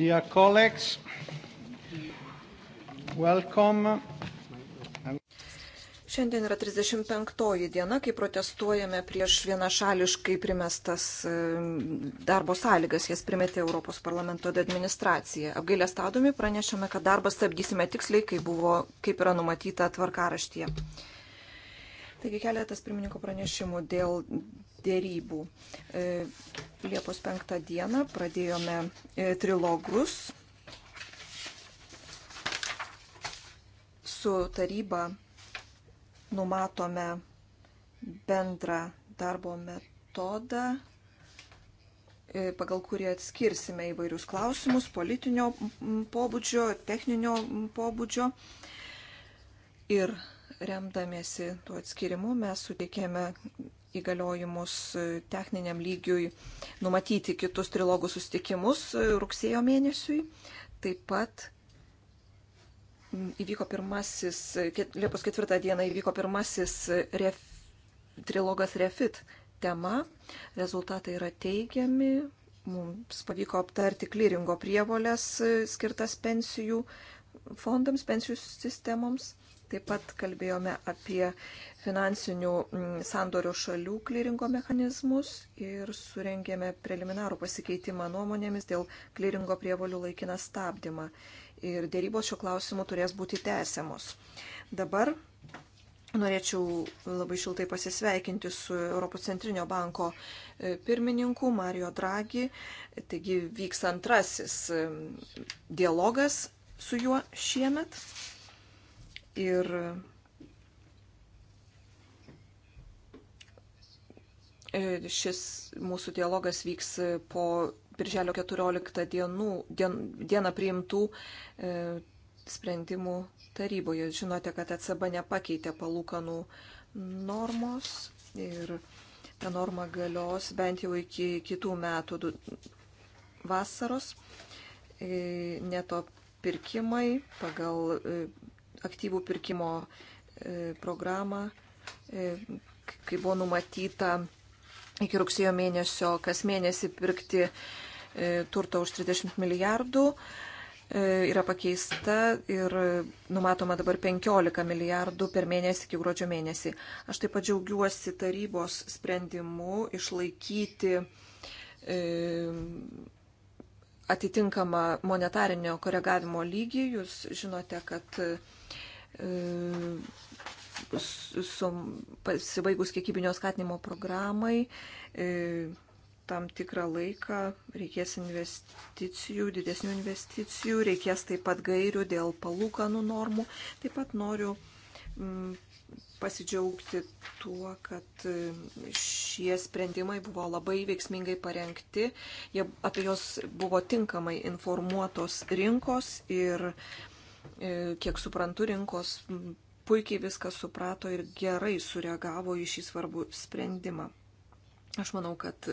Dear colleagues, welcome. Šiandien yra 35 diena, kai protestuojame prieš vienašališkai primestas e, darbo sąlygas, jas primetė Europos parlamento administracija. Apgailę stadomi pranešame, kad darbą stabdysime tiksliai, kaip, buvo, kaip yra numatyta tvarkaraštyje. Taigi keletas pirmininko pranešimų dėl dėrybų. E, Liepos 5 dieną pradėjome e, trilogus su taryba numatome bendrą darbo metodą, e, pagal kurį atskirsime įvairius klausimus politinio pobūdžio, techninio pobūdžio. Ir remdamiesi tuo atskirimu mes suteikėme įgaliojimus techniniam lygiui numatyti kitus trilogų sustikimus rugsėjo mėnesiui. Taip pat įvyko pirmasis, Liepos ketvirtą dieną įvyko pirmasis ref, trilogas refit tema. Rezultatai yra teigiami. Mums pavyko aptarti klyringo prievolės skirtas pensijų fondams, pensijų sistemoms. Taip pat kalbėjome apie finansinių mm, sandorio šalių kliringo mechanizmus ir surengėme preliminarų pasikeitimą nuomonėmis dėl kliringo prievolių laikiną stabdymą. Ir dėrybos šio klausimu turės būti tęsiamos. Dabar norėčiau labai šiltai pasisveikinti su Europos centrinio banko e, pirmininku Mario Draghi. Taigi vyks antrasis dialogas su juo šiemet ir šis mūsų dialogas vyks po Birželio 14 dienų, dien, dieną priimtų e, sprendimų taryboje. Žinote, kad ECB nepakeitė palūkanų normos ir ta norma galios bent jau iki kitų metų vasaros. E, neto pirkimai pagal e, aktyvų pirkimo e, programą, e, kai buvo numatyta iki rugsėjo mėnesio kas mėnesį pirkti e, turto už 30 milijardų, yra pakeista ir numatoma dabar 15 milijardų per mėnesį iki gruodžio mėnesį. Aš taip pat džiaugiuosi tarybos sprendimu išlaikyti atitinkamą monetarinio koregavimo lygį. Jūs žinote, kad E, pasibaigus kiekybinio skatinimo programai e, tam tikrą laiką reikės investicijų, didesnių investicijų, reikės taip pat gairių dėl palūkanų normų. Taip pat noriu pasidžiaugti tuo, kad e, šie sprendimai buvo labai veiksmingai parengti, Jie, apie jos buvo tinkamai informuotos rinkos ir E, kiek suprantu, rinkos puikiai viską suprato ir gerai sureagavo į šį svarbų sprendimą. Aš manau, kad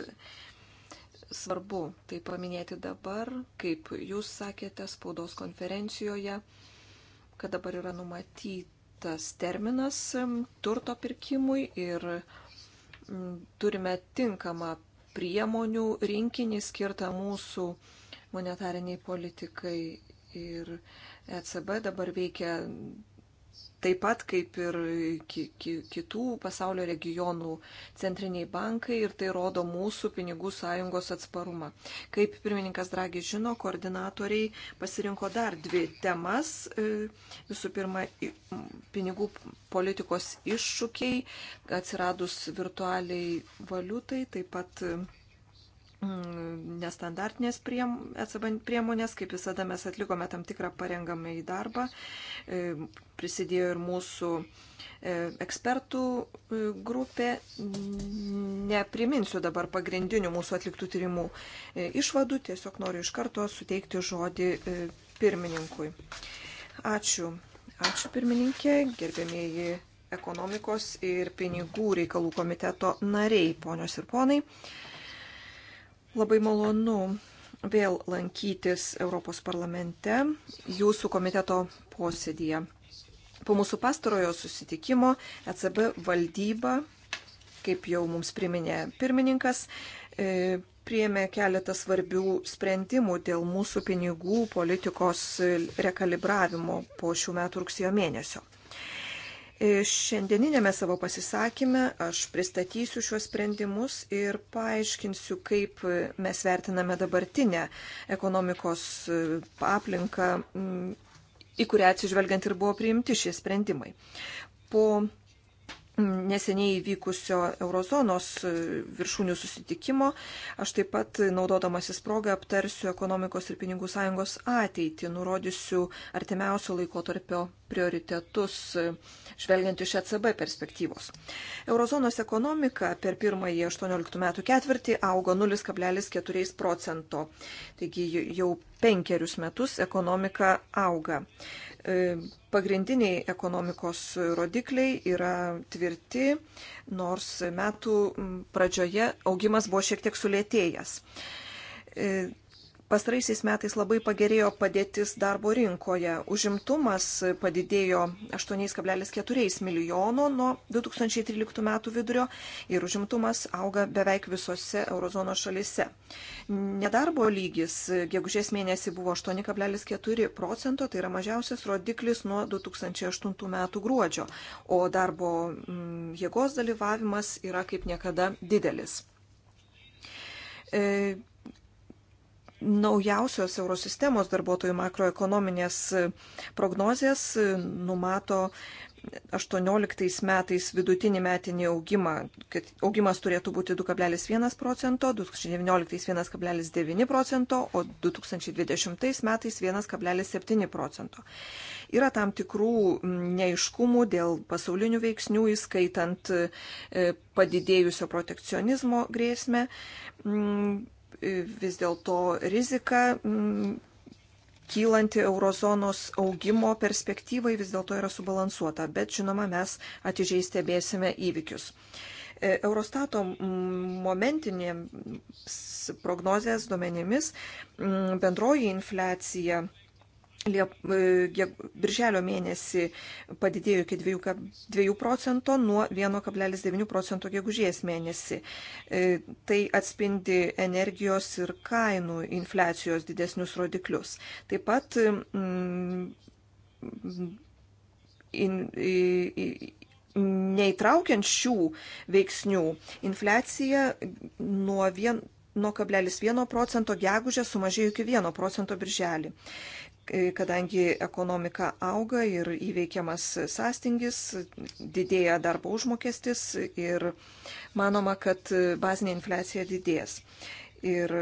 svarbu tai paminėti dabar, kaip jūs sakėte spaudos konferencijoje, kad dabar yra numatytas terminas turto pirkimui ir turime tinkamą priemonių rinkinį skirtą mūsų monetariniai politikai ir ECB dabar veikia taip pat kaip ir ki, ki, kitų pasaulio regionų centriniai bankai ir tai rodo mūsų pinigų sąjungos atsparumą. Kaip pirmininkas Dragi žino, koordinatoriai pasirinko dar dvi temas. E, visų pirma, pinigų politikos iššūkiai atsiradus virtualiai valiutai, taip pat Mm, nestandartinės priem, priemonės, kaip visada mes atlikome tam tikrą parengamą į darbą, e, prisidėjo ir mūsų e, ekspertų e, grupė. Nepriminsiu dabar pagrindinių mūsų atliktų tyrimų išvadų, tiesiog noriu iš karto suteikti žodį pirmininkui. Ačiū. Ačiū pirmininkė, gerbėmėji ekonomikos ir pinigų reikalų komiteto nariai, ponios ir ponai. Labai malonu vėl lankytis Europos parlamente, jūsų komiteto posėdėje. Po mūsų pastarojo susitikimo ECB valdyba, kaip jau mums priminė pirmininkas, e, priėmė keletą svarbių sprendimų dėl mūsų pinigų politikos rekalibravimo po šių metų rugsėjo mėnesio. E, Šiandieninėme savo pasisakymę aš pristatysiu šiuos sprendimus ir paaiškinsiu, kaip mes vertiname dabartinę ekonomikos e, aplinką, į kurią atsižvelgiant ir buvo priimti šie sprendimai. Po neseniai įvykusio eurozonos e, viršūnių susitikimo. Aš taip pat, naudodamasis progą, aptarsiu ekonomikos ir pinigų sąjungos ateitį, nurodysiu artimiausio laiko tarpio prioritetus, e, žvelgiant iš ECB perspektyvos. Eurozonos ekonomika per pirmąjį 18 metų ketvirtį augo 0,4 procento. Taigi jau penkerius metus ekonomika auga. E, pagrindiniai ekonomikos rodikliai yra tvirti, nors metų pradžioje augimas buvo šiek tiek sulėtėjęs. E, Pastaraisiais metais labai pagerėjo padėtis darbo rinkoje. Užimtumas padidėjo 8,4 milijono nuo 2013 metų vidurio ir užimtumas auga beveik visose eurozono šalise. Nedarbo lygis gegužės mėnesį buvo 8,4 procento, tai yra mažiausias rodiklis nuo 2008 metų gruodžio, o darbo mm, jėgos dalyvavimas yra kaip niekada didelis. E, Naujausios eurosistemos darbuotojų makroekonominės prognozijas numato 18 metais vidutinį metinį augimą, kad augimas turėtų būti 2,1 procento, 2019 1,9 procento, o 2020 metais 1,7 procento. Yra tam tikrų neiškumų dėl pasaulinių veiksnių, įskaitant e, padidėjusio protekcionizmo grėsmę mm, vis dėlto rizika mm, kylanti eurozonos augimo perspektyvai vis dėlto yra subalansuota, bet žinoma, mes atidžiai stebėsime įvykius. E, Eurostato momentinėms prognozės duomenimis bendroji infliacija E, birželio mėnesį padidėjo iki 2 procento nuo 1,9 procento gegužės mėnesį. E, tai atspindi energijos ir kainų infliacijos didesnius rodiklius. Taip pat mm, in, neįtraukiant šių veiksnių infliacija nuo 1 nuo 0,1 procento gegužę sumažėjo iki 1 procento birželį. E, kadangi ekonomika auga ir įveikiamas sąstingis, didėja darbo užmokestis ir manoma, kad bazinė infliacija didės. Ir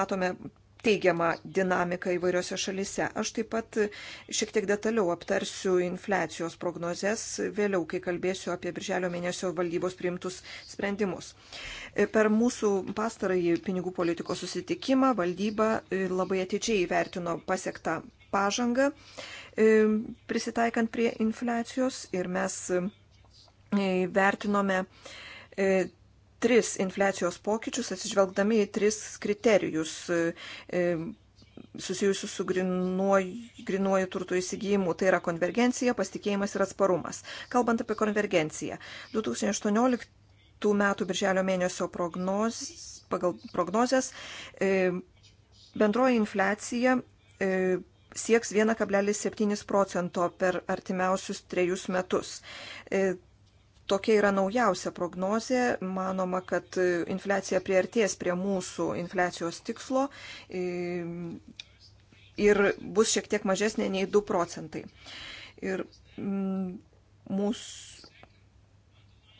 matome teigiamą dinamiką įvairiose šalise. Aš taip pat šiek tiek detaliau aptarsiu infliacijos prognozes vėliau, kai kalbėsiu apie birželio mėnesio valdybos priimtus sprendimus. Per mūsų pastarąjį pinigų politikos susitikimą valdyba labai atidžiai įvertino pasiektą pažangą e, prisitaikant prie infliacijos ir mes e, vertinome e, tris infliacijos pokyčius, atsižvelgdami į tris kriterijus e, susijusių su grinuoju, grinuoju turtų įsigijimu. Tai yra konvergencija, pasitikėjimas ir atsparumas. Kalbant apie konvergenciją, 2018 metų birželio mėnesio prognoz, pagal prognozes e, bendroji infliacija e, sieks 1,7 procento per artimiausius trejus metus. Tokia yra naujausia prognozė. Manoma, kad infliacija priartės prie mūsų infliacijos tikslo ir bus šiek tiek mažesnė nei 2 procentai. Ir mm, mūsų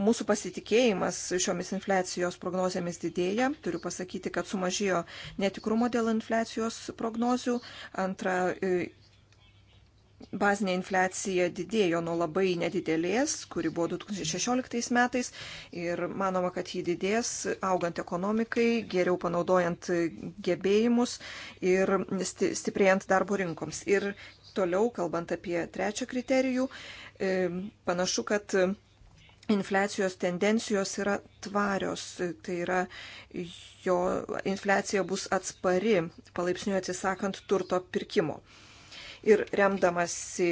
mūsų pasitikėjimas šiomis infliacijos prognozėmis didėja. Turiu pasakyti, kad sumažėjo netikrumo dėl infliacijos prognozių. Antra, bazinė infliacija didėjo nuo labai nedidelės, kuri buvo 2016 metais ir manoma, kad ji didės augant ekonomikai, geriau panaudojant gebėjimus ir stiprėjant darbo rinkoms. Ir toliau, kalbant apie trečią kriterijų, e, panašu, kad infliacijos tendencijos yra tvarios, tai yra jo infliacija bus atspari palaipsniui atsisakant turto pirkimo. Ir remdamasi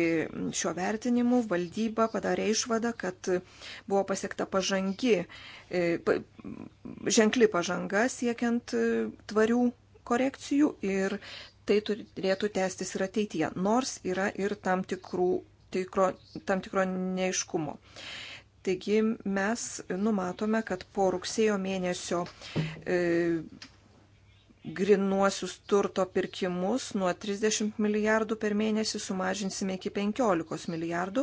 šiuo vertinimu, valdyba padarė išvadą, kad buvo pasiekta pažangi, e, ženkli pažanga siekiant e, tvarių korekcijų ir tai turėtų tęstis ir ateityje, nors yra ir tam, tikrų, tikro, tam tikro neiškumo. Taigi mes numatome, kad po rugsėjo mėnesio e, grinuosius turto pirkimus nuo 30 milijardų per mėnesį sumažinsime iki 15 milijardų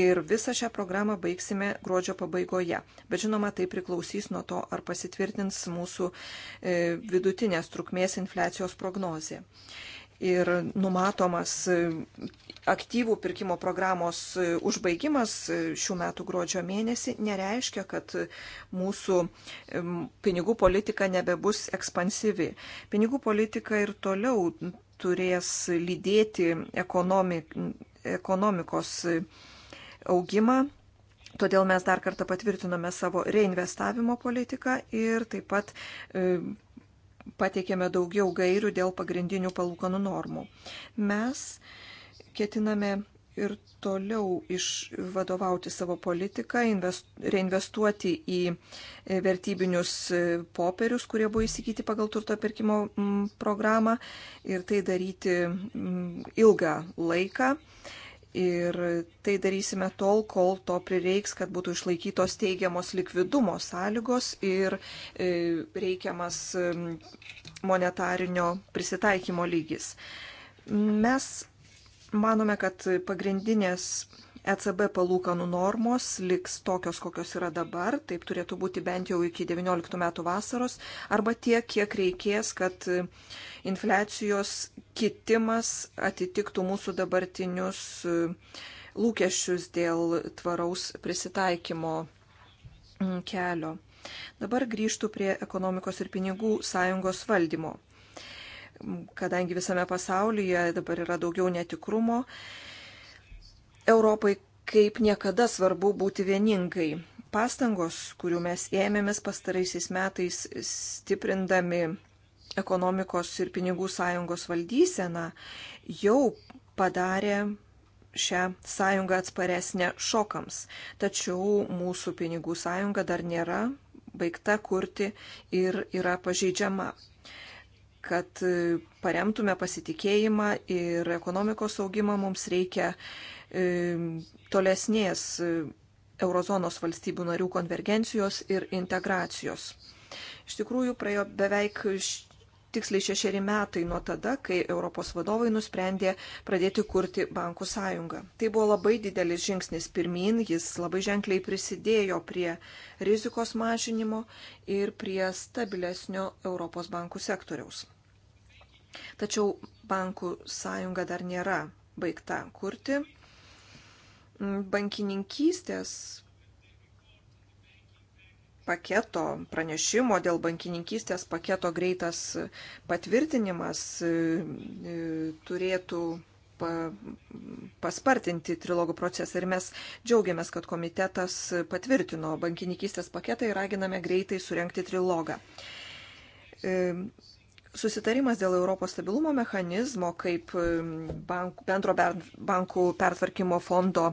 ir visą šią programą baigsime gruodžio pabaigoje. Bet žinoma, tai priklausys nuo to, ar pasitvirtins mūsų e, vidutinės trukmės infliacijos prognozė ir numatomas e, aktyvų pirkimo programos e, užbaigimas e, šių metų gruodžio mėnesį nereiškia, kad mūsų pinigų politika nebebus ekspansyvi. Pinigų politika ir toliau turės lydėti ekonomik, ekonomikos augimą Todėl mes dar kartą patvirtinome savo reinvestavimo politiką ir taip pat pateikėme daugiau gairių dėl pagrindinių palūkanų normų. Mes ketiname ir toliau išvadovauti savo politiką, invest, reinvestuoti į e, vertybinius e, popierius, kurie buvo įsigyti pagal turto pirkimo programą ir tai daryti ilgą laiką. Ir tai darysime tol, kol to prireiks, kad būtų išlaikytos teigiamos likvidumo sąlygos ir e, reikiamas monetarinio prisitaikymo lygis. Mes manome, kad pagrindinės ECB palūkanų normos liks tokios, kokios yra dabar, taip turėtų būti bent jau iki 19 metų vasaros, arba tiek, kiek reikės, kad infliacijos kitimas atitiktų mūsų dabartinius e, lūkesčius dėl tvaraus prisitaikymo mm, kelio. Dabar grįžtų prie ekonomikos ir pinigų sąjungos valdymo. Mm, kadangi visame pasaulyje dabar yra daugiau netikrumo, Europai kaip niekada svarbu būti vieningai. Pastangos, kurių mes ėmėmės pastaraisiais metais stiprindami ekonomikos ir pinigų sąjungos valdysena jau padarė šią sąjungą atsparesnę šokams. Tačiau mūsų pinigų sąjunga dar nėra baigta kurti ir yra pažeidžiama. Kad paremtume pasitikėjimą ir ekonomikos augimą, mums reikia e, tolesnės e, eurozonos valstybių narių konvergencijos ir integracijos. Iš tikrųjų, praėjo beveik tiksliai šešeri metai nuo tada, kai Europos vadovai nusprendė pradėti kurti bankų sąjungą. Tai buvo labai didelis žingsnis pirmin, jis labai ženkliai prisidėjo prie rizikos mažinimo ir prie stabilesnio Europos bankų sektoriaus. Tačiau bankų sąjunga dar nėra baigta kurti. Bankininkystės paketo, pranešimo dėl bankininkystės paketo greitas patvirtinimas e, e, turėtų pa, paspartinti trilogų procesą ir mes džiaugiamės, kad komitetas patvirtino bankininkystės paketą ir raginame greitai surenkti trilogą. E, Susitarimas dėl Europos stabilumo mechanizmo kaip bank, bendro bankų pertvarkymo fondo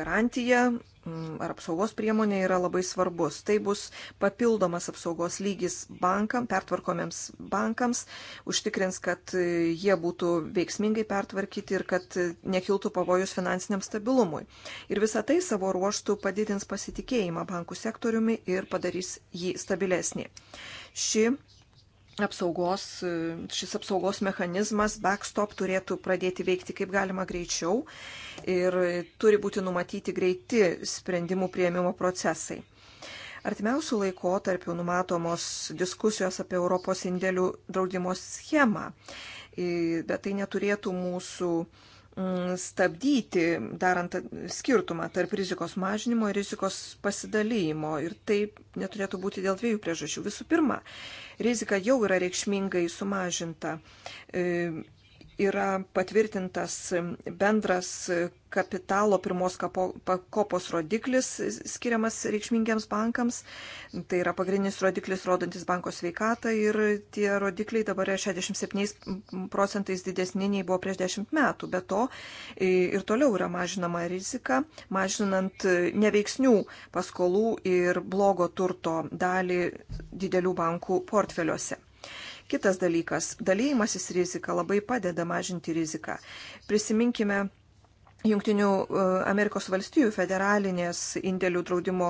garantija mm, ar apsaugos priemonė yra labai svarbus. Tai bus papildomas apsaugos lygis bankam, pertvarkomiems bankams, užtikrins, kad e, jie būtų veiksmingai pertvarkyti ir kad e, nekiltų pavojus finansiniam stabilumui. Ir visa tai savo ruoštų padidins pasitikėjimą bankų sektoriumi ir padarys jį stabilesnį. Ši apsaugos, šis apsaugos mechanizmas backstop turėtų pradėti veikti kaip galima greičiau ir turi būti numatyti greiti sprendimų prieimimo procesai. Artimiausių laikotarpių numatomos diskusijos apie Europos indėlių draudimo schemą, bet tai neturėtų mūsų Mm, stabdyti, darant skirtumą tarp rizikos mažinimo ir rizikos pasidalymo. Ir taip neturėtų būti dėl dviejų priežasčių. Visų pirma, rizika jau yra reikšmingai sumažinta e, yra patvirtintas bendras kapitalo pirmos pakopos rodiklis skiriamas reikšmingiems bankams. Tai yra pagrindinis rodiklis rodantis banko sveikatą ir tie rodikliai dabar yra 67 procentais didesni nei buvo prieš 10 metų. Be to ir toliau yra mažinama rizika, mažinant neveiksnių paskolų ir blogo turto dalį didelių bankų portfeliuose. Kitas dalykas - dalymasis rizika labai padeda mažinti riziką. Prisiminkime Junktinių e, Amerikos valstijų federalinės indėlių draudimo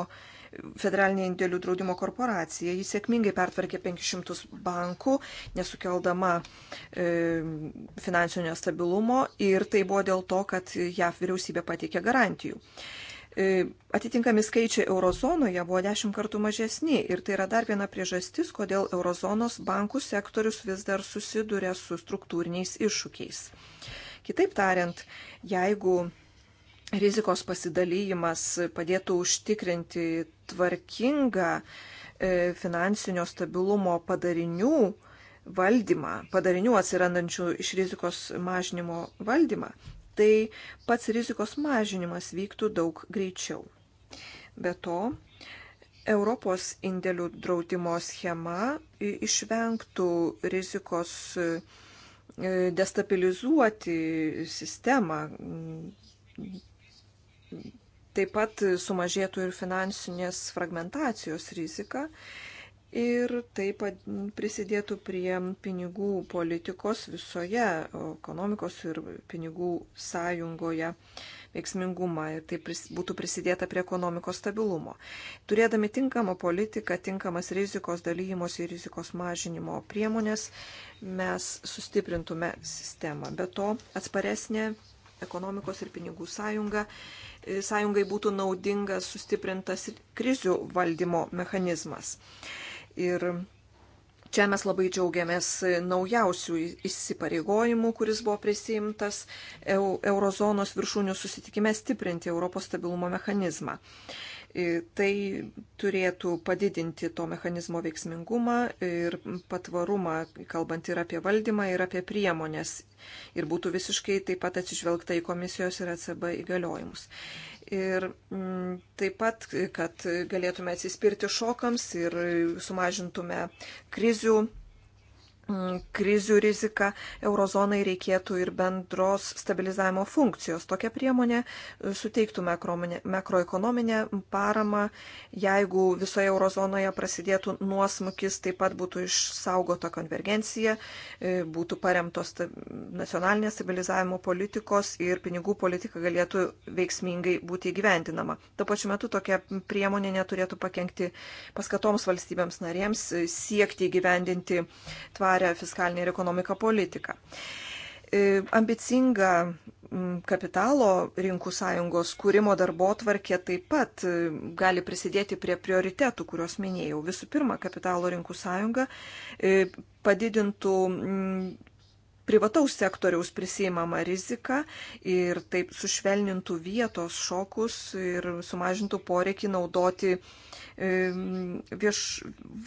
federalinė indėlių draudimo korporacija. Jis sėkmingai pertvarkė 500 bankų, nesukeldama e, finansinio stabilumo ir tai buvo dėl to, kad JAF vyriausybė pateikė garantijų. E, atitinkami skaičiai eurozonoje buvo dešimt kartų mažesni ir tai yra dar viena priežastis, kodėl eurozonos bankų sektorius vis dar susiduria su struktūriniais iššūkiais. Kitaip tariant, jeigu rizikos pasidalymas padėtų užtikrinti tvarkingą e, finansinio stabilumo padarinių valdymą, padarinių atsirandančių iš rizikos mažinimo valdymą, tai pats rizikos mažinimas vyktų daug greičiau. Be to, Europos indėlių draudimo schema išvengtų rizikos e, destabilizuoti sistemą. Taip pat sumažėtų ir finansinės fragmentacijos rizika ir taip prisidėtų prie pinigų politikos visoje ekonomikos ir pinigų sąjungoje veiksmingumą ir taip būtų prisidėta prie ekonomikos stabilumo. Turėdami tinkamą politiką, tinkamas rizikos dalyjimos ir rizikos mažinimo priemonės, mes sustiprintume sistemą. Be to, atsparesnė ekonomikos ir pinigų sąjunga e, sąjungai būtų naudingas sustiprintas krizių valdymo mechanizmas. Ir čia mes labai džiaugiamės naujausių įsipareigojimų, kuris buvo prisimtas Eurozonos viršūnių susitikime stiprinti Europos stabilumo mechanizmą. Tai turėtų padidinti to mechanizmo veiksmingumą ir patvarumą, kalbant ir apie valdymą, ir apie priemonės. Ir būtų visiškai taip pat atsižvelgta į komisijos ir ECB įgaliojimus. Ir mm, taip pat, kad galėtume atsispirti šokams ir sumažintume krizių krizių riziką eurozonai reikėtų ir bendros stabilizavimo funkcijos. Tokia priemonė e, suteiktų makroekonominę paramą, jeigu visoje eurozonoje prasidėtų nuosmukis, taip pat būtų išsaugota konvergencija, e, būtų paremtos nacionalinės stabilizavimo politikos ir pinigų politika galėtų veiksmingai būti įgyvendinama. Tuo pačiu metu tokia priemonė neturėtų pakengti paskatoms valstybėms narėms e, siekti įgyvendinti tvarę tvarę fiskalinę ir ekonomiką politiką. E, ambicinga kapitalo rinkų sąjungos kūrimo darbo tvarkė taip pat e, gali prisidėti prie prioritetų, kuriuos minėjau. Visų pirma, kapitalo rinkų sąjunga e, padidintų privataus sektoriaus prisimama rizika ir taip sušvelnintų vietos šokus ir sumažintų poreikį naudoti vieš,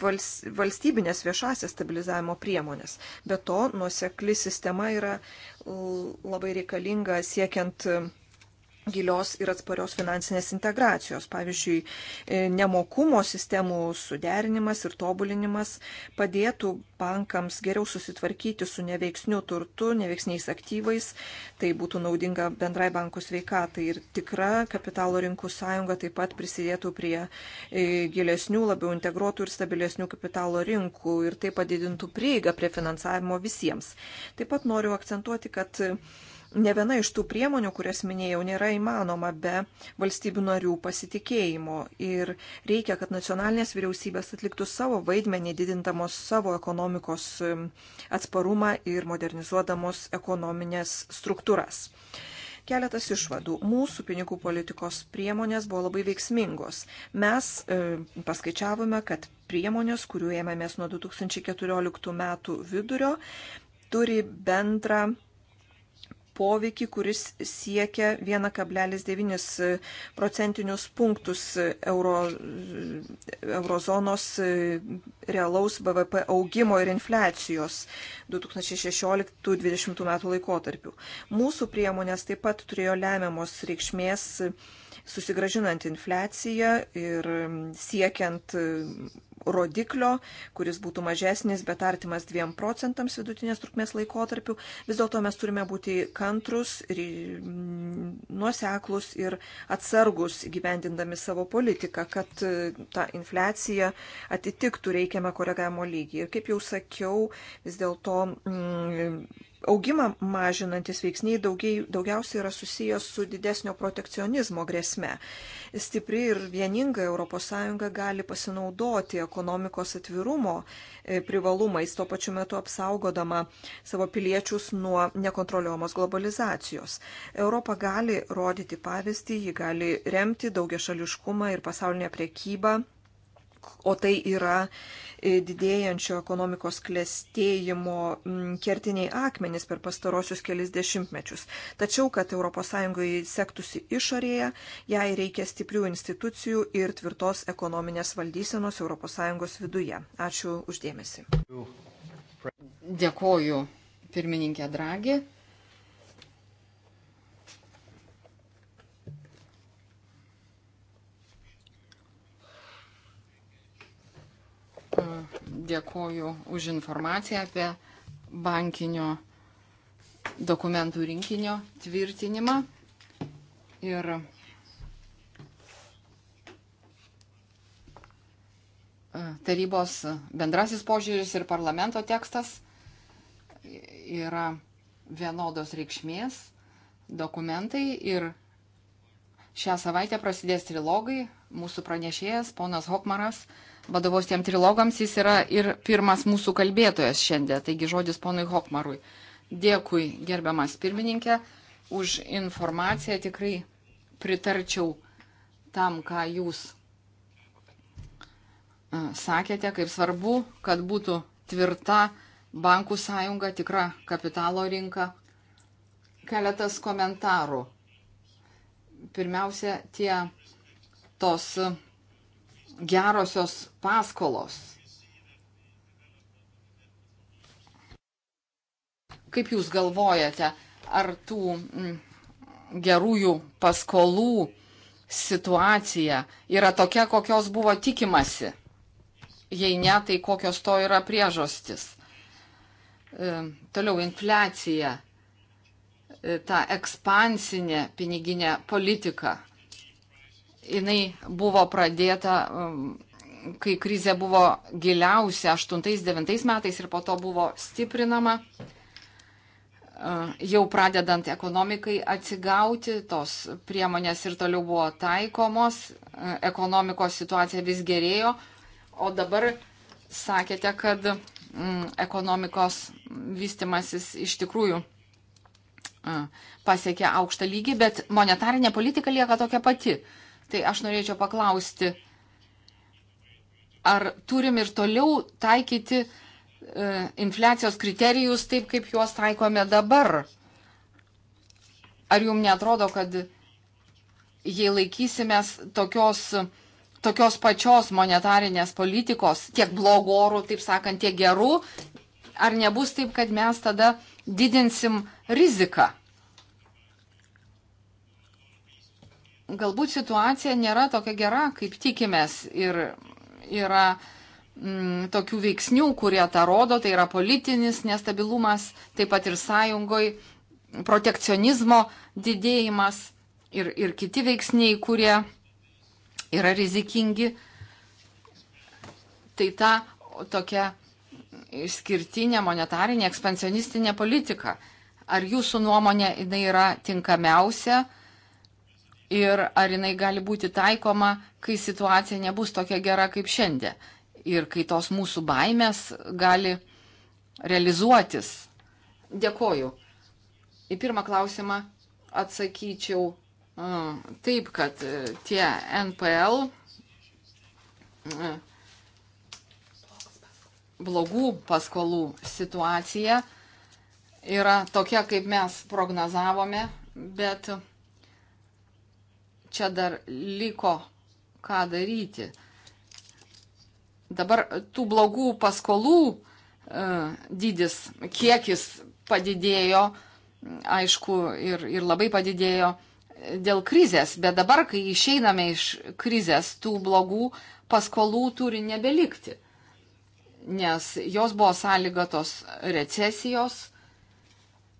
vals, valstybinės viešasias stabilizavimo priemonės. Be to, nuosekli sistema yra labai reikalinga siekiant gilios ir atsparios finansinės integracijos. Pavyzdžiui, e, nemokumo sistemų suderinimas ir tobulinimas padėtų bankams geriau susitvarkyti su neveiksniu turtu, neveiksniais aktyvais. Tai būtų naudinga bendrai bankų sveikatai ir tikra kapitalo rinkų sąjunga taip pat prisidėtų prie e, gilesnių, labiau integruotų ir stabilesnių kapitalo rinkų ir tai padidintų prieigą prie finansavimo visiems. Taip pat noriu akcentuoti, kad ne viena iš tų priemonių, kurias minėjau, nėra įmanoma be valstybių narių pasitikėjimo. Ir reikia, kad nacionalinės vyriausybės atliktų savo vaidmenį, didindamos savo ekonomikos um, atsparumą ir modernizuodamos ekonominės struktūras. Keletas išvadų. Mūsų pinigų politikos priemonės buvo labai veiksmingos. Mes e, paskaičiavome, kad priemonės, kurių ėmėmės nuo 2014 metų vidurio, turi bendrą poveikį, kuris siekia 1,9 procentinius punktus euro, eurozonos realaus BVP augimo ir infliacijos 2016-2020 metų laikotarpių. Mūsų priemonės taip pat turėjo lemiamos reikšmės susigražinant infliaciją ir siekiant rodiklio, kuris būtų mažesnis, bet artimas 2 procentams vidutinės trukmės laikotarpių. Vis dėlto mes turime būti kantrus, nuoseklus ir atsargus gyvendindami savo politiką, kad e, ta infliacija atitiktų reikiamą koregavimo lygį. Ir kaip jau sakiau, vis dėlto. Mm, augimą mažinantis veiksniai daugiai, daugiausiai yra susijęs su didesnio protekcionizmo grėsme. Stipri ir vieninga ES gali pasinaudoti ekonomikos atvirumo e, privalumais, tuo pačiu metu apsaugodama savo piliečius nuo nekontroliuomos globalizacijos. Europa gali rodyti pavyzdį, ji gali remti daugia šališkumą ir pasaulinę priekybą o tai yra e, didėjančio ekonomikos klėstėjimo kertiniai akmenys per pastarosius kelis dešimtmečius. Tačiau, kad ES sektųsi išorėje, jai reikia stiprių institucijų ir tvirtos ekonominės valdysenos ES viduje. Ačiū uždėmesi. Dėkoju pirmininkė Dragi. dėkoju už informaciją apie bankinio dokumentų rinkinio tvirtinimą. Ir tarybos bendrasis požiūris ir parlamento tekstas yra vienodos reikšmės dokumentai ir šią savaitę prasidės trilogai. Mūsų pranešėjas, ponas Hokmaras, vadovaus tiem trilogams, jis yra ir pirmas mūsų kalbėtojas šiandien. Taigi žodis ponui Hokmarui. Dėkui, gerbiamas pirmininkė, už informaciją. Tikrai pritarčiau tam, ką jūs e, sakėte, kaip svarbu, kad būtų tvirta bankų sąjunga, tikra kapitalo rinka. Keletas komentarų. Pirmiausia, tie tos gerosios paskolos. Kaip Jūs galvojate, ar tų mm, gerųjų paskolų situacija yra tokia, kokios buvo tikimasi? Jei ne, tai kokios to yra priežastis? E, toliau infliacija, e, ta ekspansinė piniginė politika jinai buvo pradėta, um, kai krizė buvo giliausia 8-9 metais ir po to buvo stiprinama, uh, jau pradedant ekonomikai atsigauti, tos priemonės ir toliau buvo taikomos, uh, ekonomikos situacija vis gerėjo, o dabar sakėte, kad mm, ekonomikos vystimasis iš tikrųjų uh, pasiekė aukštą lygį, bet monetarinė politika lieka tokia pati. Uh, Tai aš norėčiau paklausti, ar turim ir toliau taikyti e, infliacijos kriterijus taip, kaip juos taikome dabar? Ar jums netrodo, kad jei laikysimės tokios, tokios pačios monetarinės politikos, tiek blogų orų, taip sakant, tiek gerų, ar nebus taip, kad mes tada didinsim riziką? galbūt situacija nėra tokia gera, kaip tikimės. Ir yra mm, tokių veiksnių, kurie tą rodo, tai yra politinis nestabilumas, taip pat ir sąjungoj protekcionizmo didėjimas ir, ir kiti veiksniai, kurie yra rizikingi. Tai ta tokia išskirtinė monetarinė ekspansionistinė politika. Ar jūsų nuomonė jinai yra tinkamiausia? ir ar jinai gali būti taikoma, kai situacija nebus tokia gera kaip šiandien ir kai tos mūsų baimės gali realizuotis. Dėkoju. Į pirmą klausimą atsakyčiau mm, taip, kad e, tie NPL mm, blogų paskolų situacija yra tokia, kaip mes prognozavome, bet čia dar liko ką daryti. Dabar tų blogų paskolų e, dydis, kiekis padidėjo, aišku, ir, ir labai padidėjo dėl krizės, bet dabar, kai išeiname iš krizės, tų blogų paskolų turi nebelikti, nes jos buvo sąlygatos recesijos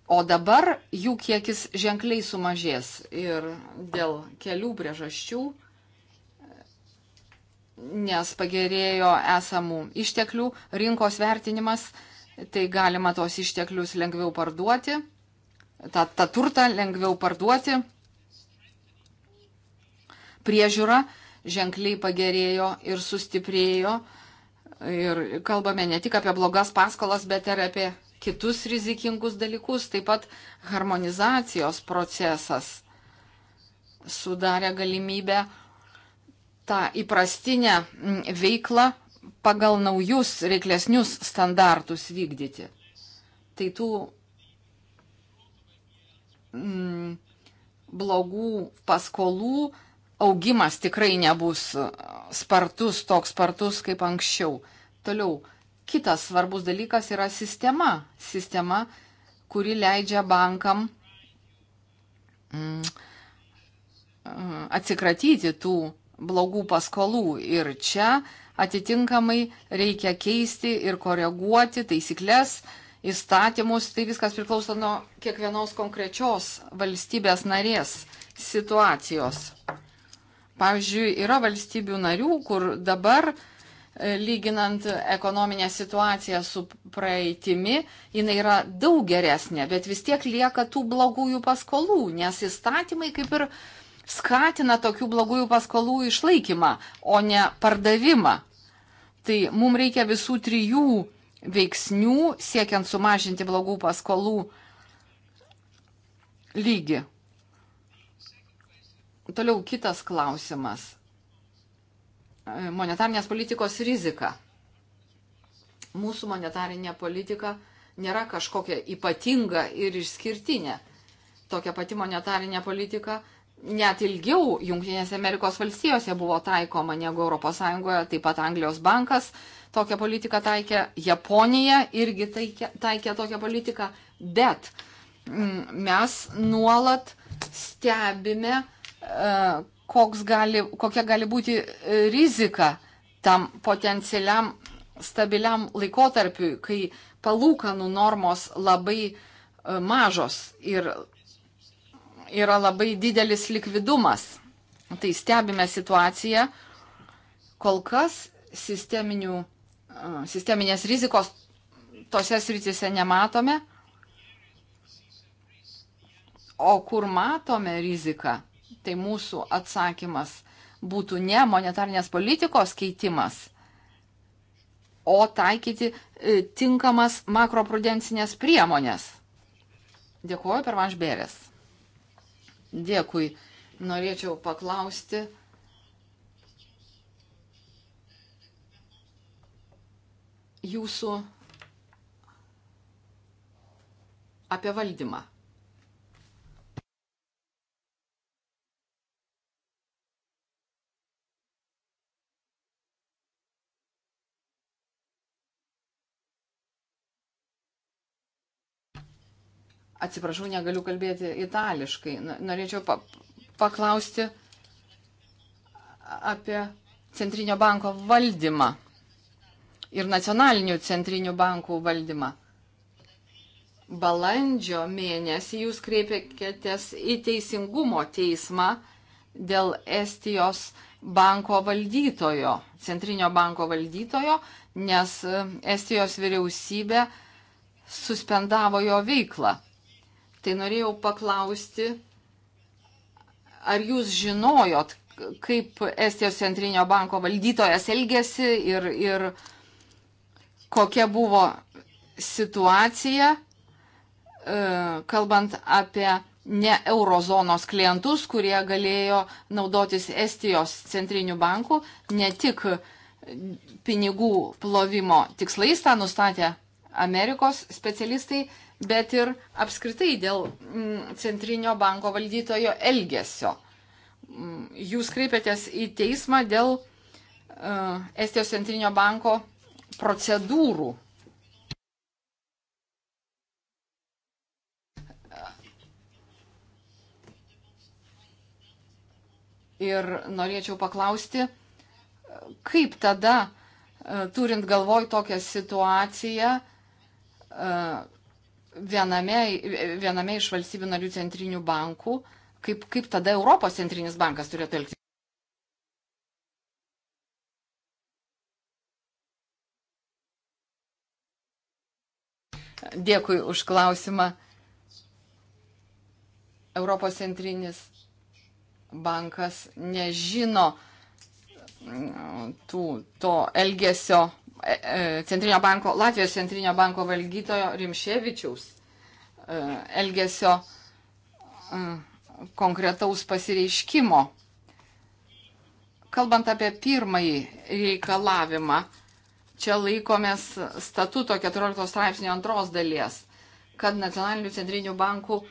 O dabar jų kiekis ženkliai sumažės ir dėl kelių priežasčių, nes pagerėjo esamų išteklių rinkos vertinimas, tai galima tos išteklius lengviau parduoti, tą, tą turtą lengviau parduoti. Priežiūra ženkliai pagerėjo ir sustiprėjo. Ir kalbame ne tik apie blogas paskolas, bet ir apie kitus rizikingus dalykus. Taip pat harmonizacijos procesas sudarė galimybę tą įprastinę veiklą pagal naujus reiklesnius standartus vykdyti. Tai tų mm, blogų paskolų augimas tikrai nebus spartus, toks spartus kaip anksčiau. Toliau Kitas svarbus dalykas yra sistema. Sistema, kuri leidžia bankam mm, atsikratyti tų blogų paskolų. Ir čia atitinkamai reikia keisti ir koreguoti taisyklės, įstatymus. Tai viskas priklauso nuo kiekvienos konkrečios valstybės narės situacijos. Pavyzdžiui, yra valstybių narių, kur dabar uh, lyginant ekonominę situaciją su praeitimi, jinai yra daug geresnė, bet vis tiek lieka tų blogųjų paskolų, nes įstatymai kaip ir skatina tokių blogųjų paskolų išlaikymą, o ne pardavimą. Tai mums reikia visų trijų veiksnių siekiant sumažinti blogų paskolų lygį. Toliau kitas klausimas monetarnės politikos riziką. Mūsų monetarinė politika nėra kažkokia ypatinga ir išskirtinė. Tokia pati monetarinė politika net ilgiau Junktinėse Amerikos valstijose buvo taikoma negu ES, taip pat Anglijos bankas tokią politiką taikė, Japonija irgi taikė, taikė tokią politiką, bet mm, mes nuolat stebime, e, gali, kokia gali būti e, rizika tam potencialiam stabiliam laikotarpiui, kai palūkanų normos labai e, mažos ir yra labai didelis likvidumas. Tai stebime situaciją. Kol kas e, sisteminės rizikos tose srityse nematome, o kur matome riziką, tai mūsų atsakymas būtų ne monetarnės politikos keitimas, o taikyti e, tinkamas makroprudencinės priemonės. Dėkuoju per Vanžbėrės. Dėkui. Norėčiau paklausti. Jūsų apie valdymą. Atsiprašau, negaliu kalbėti itališkai. Norėčiau pa paklausti apie centrinio banko valdymą ir nacionalinių centrinių bankų valdymą. Balandžio mėnesį jūs kreipėtės į teisingumo teismą dėl Estijos banko valdytojo, centrinio banko valdytojo, nes Estijos vyriausybė suspendavo jo veiklą tai norėjau paklausti, ar jūs žinojot, kaip Estijos centrinio banko valdytojas elgėsi ir, ir kokia buvo situacija, e, kalbant apie ne eurozonos klientus, kurie galėjo naudotis Estijos centrinių bankų, ne tik pinigų plovimo tikslais, tą nustatė Amerikos specialistai, bet ir apskritai dėl mm, centrinio banko valdytojo elgesio. Mm, jūs kreipiatės į teismą dėl e, Estijos centrinio banko procedūrų. Ir norėčiau paklausti, kaip tada, e, turint galvoj tokią situaciją, e, viename, viename iš valstybių narių centrinių bankų, kaip, kaip tada Europos centrinis bankas turėtų elgtis? Dėkui už klausimą. Europos centrinis bankas nežino mm, tų, to elgesio E, e, Centrinio banko, Latvijos Centrinio banko valdytojo Rimševičiaus e, elgesio konkretaus pasireiškimo. Kalbant apie pirmąjį reikalavimą, čia laikomės statuto 14 straipsnio antros dalies, kad nacionalinių centrinių bankų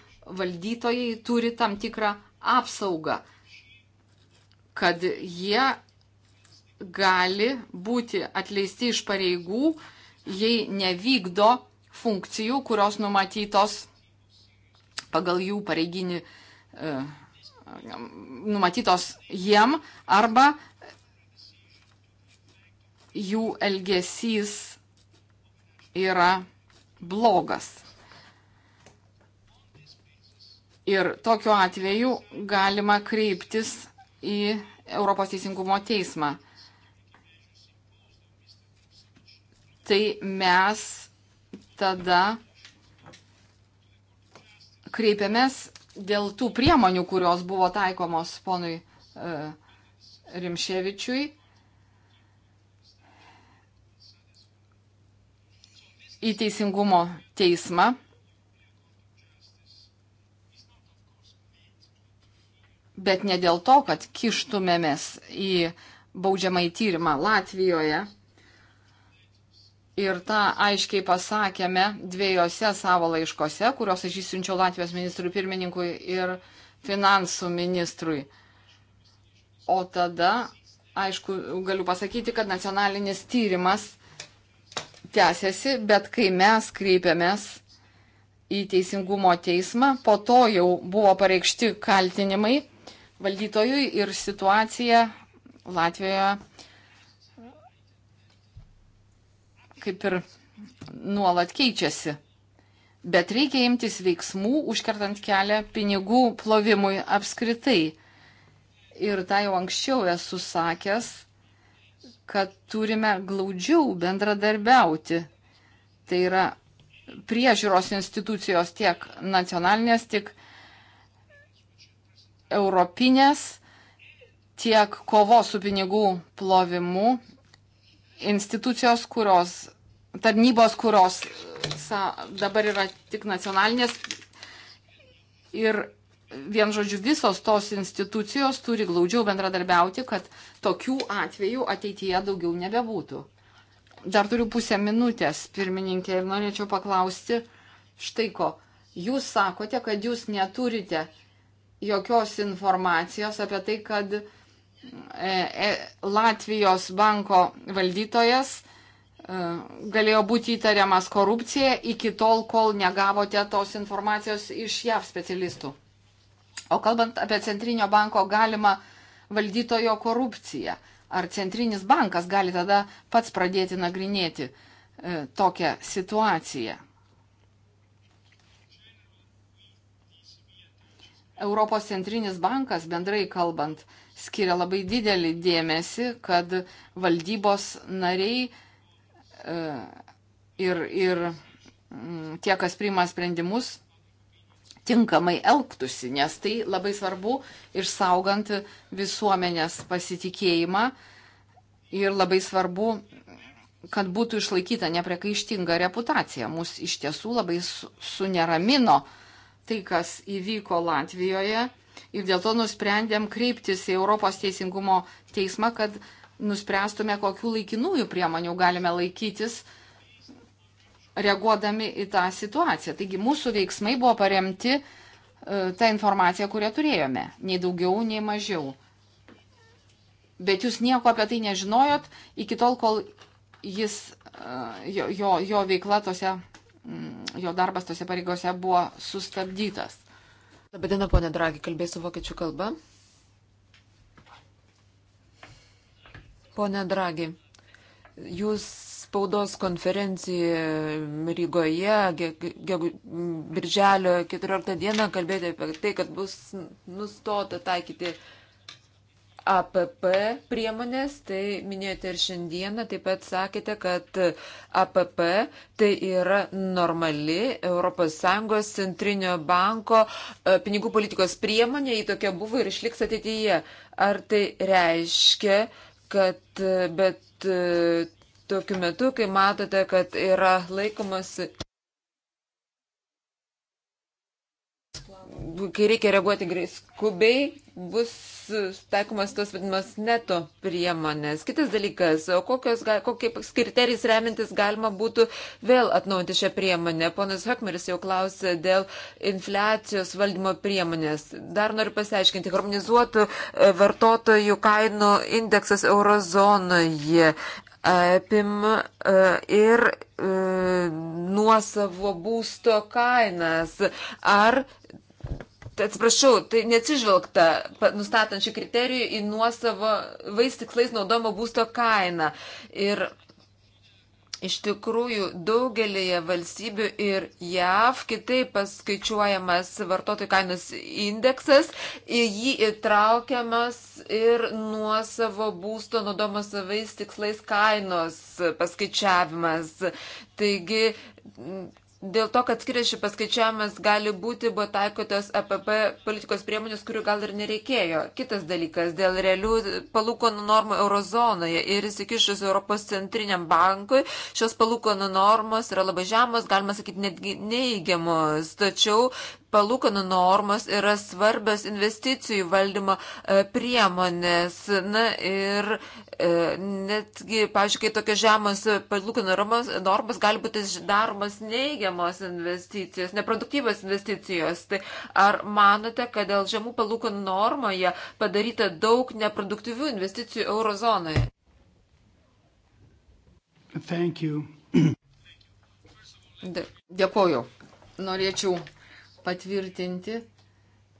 valdytojai turi tam tikrą apsaugą, kad jie gali būti atleisti iš pareigų, jei nevykdo funkcijų, kurios numatytos pagal jų pareiginį, e, numatytos jiem arba jų elgesys yra blogas. Ir tokiu atveju galima kreiptis į Europos teisingumo teismą. tai mes tada kreipiamės dėl tų priemonių, kurios buvo taikomos ponui e, Rimševičiui. Į teisingumo teismą. Bet ne dėl to, kad kištumėmės į baudžiamąjį tyrimą Latvijoje Ir tą aiškiai pasakėme dviejose savo laiškose, kuriuos aš įsiunčiau Latvijos ministrui pirmininkui ir finansų ministrui. O tada, aišku, galiu pasakyti, kad nacionalinis tyrimas tęsiasi, bet kai mes kreipėmės į Teisingumo teismą, po to jau buvo pareikšti kaltinimai valdytojui ir situacija Latvijoje kaip ir nuolat keičiasi. Bet reikia imtis veiksmų, užkertant kelią pinigų plovimui apskritai. Ir tą tai jau anksčiau esu sakęs, kad turime glaudžiau bendradarbiauti. Tai yra priežiūros institucijos tiek nacionalinės, tiek europinės, tiek kovos su pinigų plovimu institucijos, kurios tarnybos, kurios sa, dabar yra tik nacionalinės. Ir vien žodžiu, visos tos institucijos turi glaudžiau bendradarbiauti, kad tokių atvejų ateityje daugiau nebebūtų. Dar turiu pusę minutės, pirmininkė, ir norėčiau paklausti štai ko. Jūs sakote, kad jūs neturite jokios informacijos apie tai, kad e, e, Latvijos banko valdytojas e, E, galėjo būti įtariamas korupcija iki tol, kol negavote tos informacijos iš JAV specialistų. O kalbant apie centrinio banko galimą valdytojo korupciją, ar centrinis bankas gali tada pats pradėti nagrinėti e, tokią situaciją? Europos centrinis bankas, bendrai kalbant, skiria labai didelį dėmesį, kad valdybos nariai E, ir, ir mm, tie, kas priima sprendimus, tinkamai elgtųsi, nes tai labai svarbu išsaugant visuomenės pasitikėjimą ir labai svarbu, kad būtų išlaikyta nepriekaištinga reputacija. Mus iš tiesų labai suneramino tai, kas įvyko Latvijoje ir dėl to nusprendėm kreiptis į Europos teisingumo teismą, kad uh, nuspręstume, kokiu laikinųjų priemonių galime laikytis, reaguodami į tą situaciją. Taigi mūsų veiksmai buvo paremti e, tą informaciją, kurią turėjome. Nei daugiau, nei mažiau. Bet jūs nieko apie tai nežinojot iki tol, kol jis, e, jo, jo, jo veikla tose, mm, jo darbas tose pareigose buvo sustabdytas. Labadiena, ponė Dragi, kalbėsiu vokiečių kalba. Pone Dragi, jūs spaudos konferencijoje Rygoje birželio 14 dieną kalbėjote apie tai, kad bus nustota taikyti APP priemonės, tai minėjote ir šiandieną, taip pat sakėte, kad APP tai yra normali ES centrinio banko e, pinigų politikos priemonė, jį tokia buvo ir išliks ateityje. Ar tai reiškia, kad bet e, tokiu metu, kai matote, kad yra laikomasi kai reikia reaguoti skubiai, bus taikomas tos vadinamos neto priemonės. Kitas dalykas, kokios, kokiais kriterijais remintis galima būtų vėl atnaujinti šią priemonę. Ponas Hekmeris jau klausė dėl infliacijos valdymo priemonės. Dar noriu pasiaiškinti, harmonizuotų e, vartotojų kainų indeksas eurozonoje apima e, ir e, nuosavo būsto kainas. Ar atsiprašau, tai neatsižvelgta, nustatant šį kriterijų į nuosavo vais tikslais naudojamo būsto kainą. Ir iš tikrųjų daugelėje valstybių ir JAV kitaip paskaičiuojamas vartotojų kainos indeksas, į jį įtraukiamas ir nuo savo būsto nuodomo savais tikslais kainos paskaičiavimas. Taigi dėl to, kad skiriasi paskaičiavimas, gali būti buvo taikotos APP politikos priemonės, kurių gal ir nereikėjo. Kitas dalykas - dėl realių palūkonų normų eurozonoje ir įsikišus Europos centriniam bankui, šios palūkonų normos yra labai žemos, galima sakyti, netgi neįgiamos. Tačiau palūkanų normos yra svarbios investicijų valdymo e, priemonės. Na ir e, netgi, pažiūrėk, kai tokios žemos palūkanų normos, normos gali būti daromas neigiamos investicijos, neproduktyvios investicijos. Tai ar manote, kad dėl žemų palūkanų normoje padaryta daug neproduktyvių investicijų eurozonoje? Thank you. Dėkuoju. Norėčiau patvirtinti,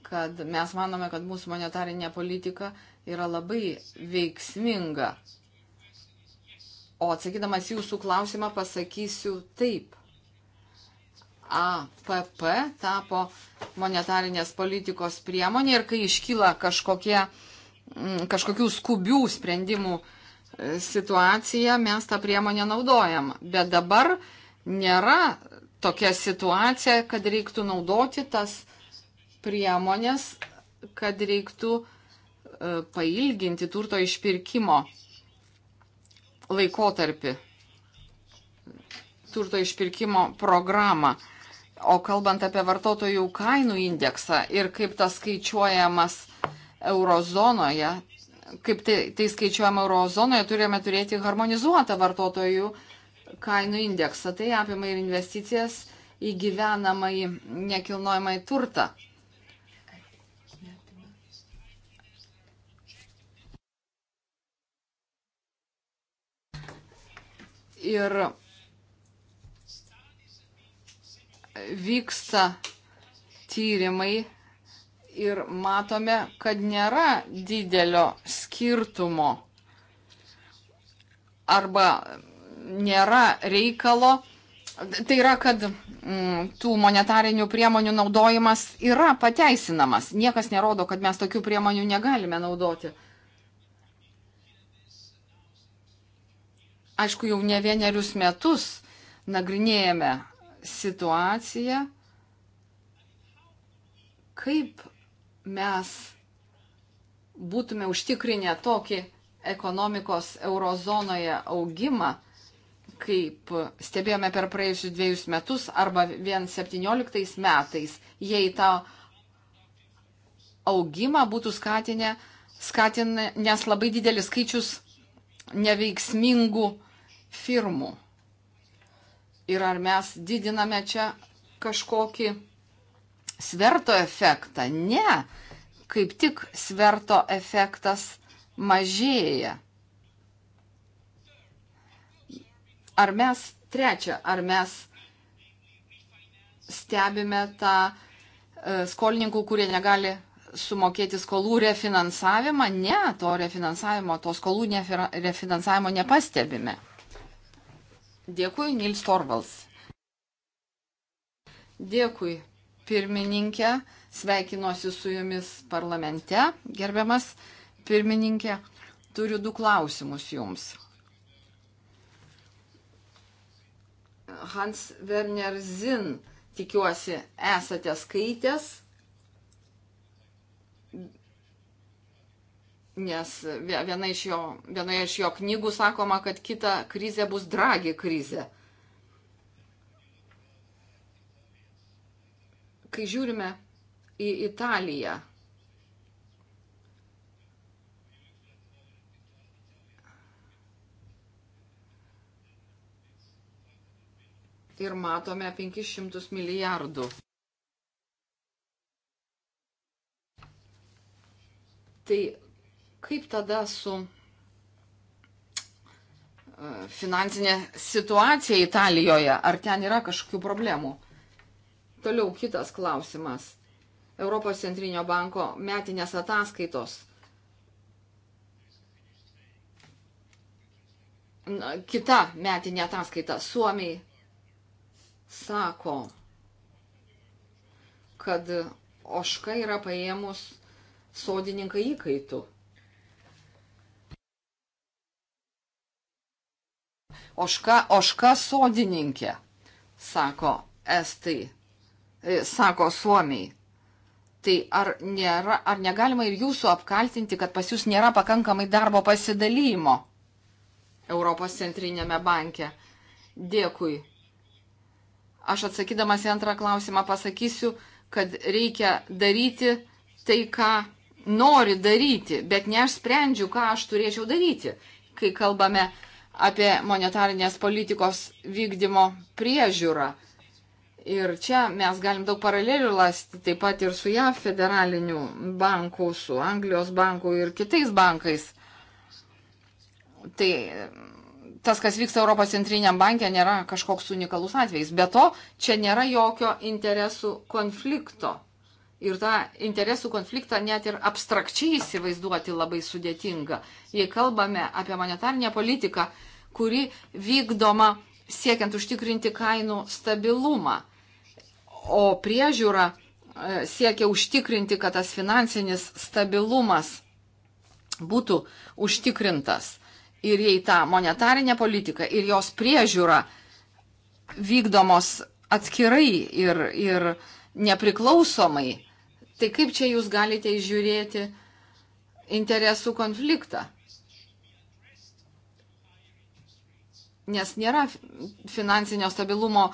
kad mes manome, kad mūsų monetarinė politika yra labai veiksminga. O atsakydamas jūsų klausimą pasakysiu taip. APP tapo monetarinės politikos priemonė ir kai iškyla kažkokie, mm, kažkokių skubių sprendimų e, situacija, mes tą priemonę naudojam. Bet dabar nėra tokia situacija, kad reiktų naudoti tas priemonės, kad reiktų e, pailginti turto išpirkimo laikotarpį, turto išpirkimo programą. O kalbant apie vartotojų kainų indeksą ir kaip tas skaičiuojamas eurozonoje, kaip tai, tai skaičiuojama eurozonoje, turime turėti harmonizuotą vartotojų kainų indeksą. Tai apima ir investicijas į gyvenamąjį nekilnojamąjį turtą. Ir vyksta tyrimai ir matome, kad nėra didelio skirtumo arba nėra reikalo. Tai yra, kad m, mm, tų monetarinių priemonių naudojimas yra pateisinamas. Niekas nerodo, kad mes tokių priemonių negalime naudoti. Aišku, jau ne vienerius metus nagrinėjame situaciją, kaip mes būtume užtikrinę tokį ekonomikos eurozonoje augimą, kaip stebėjome per praėjusius dviejus metus arba vien 17 metais, jei tą augimą būtų skatinę, skatinę, nes labai didelis skaičius neveiksmingų firmų. Ir ar mes didiname čia kažkokį sverto efektą? Ne, kaip tik sverto efektas mažėja. Ar mes, trečia, ar mes stebime tą e, skolininkų, kurie negali sumokėti skolų refinansavimą? Ne, to refinansavimo, to skolų refinansavimo nepastebime. Dėkui, Nils Torvalds. Dėkui, pirmininkė. Sveikinuosi su jumis parlamente, gerbiamas pirmininkė. Turiu du klausimus jums. Hans Werner Zinn, tikiuosi, esate skaitęs, nes viena iš jo, vienoje iš jo knygų sakoma, kad kita krizė bus dragi krizė. Kai žiūrime į Italiją, ir matome 500 milijardų. Tai kaip tada su e, finansinė situacija Italijoje? Ar ten yra kažkokių problemų? Toliau kitas klausimas. Europos centrinio banko metinės ataskaitos. Na, kita metinė ataskaita. Suomiai sako, kad oška yra paėmus sodininką įkaitų. Oška, oška sodininkė, sako estai, e, sako suomiai. Tai ar, nėra, ar negalima ir jūsų apkaltinti, kad pas jūs nėra pakankamai darbo pasidalymo Europos centrinėme banke? Dėkui. Aš atsakydamas į antrą klausimą pasakysiu, kad reikia daryti tai, ką nori daryti, bet ne aš sprendžiu, ką aš turėčiau daryti, kai kalbame apie monetarinės politikos vykdymo priežiūrą. Ir čia mes galim daug paralelių lasti, taip pat ir su JAV federaliniu banku, su Anglijos banku ir kitais bankais. Tai tas, kas vyksta Europos centriniam bankė, nėra kažkoks unikalus atvejis. Be to, čia nėra jokio interesų konflikto. Ir tą interesų konfliktą net ir abstrakčiai įsivaizduoti labai sudėtinga. Jei kalbame apie monetarinę politiką, kuri vykdoma siekiant užtikrinti kainų stabilumą, o priežiūra e, siekia užtikrinti, kad tas finansinis stabilumas būtų užtikrintas ir jei ta monetarinė politika ir jos priežiūra vykdomos atskirai ir, ir nepriklausomai, tai kaip čia jūs galite išžiūrėti interesų konfliktą? Nes nėra finansinio stabilumo,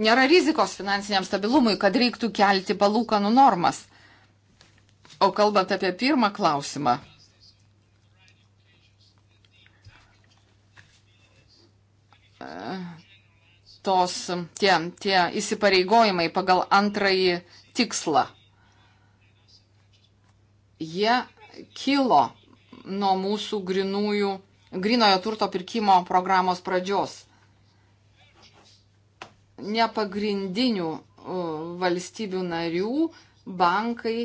nėra rizikos finansiniam stabilumui, kad reiktų kelti palūkanų normas. O kalbant apie pirmą klausimą, tos, tie, tie įsipareigojimai pagal antrąjį tikslą. Jie kilo nuo mūsų grinųjų, grinojo turto pirkimo programos pradžios. Nepagrindinių valstybių narių bankai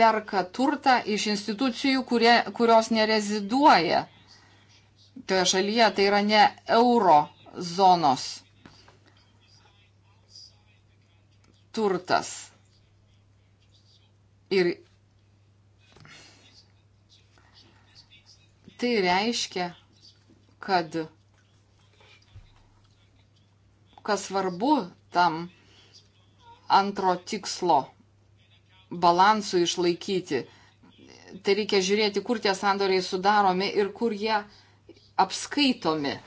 perka turtą iš institucijų, kurie, kurios nereziduoja toje šalyje, tai yra ne euro zonos turtas. Ir tai reiškia, kad kas svarbu tam antro tikslo balansų išlaikyti. Tai reikia žiūrėti, kur tie sandoriai sudaromi ir kur jie apskaitomi.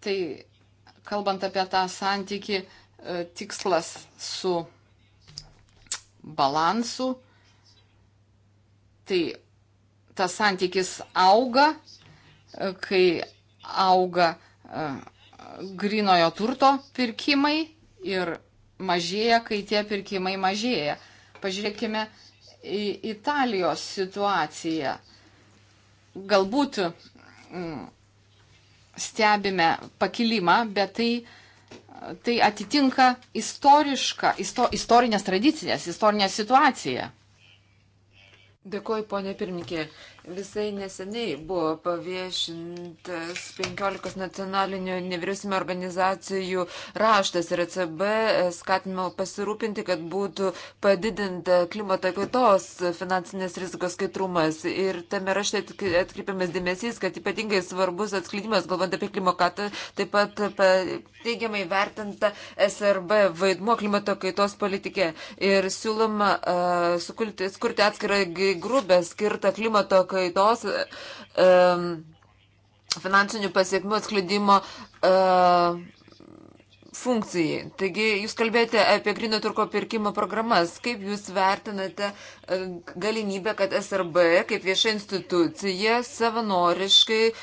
Tai kalbant apie tą santyki, e, tikslas su balansu, tai tas santykis auga, e, kai auga e, grinojo turto pirkimai ir mažėja, kai tie pirkimai mažėja. Pažiūrėkime į Italijos situaciją. Galbūt mm, stebime pakilimą, bet tai, tai atitinka istorišką, isto, istorinės tradicinės, istorinę situaciją. Dėkuoju, ponė pirmininkė. Visai neseniai buvo paviešintas 15 nacionalinių nevyriausybinio organizacijų raštas ir ECB e, skatino pasirūpinti, kad būtų padidinta klimato kaitos finansinės rizikos skaidrumas. Ir tame rašte atkreipiamas dėmesys, kad ypatingai svarbus atskleidimas, galvant apie klimakatą, taip pat teigiamai vertinta SRB vaidmuo klimato kaitos politike. Ir siūloma uh, sukurti atskirą grupę skirtą klimato kaitą kaitos, e, finansinių pasiekmių atskleidimo e, funkcijai. Taigi, jūs kalbėjote apie grino turko pirkimo programas. Kaip jūs vertinate e, galimybę, kad SRB kaip vieša institucija savanoriškai e,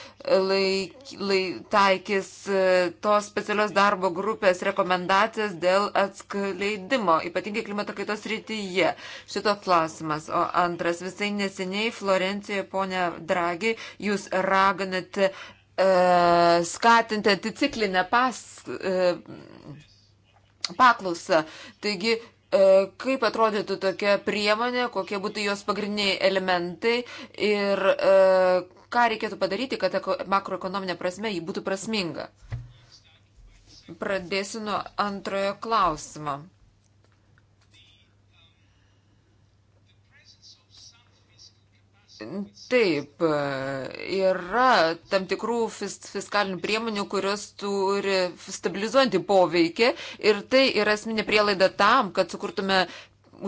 laik, laik, taikys e, tos specialios darbo grupės rekomendacijas dėl atskleidimo, ypatingai klimato kaitos rytyje? Šito klausimas. O antras, visai neseniai Florencijoje, ponia Dragi, jūs raginate E, skatinti anticiklinę pas, e, paklausą. Taigi, e, kaip atrodytų tokia priemonė, kokie būtų jos pagrindiniai elementai ir e, ką reikėtų padaryti, kad makroekonominė prasme jį būtų prasminga. Pradėsiu nuo antrojo klausimo. Taip, yra tam tikrų fiskalinių priemonių, kurios turi stabilizuojantį poveikį ir tai yra esminė prielaida tam, kad sukurtume,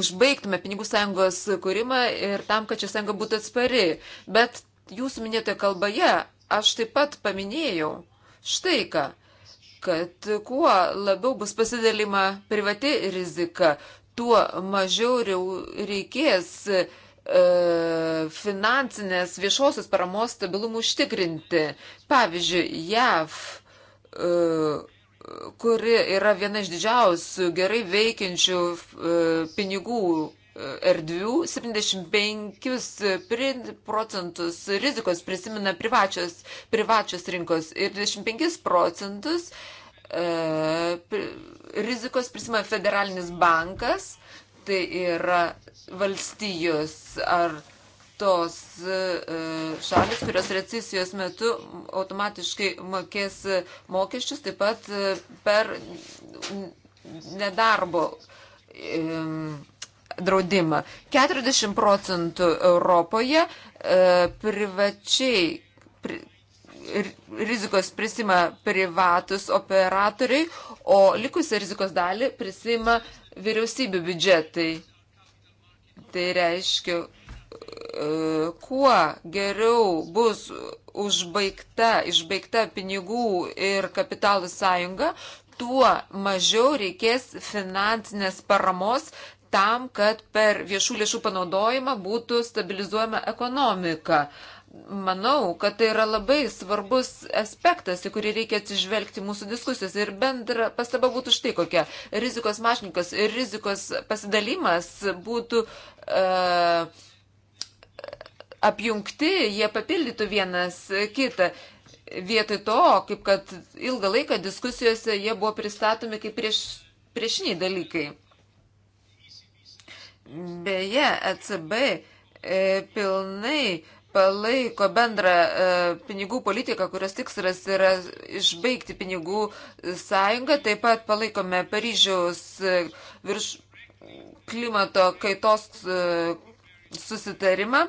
užbaigtume pinigų sąjungos kūrimą ir tam, kad ši sąjunga būtų atspari. Bet jūsų minėtoje kalboje aš taip pat paminėjau štai ką kad kuo labiau bus pasidalima privati rizika, tuo mažiau reikės uh, E, finansinės viešosios paramos stabilumų užtikrinti. Pavyzdžiui, JAV e, kuri yra viena iš didžiausių gerai veikiančių e, pinigų erdvių, 75 procentus rizikos prisimena privačios, privačios rinkos ir 25 procentus e, rizikos prisimena federalinis bankas, tai yra valstijos ar tos e, šalis, kurios recesijos metu automatiškai mokės mokesčius, taip pat e, per nedarbo e, draudimą. 40 procentų Europoje privačiai pri, rizikos prisima privatus operatoriai, o likusią rizikos dalį prisima uh, vyriausybių biudžetai. Tai reiškia, e, kuo geriau bus užbaigta, išbaigta pinigų ir kapitalų sąjunga, tuo mažiau reikės finansinės paramos tam, kad per viešų lėšų panaudojimą būtų stabilizuojama ekonomika. Uh, manau, kad tai yra labai svarbus aspektas, į kurį reikia atsižvelgti mūsų diskusijos. Ir bendra pastaba būtų štai kokia. Rizikos mažninkas ir rizikos pasidalimas būtų. Uh, apjungti, jie papildytų vienas kitą. Vietoj to, kaip kad ilgą laiką diskusijose jie buvo pristatomi kaip prieš, priešiniai dalykai. Beje, ECB e, pilnai palaiko bendrą e, pinigų politiką, kurios tikslas yra išbaigti pinigų sąjungą. Taip pat palaikome Paryžiaus e, virš klimato kaitos e, susitarimą.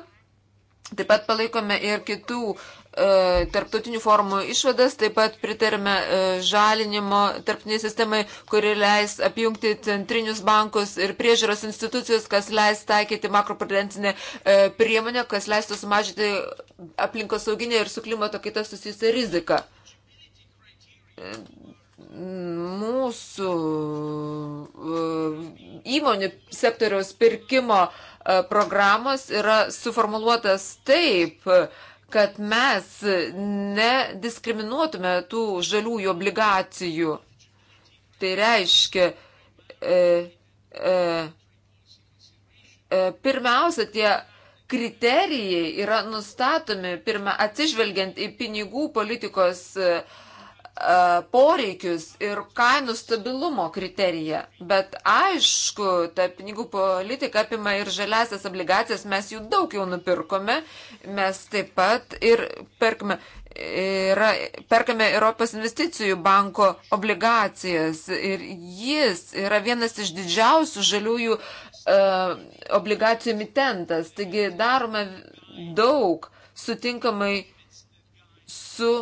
Taip pat palaikome ir kitų E, tarptautinių formų išvadas, taip pat pritarime e, žalinimo tarptautiniai sistemai, kuri leis apjungti centrinius bankus ir priežiūros institucijos, kas leis taikyti makroprudencinę e, priemonę, kas leistų sumažinti aplinkos sauginę ir su klimato kaita susijusią riziką. Mūsų įmonių sektoriaus pirkimo programos yra suformuluotas taip, kad mes nediskriminuotume tų žaliųjų obligacijų. Tai reiškia, e, e, e, pirmiausia, tie kriterijai yra nustatomi, pirmia, atsižvelgiant į pinigų politikos e, E, poreikius ir kainų stabilumo kriteriją. Bet aišku, ta pinigų politika apima ir žaliasias obligacijas, mes jų daug jau nupirkome, mes taip pat ir perkame. Yra, perkame Europos investicijų banko obligacijas ir jis yra vienas iš didžiausių žaliųjų uh, obligacijų mitentas. Taigi darome daug sutinkamai su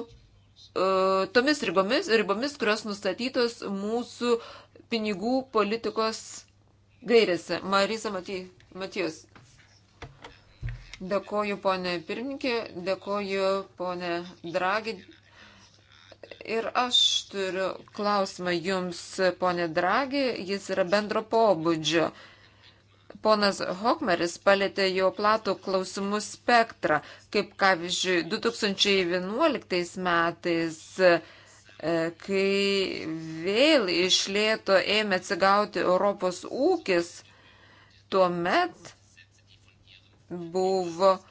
E, tomis ribomis, ribomis, kurios nustatytos mūsų pinigų politikos gairėse. Marisa Matijos. Dėkoju, ponė pirmininkė, dėkoju, ponė Dragi. Ir aš turiu klausimą jums, ponė Dragi, jis yra bendro pobūdžio. Po Ponas Hokmeris palėtė jo platų klausimų spektrą, kaip, pavyzdžiui, 2011 metais e, kai vėl išlėto ėmė atsigauti Europos ūkis, tuomet buvo e,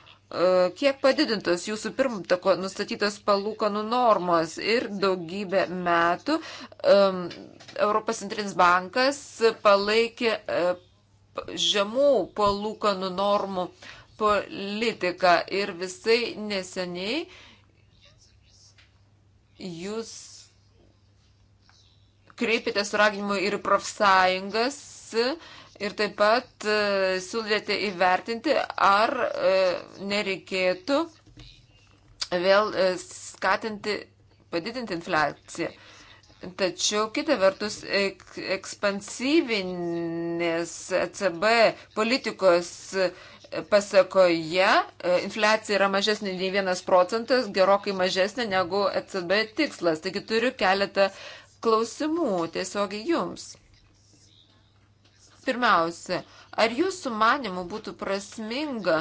kiek padidintos jūsų pirmtako nustatytos palūkanų normos ir daugybę metų um, Europos centrinis bankas palaikė uh, žemų palūkanų normų politiką ir visai neseniai jūs kreipėte suraginimu ir profsąjungas ir taip pat e, siūlėte įvertinti, ar e, nereikėtų vėl e, skatinti, padidinti infliaciją. Tačiau kita vertus ekspansyvinės ECB politikos e, pasakoje e, infliacija yra mažesnė nei vienas procentas, gerokai mažesnė negu ECB tikslas. Taigi turiu keletą klausimų tiesiog jums. Pirmiausia, ar jūsų manimų būtų prasminga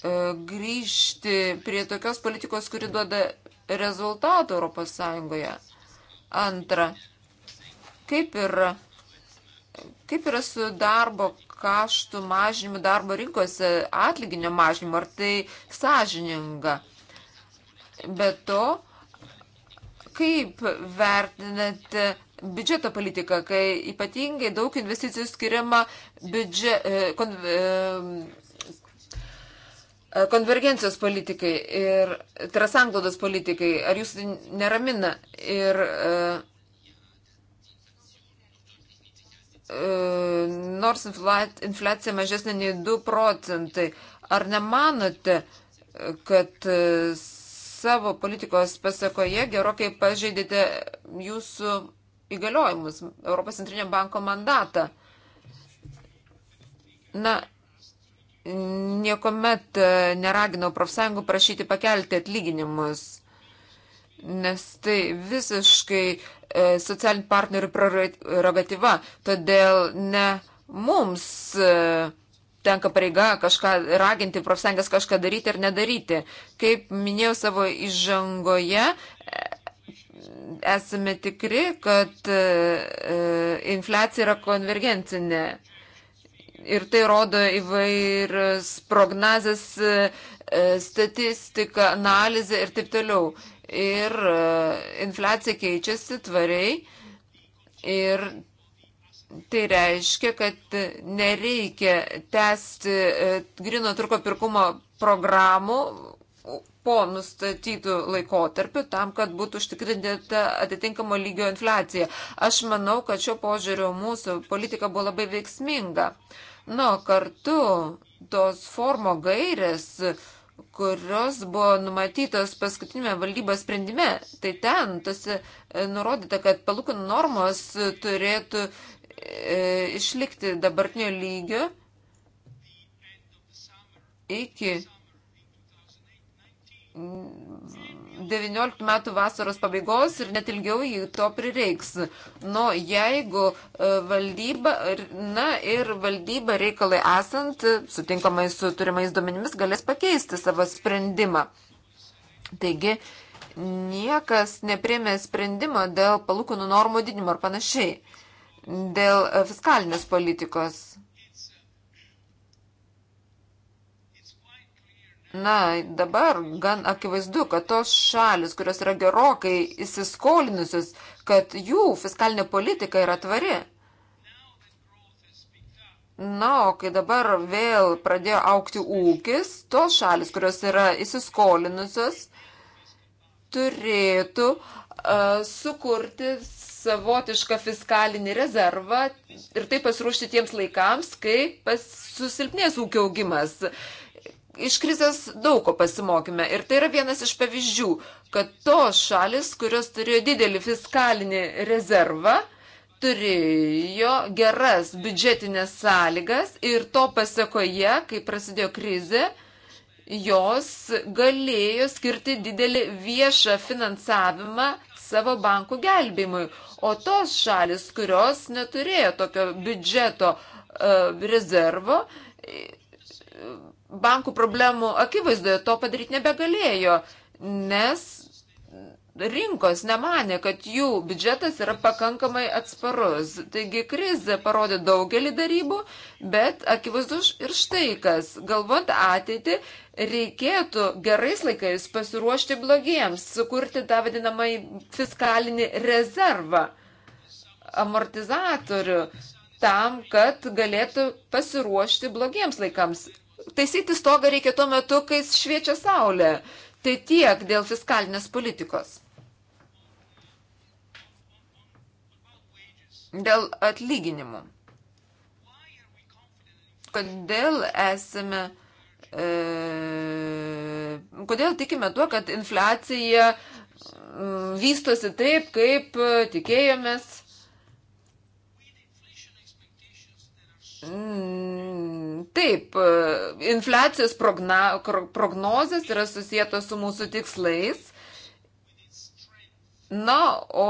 e, grįžti prie tokios politikos, kuri duoda rezultatų Europos Sąjungoje. Antra, kaip yra, kaip yra su darbo kaštų mažinimu darbo rinkose, atlyginio mažinimu, ar tai sąžininga? Be to, kaip vertinate biudžeto politiką, kai ypatingai daug investicijų skiriama biudžet, e, kon, e, E, konvergencijos politikai ir trasanglaudos tai politikai, ar jūs tai neramina ir e, e, nors infliacija mažesnė nei 2 procentai, ar nemanote, kad savo politikos pasakoje gerokai pažeidėte jūsų įgaliojimus, Europos centrinio banko mandatą? Na, niekuomet e, neraginau profsąjungų prašyti pakelti atlyginimus, nes tai visiškai e, socialinių partnerių prerogatyva, todėl ne mums e, tenka pareiga kažką raginti profsąjungas kažką daryti ar nedaryti. Kaip minėjau savo įžangoje, esame tikri, kad infliacija yra konvergencinė. Ir tai rodo įvairias prognozes, e, e, statistika, analizė ir taip toliau. Ir e, infliacija keičiasi tvariai ir tai reiškia, kad nereikia tęsti grino turko pirkumo programų po nustatytų laikotarpių tam, kad būtų užtikrinta atitinkamo lygio infliacija. Aš manau, kad šio požiūrio mūsų politika buvo labai veiksminga. Uh, Nu, kartu tos formo gairės, kurios buvo numatytos paskutinėme valdybos sprendime, tai ten tose nurodyta, kad palūkanų normos turėtų e, išlikti dabartinio lygio iki 19 metų vasaros pabaigos ir net ilgiau jų to prireiks. Nu, jeigu e, valdyba, na ir valdyba reikalai esant, sutinkamai su turimais duomenimis, galės pakeisti savo sprendimą. Taigi, niekas neprėmė sprendimo dėl palūkanų normų didinimo ar panašiai, dėl e, fiskalinės politikos. Na, dabar gan akivaizdu, kad tos šalis, kurios yra gerokai įsiskolinusios, kad jų fiskalinė politika yra tvari. Na, o kai dabar vėl pradėjo aukti ūkis, tos šalis, kurios yra įsiskolinusios, turėtų uh, sukurti savotišką fiskalinį rezervą ir taip pasiruošti tiems laikams, kai susilpnės ūkio augimas. Uh, iš krizės daug ko pasimokime. Ir tai yra vienas iš pavyzdžių, kad tos šalis, kurios turėjo didelį fiskalinį rezervą, turėjo geras biudžetinės sąlygas ir to pasakoje, kai prasidėjo krizė, jos galėjo skirti didelį viešą finansavimą savo bankų gelbėjimui. O tos šalis, kurios neturėjo tokio biudžeto uh, rezervo, bankų problemų akivaizdoje to padaryti nebegalėjo, nes rinkos nemanė, kad jų biudžetas yra pakankamai atsparus. Taigi krizė parodė daugelį darybų, bet akivaizdu ir štai kas. Galvant ateitį, reikėtų gerais laikais pasiruošti blogiems, sukurti tą vadinamą fiskalinį rezervą, amortizatorių, tam, kad galėtų pasiruošti blogiems laikams taisyti stogą reikia tuo metu, kai šviečia saulė. Tai tiek dėl fiskalinės politikos. Dėl atlyginimų. Kodėl esame. E, kodėl tikime tuo, kad infliacija vystosi taip, kaip e, tikėjomės? Mm, taip, infliacijos progna, prognozės yra susijęto su mūsų tikslais. Na, o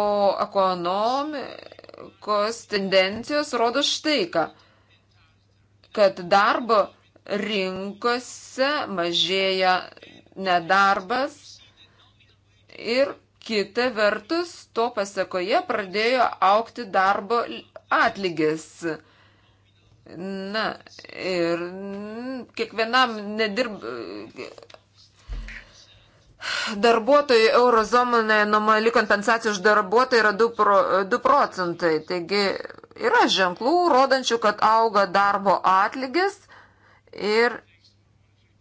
ekonomikos tendencijos rodo štai ką, kad darbo rinkose mažėja nedarbas ir kita vertus to pasakoje pradėjo aukti darbo atlygis. Na ir kiekvienam nedirb. Darbuotojų eurozomoje normali kompensacija už darbuotojų yra 2, pro, 2 procentai. Taigi yra ženklų, rodančių, kad auga darbo atlygis ir,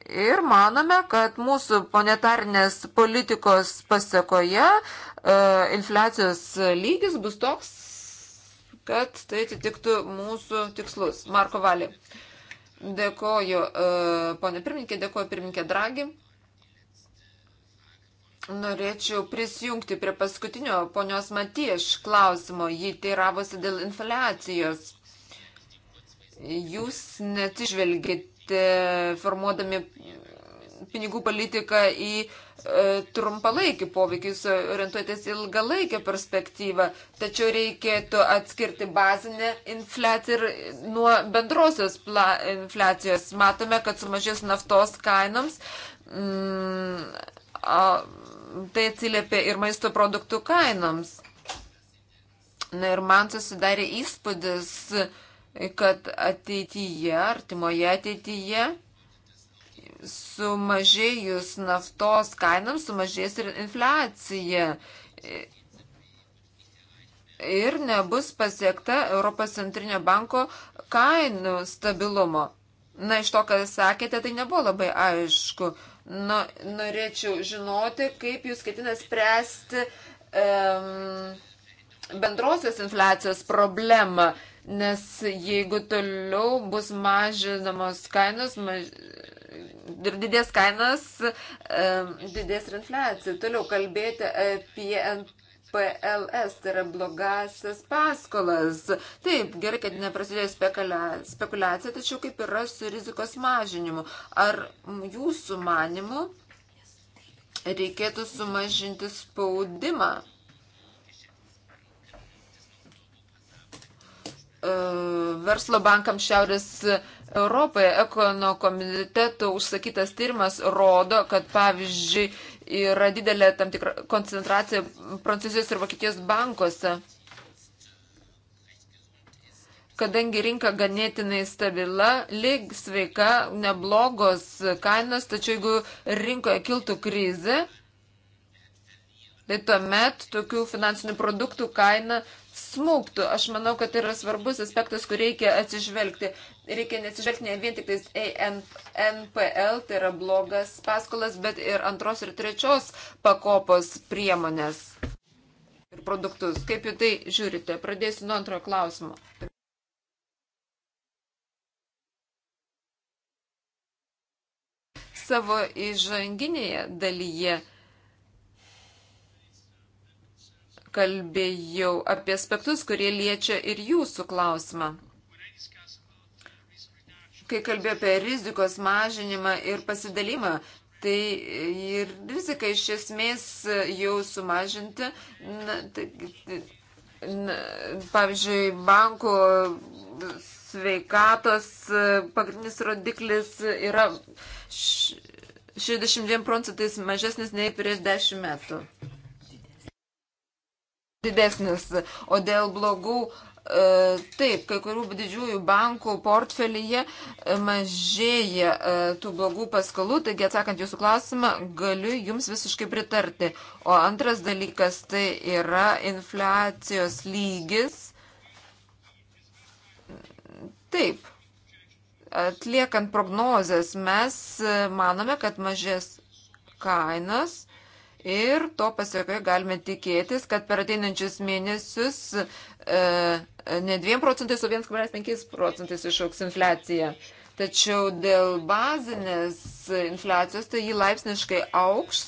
ir manome, kad mūsų monetarnės politikos pasiekoje uh, e, infliacijos lygis bus toks, kad tai atitiktų mūsų tikslus. Marko Valį. Dėkoju, e, ponė pirmininkė, dėkoju pirmininkė Dragi. Norėčiau prisijungti prie paskutinio ponios Matieš klausimo. Ji teiravosi dėl infliacijos. Jūs netižvelgėte formuodami pinigų politiką į e, trumpalaikį poveikį, jūs orientuotės ilgalaikę perspektyvą, tačiau reikėtų atskirti bazinę infliaciją ir nuo bendrosios infliacijos. Matome, kad sumažės naftos kainoms. Mm, a, tai atsiliepia ir maisto produktų kainoms. Na ir man susidarė įspūdis, kad ateityje, artimoje ateityje, sumažėjus naftos kainams sumažės ir infliacija ir nebus pasiekta Europos centrinio banko kainų stabilumo. Na, iš to, ką sakėte, tai nebuvo labai aišku. Na, nu, norėčiau žinoti, kaip jūs ketina spręsti um, bendrosios infliacijos problemą, nes jeigu toliau bus mažinamos kainos, maž ir didės kainas, didės ir infliacija. Toliau kalbėti apie PLS, tai yra blogasias paskolas. Taip, gerai, kad neprasidėjo spekulacija, tačiau kaip yra su rizikos mažinimu. Ar jūsų manimu reikėtų sumažinti spaudimą? E, verslo bankam Šiaurės Europoje ekono komiteto užsakytas tyrimas rodo, kad pavyzdžiui yra didelė tam tikra koncentracija Prancūzijos ir Vokietijos bankuose. Kadangi rinka ganėtinai stabila, lyg sveika, neblogos kainos, tačiau jeigu rinkoje kiltų krizė, tai tuomet tokių finansinių produktų kaina smūgtų. Aš manau, kad tai yra svarbus aspektas, kur reikia atsižvelgti. Reikia nesižvelgti ne vien tik tais NPL, tai yra blogas paskolas, bet ir antros ir trečios pakopos priemonės ir produktus. Kaip į tai žiūrite? Pradėsiu nuo antrojo klausimo. Savo įžanginėje dalyje kalbėjau apie aspektus, kurie liečia ir jūsų klausimą. Kai kalbėjau apie rizikos mažinimą ir pasidalymą, tai ir rizika iš esmės jau sumažinti. Na, tai, na, pavyzdžiui, banko sveikatos pagrindinis rodiklis yra 62 procentais mažesnis nei prieš 10 metų didesnis. O dėl blogų, e, taip, kai kurių didžiųjų bankų portfelyje e, mažėja e, tų blogų paskolų, taigi atsakant jūsų klausimą, galiu jums visiškai pritarti. O antras dalykas tai yra infliacijos lygis. Taip. Atliekant prognozes, mes manome, kad mažės kainas Ir to pasiekoje galime tikėtis, kad per ateinančius mėnesius e, ne 2 procentais, o 1,5 procentais išauks infliacija. Tačiau dėl bazinės infliacijos tai jį laipsniškai auks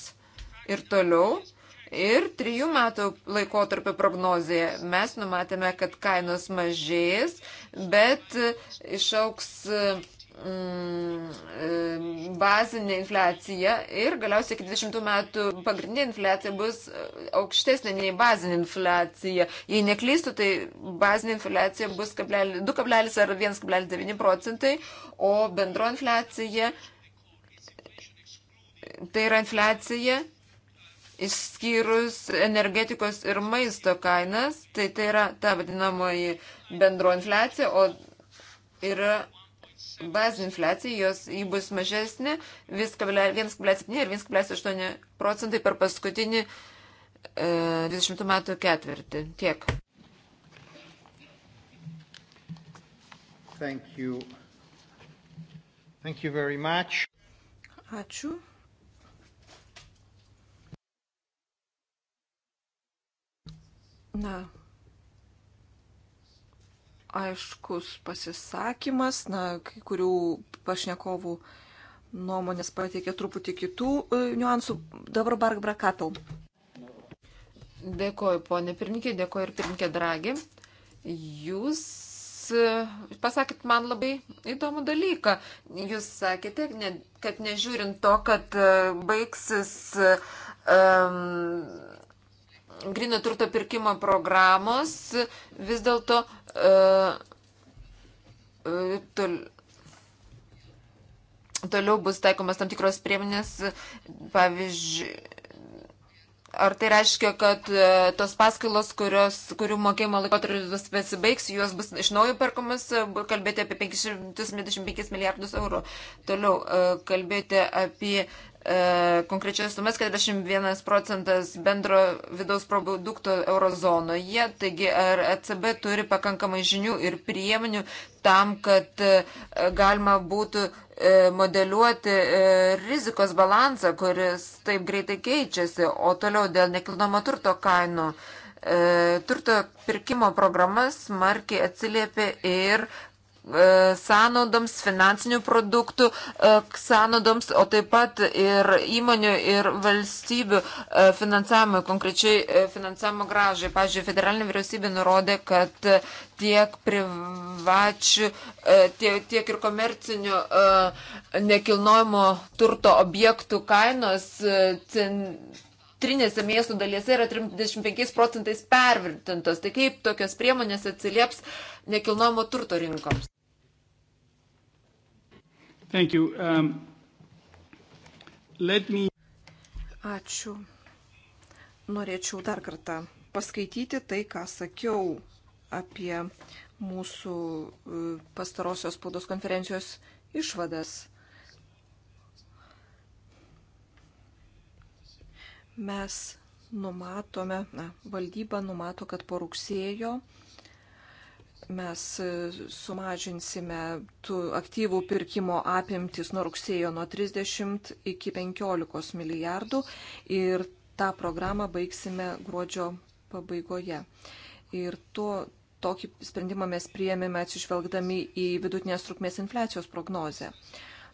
ir toliau. Ir trijų metų laikotarpio prognozėje mes numatėme, kad kainos mažės, bet išauks Mm, e, bazinė infliacija ir galiausiai iki 20 metų pagrindinė infliacija bus e, aukštesnė nei bazinė infliacija. Jei neklystu, tai bazinė infliacija bus 2,0 ar 1,9 procentai, o bendro infliacija tai yra infliacija išskyrus energetikos ir maisto kainas, tai tai yra ta vadinamoji bendro infliacija, o yra bazinė infliacija, jos jį bus mažesnė 1,7 ir 1,8 procentai per paskutinį e, 20 metų ketvirtį. Tiek. Thank you. Thank you very much. Ačiū. Na, aiškus pasisakymas, na, kai kurių pašnekovų nuomonės pateikė truputį kitų e, niuansų. Dabar Barbara Kapel. Dėkoju, ponė pirmininkė, dėkoju ir pirmininkė Dragi. Jūs e, pasakėt man labai įdomų dalyką. Jūs sakėte, kad nežiūrint to, kad e, baigsis um, grino turto pirkimo programos vis dėlto uh, tol, toliau bus taikomas tam tikros priemonės, pavyzdžiui, Ar tai reiškia, kad e, tos paskilos, kurios, kurių mokėjimo laikotarpis pasibaigs, juos bus iš naujo perkamas, kalbėti apie 575 milijardus eurų. Toliau kalbėti apie E, konkrečias sumas 41 procentas bendro vidaus produkto eurozonoje. Taigi, ar ECB turi pakankamai žinių ir priemonių tam, kad e, galima būtų e, modeliuoti rizikos balansą, kuris taip greitai keičiasi, o toliau dėl nekilnojamo turto kainų turto pirkimo programas smarkiai atsiliepia ir E, sąnaudoms, finansinių produktų e, sąnaudoms, o taip pat ir įmonių ir valstybių e, finansavimui, konkrečiai finansavimo gražai. Pavyzdžiui, federalinė vyriausybė nurodė, kad tiek privačių, tiek, tiek ir komercinių nekilnojimo turto objektų kainos centrinėse miestų dalyse yra 35 procentais pervirtintos. Tai kaip tokios priemonės atsilieps nekilnojamo turto rinkoms? Thank you. Um, let me. Ačiū. Norėčiau dar kartą paskaityti tai, ką sakiau apie mūsų e, pastarosios spaudos konferencijos išvadas. Mes numatome, na, valdyba numato, kad po rugsėjo mes e, sumažinsime tų aktyvų pirkimo apimtis nuo rugsėjo nuo 30 iki 15 milijardų ir tą programą baigsime gruodžio pabaigoje. Ir to, tokį sprendimą mes priėmėme atsižvelgdami į vidutinės trukmės infliacijos prognozę.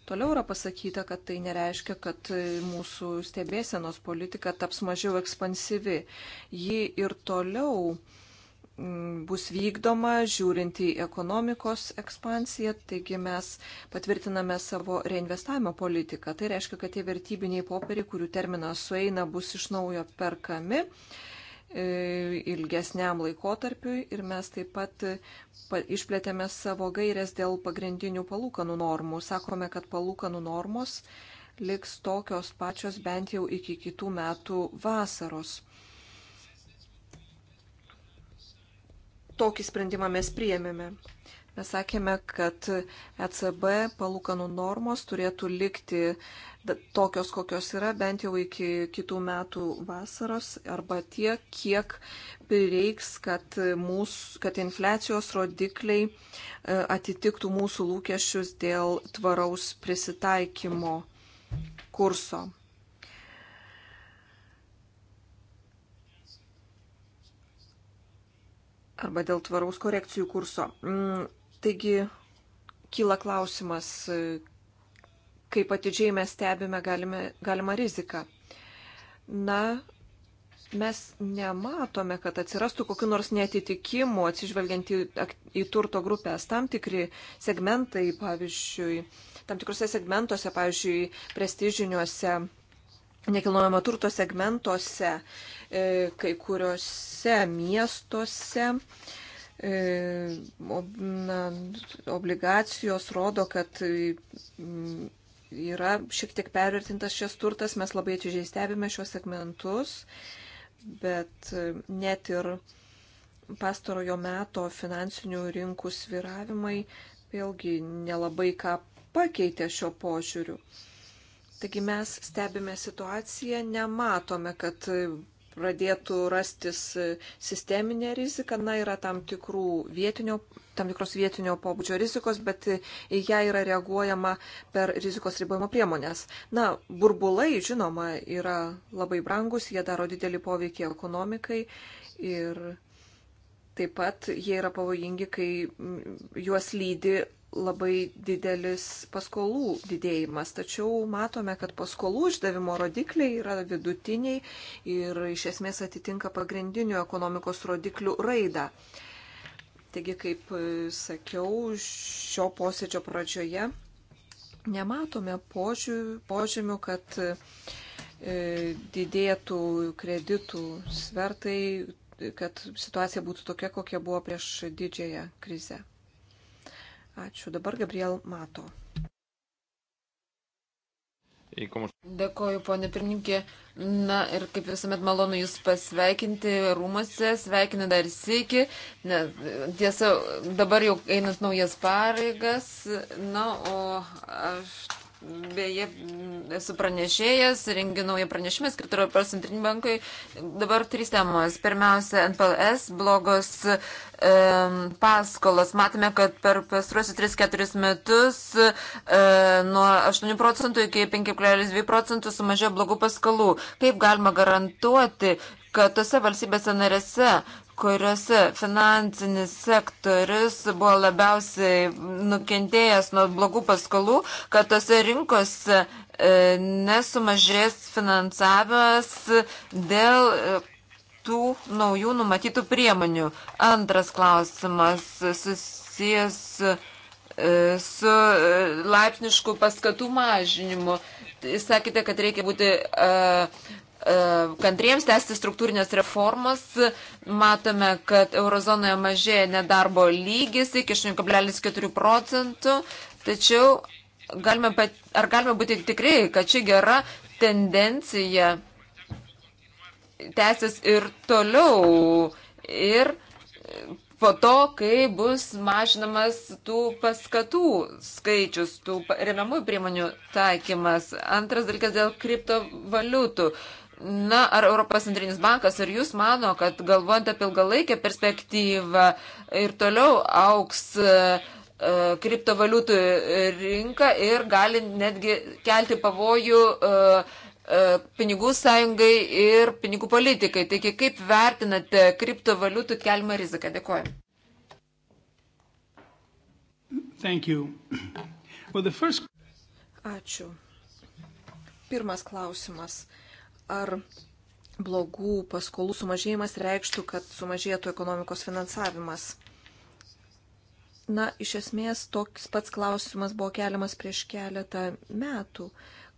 Toliau yra pasakyta, kad tai nereiškia, kad e, mūsų stebėsenos politika taps mažiau ekspansyvi. Ji ir toliau uh, Mm, bus vykdoma žiūrint į ekonomikos ekspansiją, taigi mes patvirtiname savo reinvestavimo politiką. Tai reiškia, kad tie vertybiniai popieriai, kurių terminas sueina, bus iš naujo perkami e, ilgesniam laikotarpiui ir mes taip pat e, išplėtėme savo gairias dėl pagrindinių palūkanų normų. Sakome, kad palūkanų normos liks tokios pačios bent jau iki kitų metų vasaros. tokį sprendimą mes priėmėme. Mes sakėme, kad ECB palūkanų normos turėtų likti tokios, kokios yra, bent jau iki kitų metų vasaros arba tiek, kiek prireiks, kad, mūsų, kad infliacijos rodikliai e, atitiktų mūsų lūkesčius dėl tvaraus prisitaikymo kurso. arba dėl tvaraus korekcijų kurso. Mm, taigi, kyla klausimas, kaip atidžiai mes stebime galime, galimą riziką. Na, mes nematome, kad atsirastų kokiu nors netitikimu atsižvelgiant į, į turto grupės. Tam tikri segmentai, pavyzdžiui, tam tikrose segmentuose, pavyzdžiui, prestižiniuose nekilnojamo turto segmentuose E, kai kuriuose miestuose e, obligacijos rodo, kad mm, yra šiek tiek pervertintas šis turtas, mes labai atidžiai stebime šios segmentus, bet e, net ir pastarojo meto finansinių rinkų sviravimai vėlgi nelabai ką pakeitė šio požiūriu. Taigi mes stebime situaciją, nematome, kad pradėtų rastis sisteminė rizika, na, yra tam, vietinio, tam tikros vietinio pobūdžio rizikos, bet į ją yra reaguojama per rizikos ribojimo priemonės. Na, burbulai, žinoma, yra labai brangus, jie daro didelį poveikį ekonomikai ir taip pat jie yra pavojingi, kai juos lydi labai didelis paskolų didėjimas, tačiau matome, kad paskolų išdavimo rodikliai yra vidutiniai ir iš esmės atitinka pagrindinių ekonomikos rodiklių raidą. Taigi, kaip sakiau, šio posėdžio pradžioje nematome požymių, kad e, didėtų kreditų svertai, kad situacija būtų tokia, kokia buvo prieš didžiąją krizę. Ačiū. Dabar Gabriel Mato. Dėkoju, ponė pirmininkė. Na ir kaip visuomet malonu Jūs pasveikinti rūmose, sveikinu dar sėki. Tiesa, dabar jau einant naujas pareigas. Na, o aš Beje, esu pranešėjas, rengiu naują pranešimą skirtą Europos centriniam bankui. Dabar trys temos. Pirmiausia, NPLS, blogos e, paskolos. Matome, kad per pastruosius 3-4 metus e, nuo 8 procentų iki 5,2 procentų sumažėjo blogų paskolų. Kaip galima garantuoti, kad tose valstybėse narėse, kuriuose finansinis sektorius buvo labiausiai nukentėjęs nuo blogų paskolų, kad tose rinkose e, nesumažės finansavimas dėl e, tų naujų numatytų priemonių. Antras klausimas susijęs e, su laipsnišku paskatų mažinimu. Sakėte, kad reikia būti uh, E, kantriems tęsti struktūrinės reformas. Matome, kad eurozonoje mažėja nedarbo lygis iki 8,4 procentų, tačiau galime, ar galime būti tikrai, kad ši gera tendencija tęsis ir toliau. Ir po to, kai bus mažinamas tų paskatų skaičius, tų remiamųjų priemonių taikymas. Antras dalykas dėl kriptovaliutų. Na, ar Europos centrinis bankas ir jūs mano, kad galvojant apie ilgalaikę perspektyvą ir toliau auks uh, kriptovaliutų rinka ir gali netgi kelti pavojų uh, pinigų sąjungai ir pinigų politikai. Taigi, kaip vertinate kriptovaliutų keliamą riziką? Dėkuoju. Well, first... Ačiū. Pirmas klausimas ar blogų paskolų sumažėjimas reikštų, kad sumažėtų ekonomikos finansavimas. Na, iš esmės, toks pats klausimas buvo keliamas prieš keletą metų,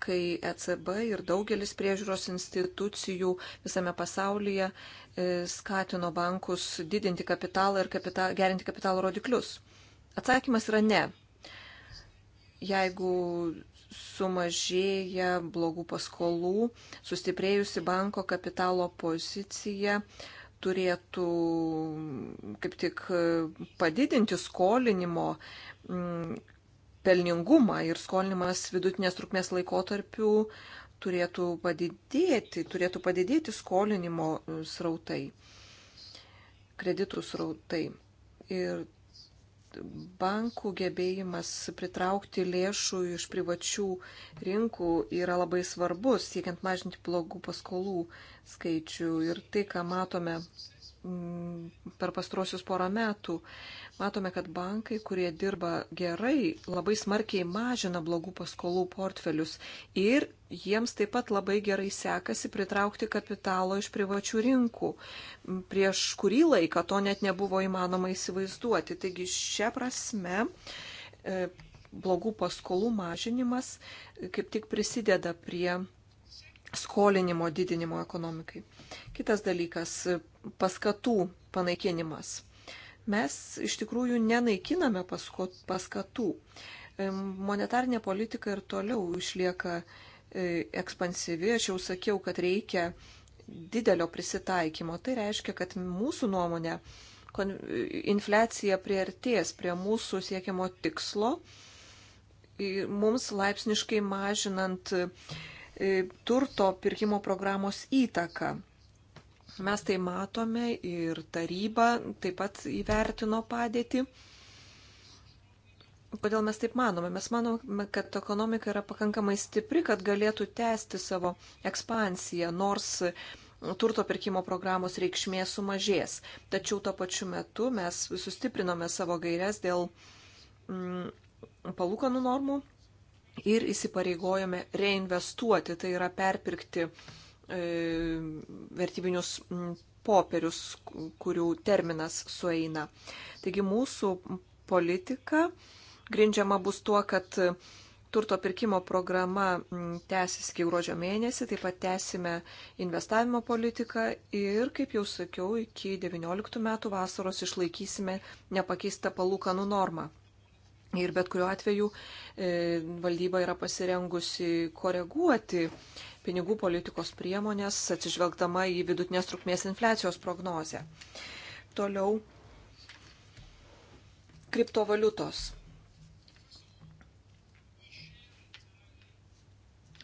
kai ECB ir daugelis priežiūros institucijų visame pasaulyje e, skatino bankus didinti kapitalą ir kapital, gerinti kapitalo rodiklius. Atsakymas yra ne. Jeigu sumažėja blogų paskolų, sustiprėjusi banko kapitalo pozicija turėtų kaip tik padidinti skolinimo mm, pelningumą ir skolinimas vidutinės trukmės laikotarpių turėtų padidėti, turėtų padidėti skolinimo srautai, kreditų srautai. Ir bankų gebėjimas pritraukti lėšų iš privačių rinkų yra labai svarbus, siekiant mažinti blogų paskolų skaičių. Ir tai, ką matome Mm, per pastrosius porą metų matome, kad bankai, kurie dirba gerai, labai smarkiai mažina blogų paskolų portfelius ir jiems taip pat labai gerai sekasi pritraukti kapitalo iš privačių rinkų. Mm, prieš kurį laiką to net nebuvo įmanoma įsivaizduoti. Taigi šią prasme e, blogų paskolų mažinimas kaip tik prisideda prie skolinimo didinimo ekonomikai. Kitas dalykas - paskatų panaikinimas. Mes iš tikrųjų nenaikiname paskatų. E, monetarinė politika ir toliau išlieka e, ekspansyvi. Aš jau sakiau, kad reikia didelio prisitaikymo. Tai reiškia, kad mūsų nuomonė infliacija priartės prie mūsų siekiamo tikslo, mums laipsniškai mažinant e, turto pirkimo programos įtaką. Mes tai matome ir taryba taip pat įvertino padėtį. Kodėl mes taip manome? Mes manome, kad ekonomika yra pakankamai stipri, kad galėtų tęsti savo ekspansiją, nors turto pirkimo programos reikšmė sumažės. Tačiau tuo pačiu metu mes sustiprinome savo gairias dėl mm, palūkanų normų ir įsipareigojome reinvestuoti, tai yra perpirkti mm, E, vertybinius popierius, kurių terminas sueina. Taigi mūsų politika grindžiama bus tuo, kad turto pirkimo programa tęsis iki gruodžio mėnesį, taip pat tęsime investavimo politiką ir, kaip jau sakiau, iki 19 metų vasaros išlaikysime nepakeistą palūkanų normą. Ir bet kuriuo atveju e, valdyba yra pasirengusi koreguoti pinigų politikos priemonės, atsižvelgdama į vidutinės trukmės infliacijos prognozę. Toliau kriptovaliutos.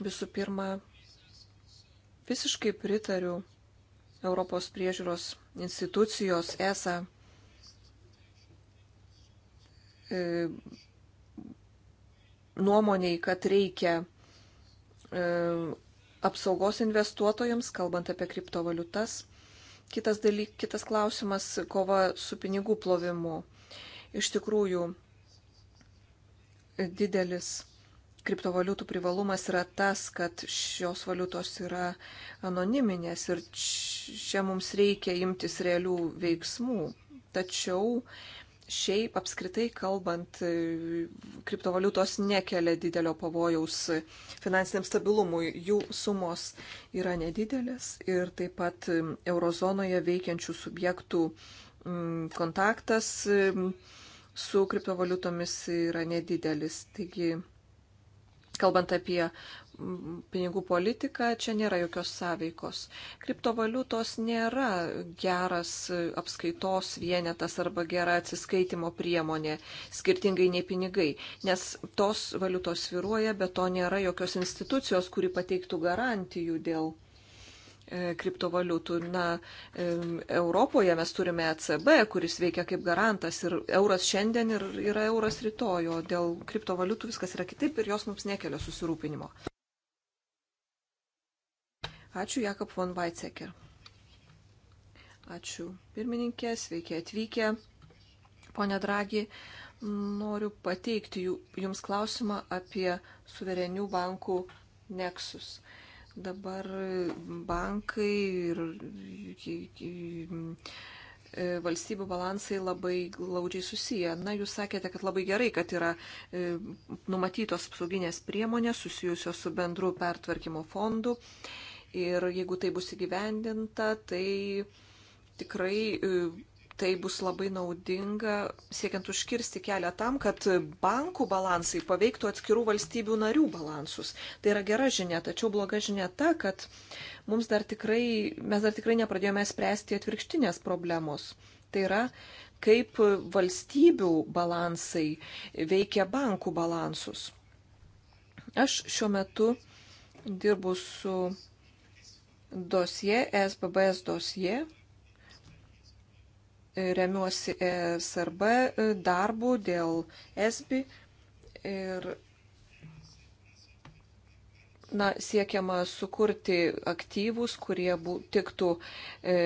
Visų pirma, visiškai pritariu Europos priežiūros institucijos ESA e, nuomoniai, kad reikia e, apsaugos investuotojams, kalbant apie kriptovaliutas. Kitas, dalyk, kitas klausimas - kova su pinigų plovimu. Iš tikrųjų, didelis kriptovaliutų privalumas yra tas, kad šios valiutos yra anoniminės ir čia mums reikia imtis realių veiksmų. Tačiau šiaip apskritai kalbant, e, kriptovaliutos nekelia didelio pavojaus finansiniam stabilumui. Jų sumos yra nedidelės ir taip pat e, eurozonoje veikiančių subjektų kontaktas e, su kriptovaliutomis yra nedidelis. Taigi, kalbant apie pinigų politika, čia nėra jokios sąveikos. Kriptovaliutos nėra geras apskaitos vienetas arba gera atsiskaitimo priemonė, skirtingai nei pinigai, nes tos valiutos sviruoja, bet to nėra jokios institucijos, kuri pateiktų garantijų dėl e, kriptovaliutų. Na, e, Europoje mes turime ECB, kuris veikia kaip garantas ir euras šiandien ir yra euras rytoj, o dėl kriptovaliutų viskas yra kitaip ir jos mums nekelia susirūpinimo. Ačiū Jakob von Weizsäcker. Ačiū pirmininkė, sveiki atvykę. Pone Dragi, noriu pateikti Jums klausimą apie suverenių bankų neksus. Dabar bankai ir valstybių balansai labai glaudžiai susiję. Na, jūs sakėte, kad labai gerai, kad yra numatytos apsauginės priemonės susijusios su bendru pertvarkymo fondu. Ir jeigu tai bus įgyvendinta, tai tikrai e, tai bus labai naudinga siekiant užkirsti kelią tam, kad bankų balansai paveiktų atskirų valstybių narių balansus. Tai yra gera žinia, tačiau bloga žinia ta, kad mums dar tikrai, mes dar tikrai nepradėjome spręsti atvirkštinės problemos. Tai yra, kaip valstybių balansai veikia bankų balansus. Aš šiuo metu dirbu su dosie, SBBS dosie, remiuosi e SRB darbų dėl SBI ir na, siekiama sukurti aktyvus, kurie bū, tiktų e,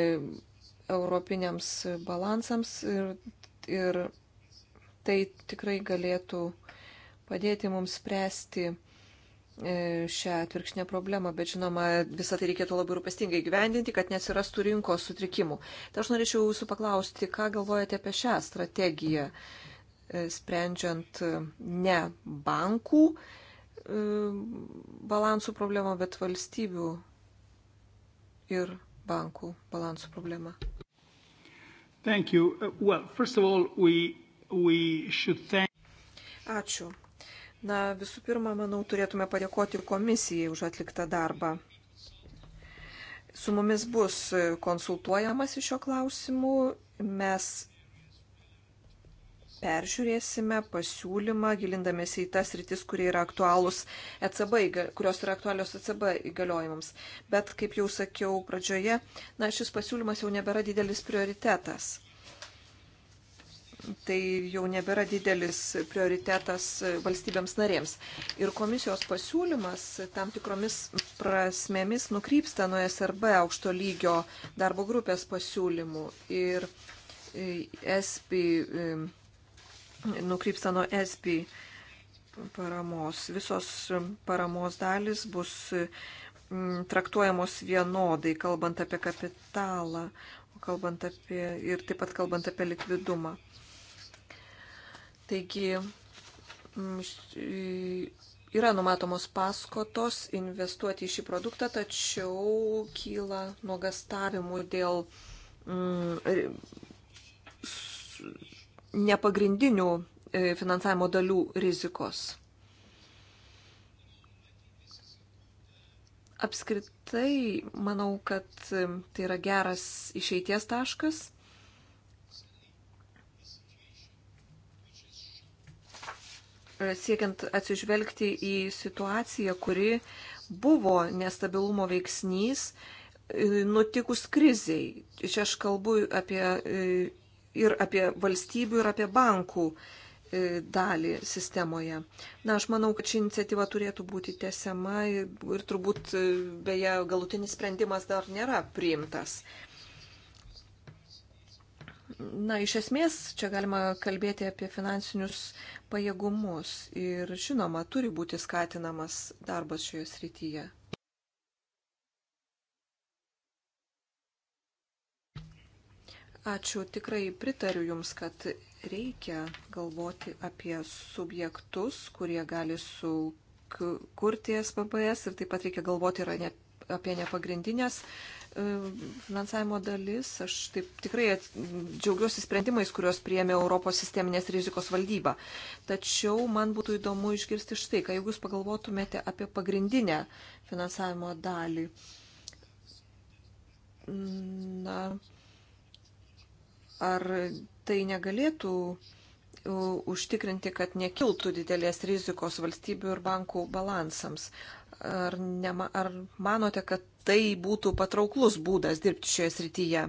europiniams balansams ir, ir tai tikrai galėtų padėti mums spręsti E, šią atvirkštinę problemą, bet žinoma, visą tai reikėtų labai rūpestingai gyvendinti, kad nesirastų rinkos sutrikimų. Tai aš norėčiau jūsų paklausti, ką galvojate apie šią strategiją, e, sprendžiant e, ne bankų balansų problemą, bet valstybių ir bankų balansų problemą. Uh, well, all, we, we thank... Ačiū. Na, visų pirma, manau, turėtume padėkoti komisijai už atliktą darbą. Su mumis bus konsultuojamas iš šio klausimu. Mes peržiūrėsime pasiūlymą, gilindamėsi į tas rytis, kurie yra aktualūs ECB, kurios yra aktualios ECB įgaliojimams. Bet, kaip jau sakiau pradžioje, na, šis pasiūlymas jau nebėra didelis prioritetas tai jau nebėra didelis prioritetas valstybėms narėms. Ir komisijos pasiūlymas tam tikromis prasmėmis nukrypsta nuo SRB aukšto lygio darbo grupės pasiūlymų. Ir ESPI e, nukrypsta nuo ESPI paramos. Visos paramos dalis bus traktuojamos vienodai, kalbant apie kapitalą, kalbant apie ir taip pat kalbant apie likvidumą. Taigi mm, yra numatomos paskotos investuoti į šį produktą, tačiau kyla nuogastavimų dėl mm, nepagrindinių e, finansavimo dalių rizikos. Apskritai, manau, kad e, tai yra geras išeities taškas siekiant atsižvelgti į situaciją, kuri buvo nestabilumo veiksnys e, nutikus kriziai. Čia aš kalbu apie, e, ir apie valstybių, ir apie bankų e, dalį sistemoje. Na, aš manau, kad ši iniciatyva turėtų būti tęsiama ir, ir turbūt, beje, galutinis sprendimas dar nėra priimtas. Na, iš esmės čia galima kalbėti apie finansinius pajėgumus ir žinoma, turi būti skatinamas darbas šioje srityje. Ačiū, tikrai pritariu Jums, kad reikia galvoti apie subjektus, kurie gali sukurti SPBS ir taip pat reikia galvoti ne, apie nepagrindinės E, finansavimo dalis. Aš taip tikrai džiaugiuosi sprendimais, kuriuos priemė Europos sisteminės rizikos valdyba. Tačiau man būtų įdomu išgirsti štai, ką jeigu jūs pagalvotumėte apie pagrindinę finansavimo dalį. Na, ar tai negalėtų užtikrinti, kad nekiltų didelės rizikos valstybių ir bankų balansams? Ar, nema, ar manote, kad tai būtų patrauklus būdas dirbti šioje srityje.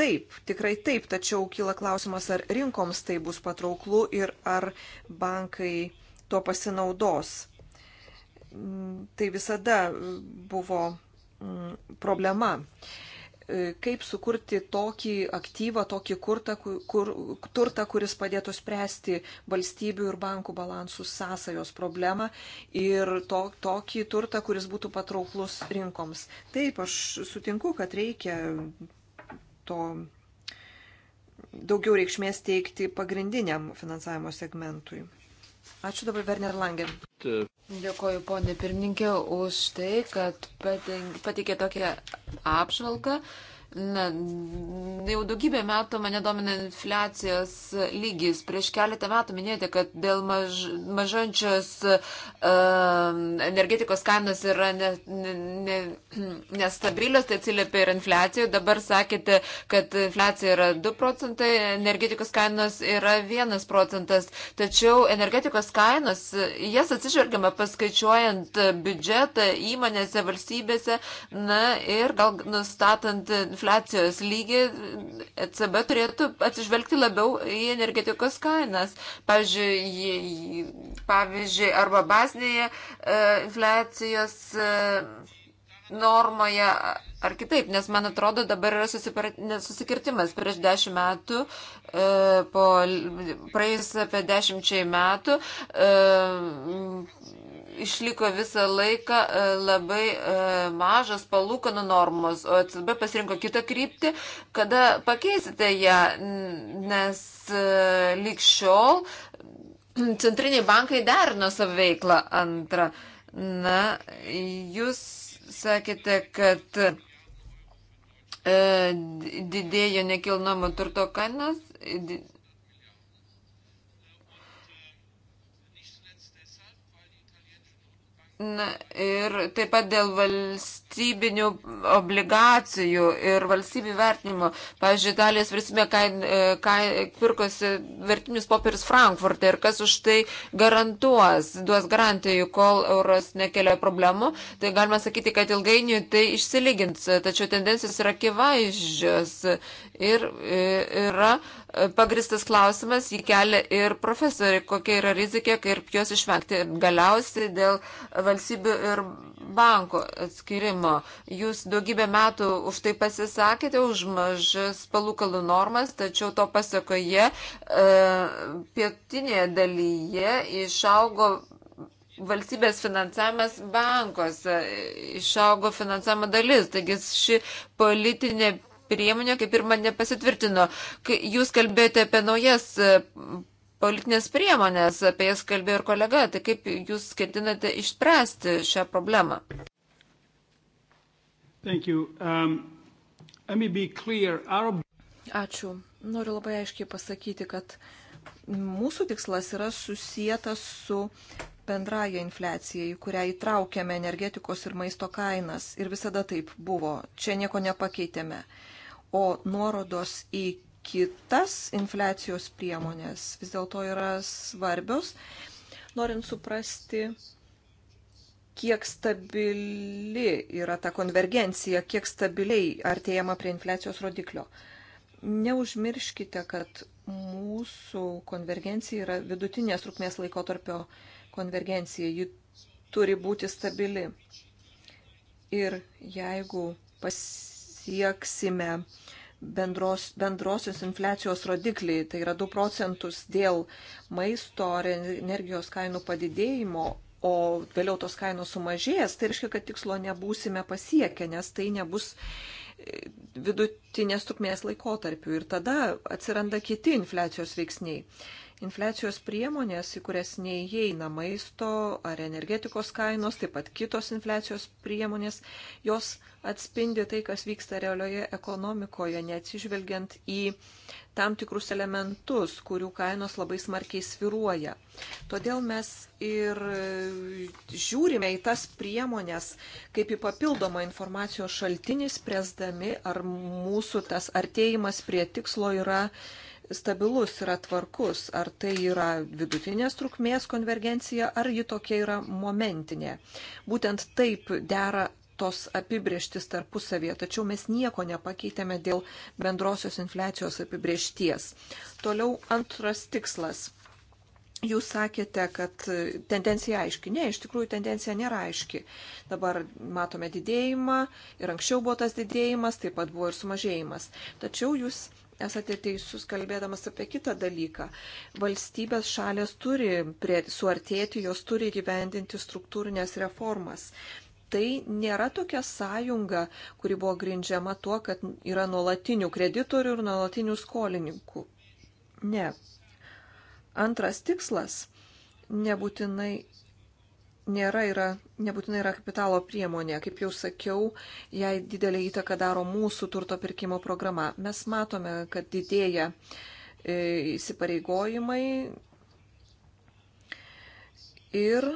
Taip, tikrai taip, tačiau kyla klausimas, ar rinkoms tai bus patrauklu ir ar bankai tuo pasinaudos. Mm, tai visada buvo mm, problema. E, kaip sukurti tokį aktyvą, tokį kurtą, kur, turtą, kuris padėtų spręsti valstybių ir bankų balansų sąsajos problemą ir to, tokį turtą, kuris būtų patrauklus rinkoms. Taip, aš sutinku, kad reikia to daugiau reikšmės teikti pagrindiniam finansavimo segmentui. Ačiū dabar Werner Langen. Dėkoju, ponė pirmininkė, už tai, kad pateikė tokią apžvalgą. Uh, Na, jau daugybę metų mane domina infliacijos lygis. Prieš keletą metų minėjote, kad dėl maž, mažančios uh, energetikos kainos yra ne, ne, ne, nestabilios, tai atsiliepia ir infliacijų. Dabar sakėte, kad infliacija yra 2 procentai, energetikos kainos yra 1 procentas. Tačiau energetikos kainos, jas atsižvelgiama paskaičiuojant biudžetą įmonėse, valstybėse, na ir gal nustatant infliaciją infliacijos lygį, ECB turėtų atsižvelgti labiau į energetikos kainas. Pavyzdžiui, pavyzdžiui arba bazinėje e, infliacijos e, normoje ar kitaip, nes man atrodo dabar yra susikirtimas. Prieš dešimt metų, e, po praėjus apie dešimčiai metų, e, išliko visą laiką e, labai e, mažas palūkanų normos, o ECB pasirinko kitą kryptį, kada pakeisite ją, nes e, likščiol centriniai bankai derino savo veiklą antrą. Na, jūs sakėte, kad didėjo nekilnojamo turto kainas Na, ir taip pat dėl valstybinių obligacijų ir valstybių vertinimo. Pavyzdžiui, Italijos vyriausybė e, pirkosi vertinius popierius Frankfurte ir kas už tai garantuos, duos garantijų, kol euros nekelia problemų, tai galima sakyti, kad ilgainiui tai išsilygins. Tačiau tendencijos yra akivaizdžios ir e, yra pagristas klausimas, jį kelia ir profesoriai, kokia yra rizika, kaip jos išvengti. Galiausiai dėl valstybių ir banko atskirimo. Jūs daugybę metų už tai pasisakėte, už mažas palūkalų normas, tačiau to pasakoje e, pietinėje dalyje išaugo valstybės finansavimas bankos, išaugo finansavimo dalis. Taigi ši politinė priemonė kaip ir man nepasitvirtino. Jūs kalbėjote apie naujas e, politinės priemonės, apie jas kalbėjo ir kolega, tai kaip jūs ketinate išspręsti šią problemą? Um, Our... Ačiū. Noriu labai aiškiai pasakyti, kad mūsų tikslas yra susijęs su bendraja infliacija, į kurią įtraukėme energetikos ir maisto kainas. Ir visada taip buvo. Čia nieko nepakeitėme. Uh, o nuorodos į kitas infliacijos priemonės vis dėlto yra svarbios, norint suprasti, kiek stabili yra ta konvergencija, kiek stabiliai artėjama prie infliacijos rodiklio. Neužmirškite, kad mūsų konvergencija yra vidutinės trukmės laikotarpio konvergencija. Ji turi būti stabili. Ir jeigu pasieksime uh, bendros, bendrosios infliacijos rodikliai, tai yra 2 procentus dėl maisto ar energijos kainų padidėjimo, o vėliau tos kainos sumažės, tai reiškia, kad tikslo nebūsime pasiekę, nes tai nebus e, vidutinės trukmės laikotarpių ir tada atsiranda kiti infliacijos veiksniai. Infliacijos priemonės, į kurias neįeina maisto ar energetikos kainos, taip pat kitos infliacijos priemonės, jos atspindi tai, kas vyksta realioje ekonomikoje, neatsižvelgiant į tam tikrus elementus, kurių kainos labai smarkiai sviruoja. Todėl mes ir žiūrime į tas priemonės kaip į papildomą informacijos šaltinį, spręsdami, ar mūsų tas artėjimas prie tikslo yra stabilus yra tvarkus, ar tai yra vidutinės trukmės konvergencija, ar ji tokia yra momentinė. Būtent taip dera tos apibrieštis tarpusavėje, tačiau mes nieko nepakeitėme dėl bendrosios infliacijos apibriešties. Toliau antras tikslas. Jūs sakėte, kad tendencija aiški. Ne, iš tikrųjų tendencija nėra aiški. Dabar matome didėjimą ir anksčiau buvo tas didėjimas, taip pat buvo ir sumažėjimas. Tačiau jūs esate teisus, kalbėdamas apie kitą dalyką. Valstybės šalės turi prie, suartėti, jos turi gyvendinti struktūrinės reformas. Tai nėra tokia sąjunga, kuri buvo grindžiama tuo, kad yra nuolatinių kreditorių ir nuolatinių skolininkų. Ne. Antras tikslas nebūtinai nėra, yra, nebūtinai yra kapitalo priemonė. Kaip jau sakiau, jai didelį įtaką daro mūsų turto pirkimo programa. Mes matome, kad didėja e, įsipareigojimai ir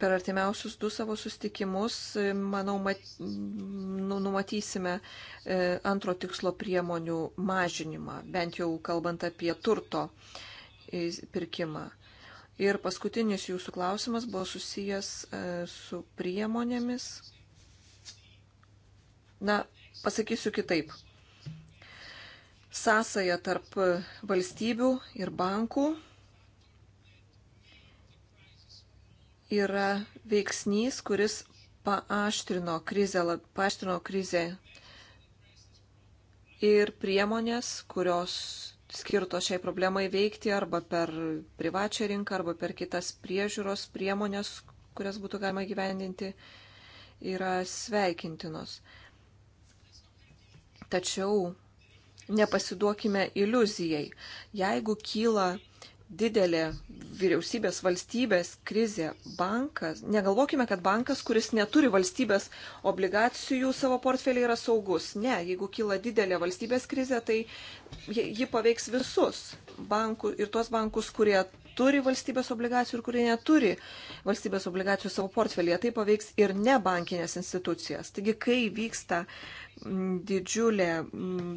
per artimiausius du savo sustikimus, e, manau, mat, nu, numatysime e, antro tikslo priemonių mažinimą, bent jau kalbant apie turto pirkimą. Ir paskutinis jūsų klausimas buvo susijęs e, su priemonėmis. Na, pasakysiu kitaip. Sąsaja tarp valstybių ir bankų yra veiksnys, kuris paaštrino krizę, paaštrino krizę ir priemonės, kurios skirtos šiai problemai veikti arba per privačią rinką, arba per kitas priežiūros priemonės, kurias būtų galima gyvendinti, yra sveikintinos. Tačiau nepasiduokime iliuzijai. Jeigu kyla didelė vyriausybės valstybės krizė bankas, negalvokime, kad bankas, kuris neturi valstybės obligacijų savo portfelį yra saugus. Ne, jeigu kyla didelė valstybės krizė, tai ji paveiks visus banku, ir tuos bankus, kurie turi valstybės obligacijų ir kurie neturi valstybės obligacijų savo portfelyje. Tai paveiks ir nebankinės institucijas. Taigi, kai vyksta didžiulė,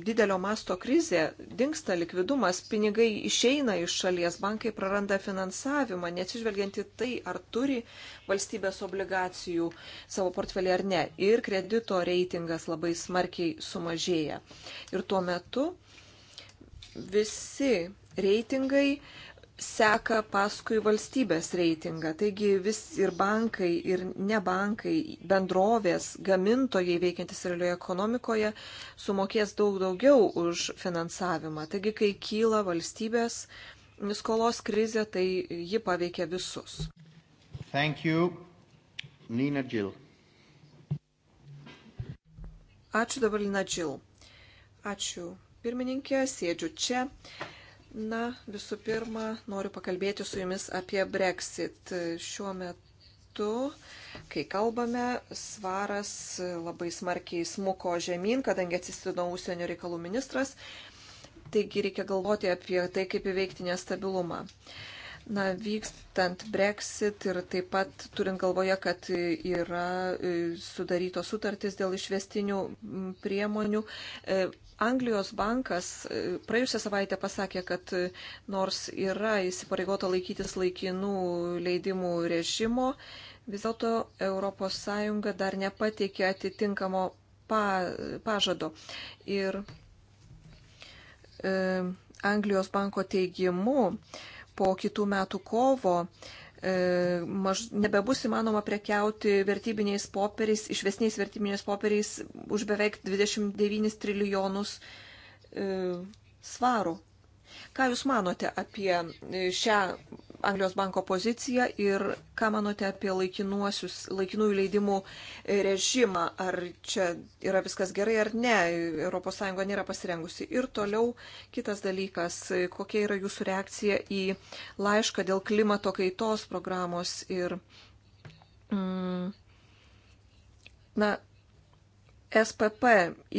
didelio masto krizė, dinksta likvidumas, pinigai išeina iš šalies, bankai praranda finansavimą, neatsižvelgiant į tai, ar turi valstybės obligacijų savo portfelį ar ne. Ir kredito reitingas labai smarkiai sumažėja. Ir tuo metu visi reitingai seka paskui valstybės reitingą. Taigi vis ir bankai, ir ne bankai, bendrovės, gamintojai veikiantis realioje ekonomikoje sumokės daug daugiau už finansavimą. Taigi, kai kyla valstybės skolos krizė, tai ji paveikia visus. Thank you. Nina Jill. Ačiū dabar, Lina Džil. Ačiū. Pirmininkė, sėdžiu čia. Na, visų pirma, noriu pakalbėti su jumis apie Brexit. Šiuo metu, kai kalbame, svaras labai smarkiai smuko žemyn, kadangi atsistino užsienio reikalų ministras. Taigi reikia galvoti apie tai, kaip įveikti nestabilumą. Uh, Na, vykstant Brexit ir taip pat turint galvoje, kad yra e, sudarytos sutartys dėl išvestinių priemonių, e, Anglijos bankas e, praėjusią savaitę pasakė, kad nors yra įsipareigota laikytis laikinų leidimų režimo, vis dėlto ES dar nepateikė atitinkamo pa, pažado. Ir e, Anglijos banko teigimu, e, po kitų metų kovo e, maž, nebebus įmanoma prekiauti vertybiniais popieriais, išvesniais vertybiniais popieriais už beveik 29 trilijonus e, svarų. Ką Jūs manote apie e, šią Anglijos banko poziciją ir ką manote apie laikinųjų leidimų e, režimą? Ar čia yra viskas gerai ar ne? ES nėra pasirengusi. Ir toliau kitas dalykas, e, kokia yra jūsų reakcija į laišką dėl klimato kaitos programos ir. Mm, na, SPP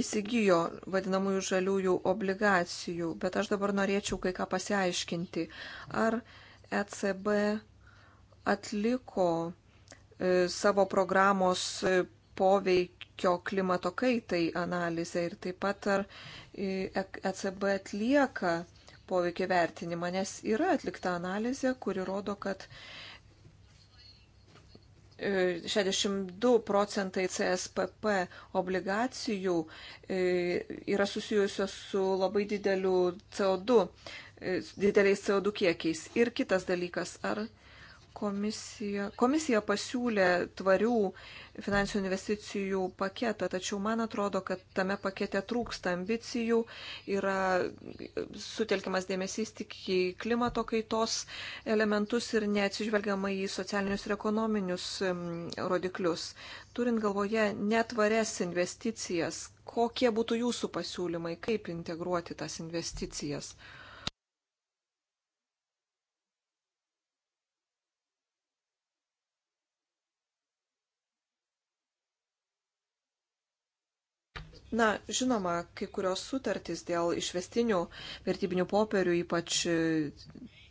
įsigijo vadinamųjų žaliųjų obligacijų, bet aš dabar norėčiau kai ką pasiaiškinti. Ar ECB atliko e, savo programos e, poveikio klimato kaitai analizę ir taip pat ar ECB e atlieka poveikį vertinimą, nes yra atlikta analizė, kuri rodo, kad 62 procentai CSPP obligacijų yra susijusios su labai dideliu CO2 E, dideliais CO2 kiekiais. Ir kitas dalykas, ar komisija, komisija pasiūlė tvarių finansinių investicijų paketą, tačiau man atrodo, kad tame pakete trūksta ambicijų, yra sutelkiamas dėmesys tik į klimato kaitos elementus ir neatsižvelgiama į socialinius ir ekonominius rodiklius. Turint galvoje netvarias investicijas, kokie būtų jūsų pasiūlymai, kaip integruoti tas investicijas? Na, žinoma, kai kurios sutartys dėl išvestinių vertybinių popierių, ypač e,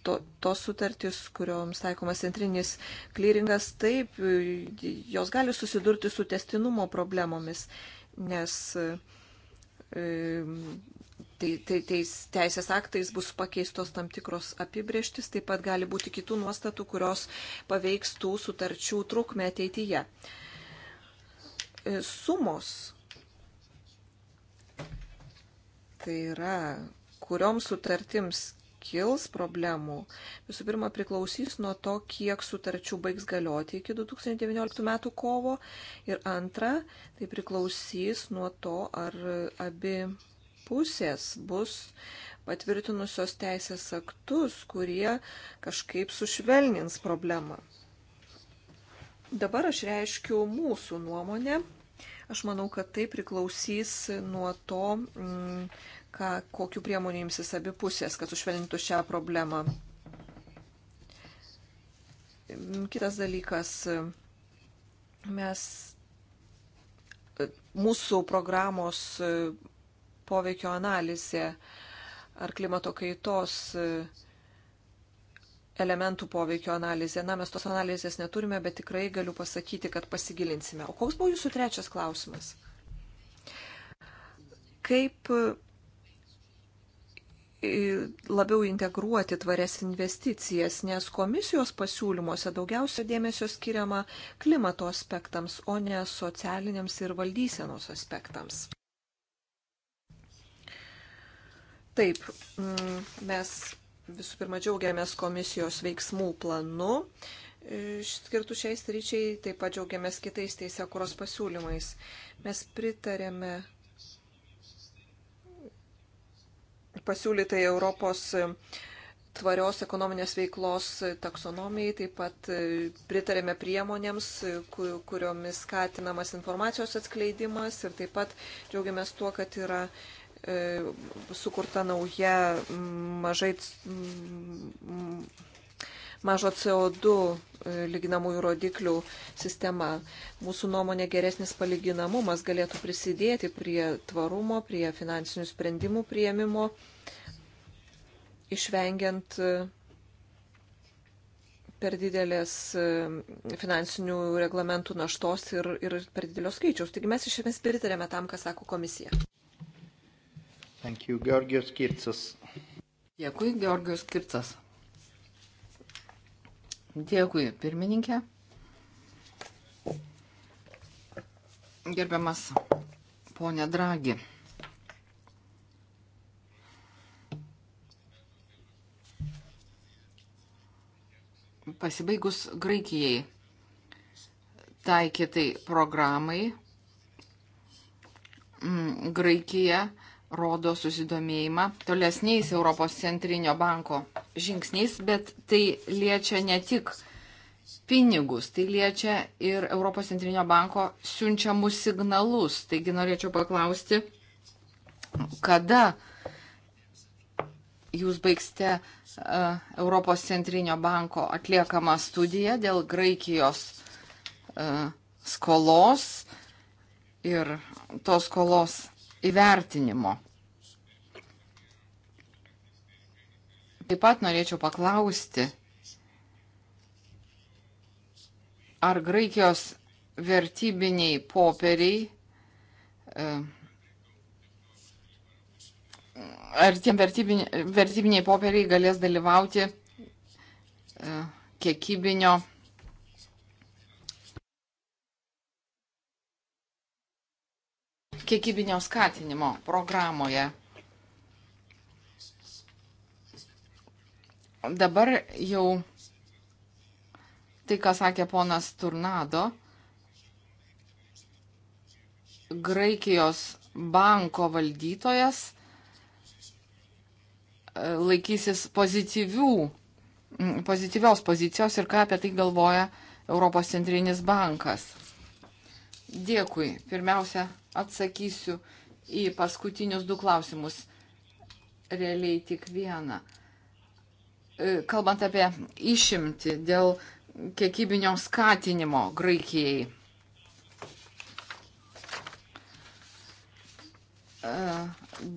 to, tos sutartys, kurioms taikomas centrinis klyringas, taip, e, jos gali susidurti su testinumo problemomis, nes tai, tai, teis, teisės aktais bus pakeistos tam tikros apibrieštis, taip pat gali būti kitų nuostatų, kurios paveiks tų sutarčių trukmę ateityje. Sumos Tai yra, kurioms sutartims kils problemų, visų pirma priklausys nuo to, kiek sutarčių baigs galioti iki 2019 metų kovo ir antra, tai priklausys nuo to, ar abi pusės bus patvirtinusios teisės aktus, kurie kažkaip sušvelnins problemą. Dabar aš reiškiu mūsų nuomonę. Aš manau, kad tai priklausys nuo to, mm, ką, kokiu priemonių imsis abi pusės, kad sušvelnintų šią problemą. Kitas dalykas, mes mūsų programos poveikio analizė ar klimato kaitos elementų poveikio analizė. Na, mes tos analizės neturime, bet tikrai galiu pasakyti, kad pasigilinsime. O koks buvo jūsų trečias klausimas? Kaip labiau integruoti tvarias investicijas, nes komisijos pasiūlymuose daugiausia dėmesio skiriama klimato aspektams, o ne socialiniams ir valdysenos aspektams. Taip, mm, mes visų pirma džiaugiamės komisijos veiksmų planu e, skirtų šiais ryčiai, taip pat džiaugiamės kitais teisėkuros pasiūlymais. Mes pritarėme pasiūlytai Europos e, tvarios ekonominės veiklos taksonomijai, taip pat e, pritarėme priemonėms, e, kuriomis skatinamas informacijos atskleidimas ir taip pat džiaugiamės tuo, kad yra sukurta nauja mažai mažo CO2 lyginamųjų rodiklių sistema. Mūsų nuomonė geresnis palyginamumas galėtų prisidėti prie tvarumo, prie finansinių sprendimų prieimimo išvengiant e, per didelės e, finansinių reglamentų naštos ir, ir per didelio skaičiaus. Taigi mes iš esmės pritarėme tam, ką sako komisija. Thank you, Georgios Kircas. Dėkui, Georgios Kircas. Dėkui, pirmininkė. Gerbiamas ponė Dragi. pasibaigus Graikijai taikytai programai, mm, Graikija rodo susidomėjimą tolesniais Europos centrinio banko žingsniais, bet tai liečia ne tik pinigus, tai liečia ir Europos centrinio banko siunčiamus signalus. Taigi norėčiau paklausti, kada uh, jūs baigsite uh, Europos centrinio banko atliekamą studiją dėl Graikijos uh, skolos ir tos skolos įvertinimo. Taip pat norėčiau paklausti, ar Graikijos vertybiniai poperiai uh, e, ar tie vertybiniai, vertybiniai popieriai galės dalyvauti e, kiekybinio. kiekybinio skatinimo programoje. Dabar jau tai, ką sakė ponas Turnado, Graikijos banko valdytojas laikysis pozityvių, pozityvios pozicijos ir ką apie tai galvoja Europos centrinis bankas. Dėkui. Pirmiausia, atsakysiu į paskutinius du klausimus. Realiai tik vieną. E, kalbant apie išimti dėl kiekybinio skatinimo Graikijai. E,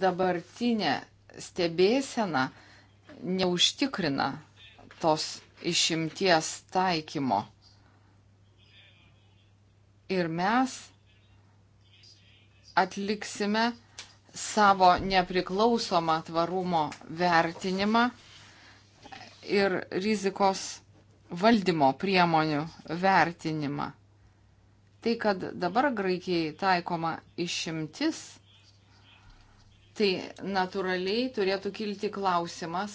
dabartinė stebėsena neužtikrina tos išimties taikymo. Ir mes atliksime savo nepriklausomą tvarumo vertinimą ir rizikos valdymo priemonių vertinimą. Tai, kad dabar Graikijai taikoma išimtis, tai natūraliai turėtų kilti klausimas,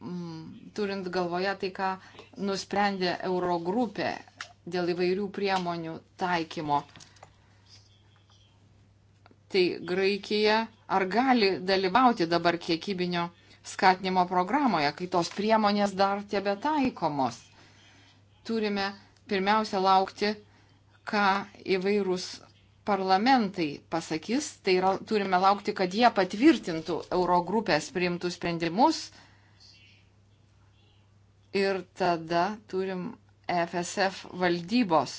mm, turint galvoje tai, ką nusprendė Eurogrupė dėl įvairių priemonių taikymo. Tai Graikija ar gali dalyvauti dabar kiekybinio skatinimo programoje, kai tos priemonės dar tebe taikomos. Turime pirmiausia laukti, ką įvairūs parlamentai pasakys, tai yra, turime laukti, kad jie patvirtintų Eurogrupės priimtų sprendimus ir tada turim FSF valdybos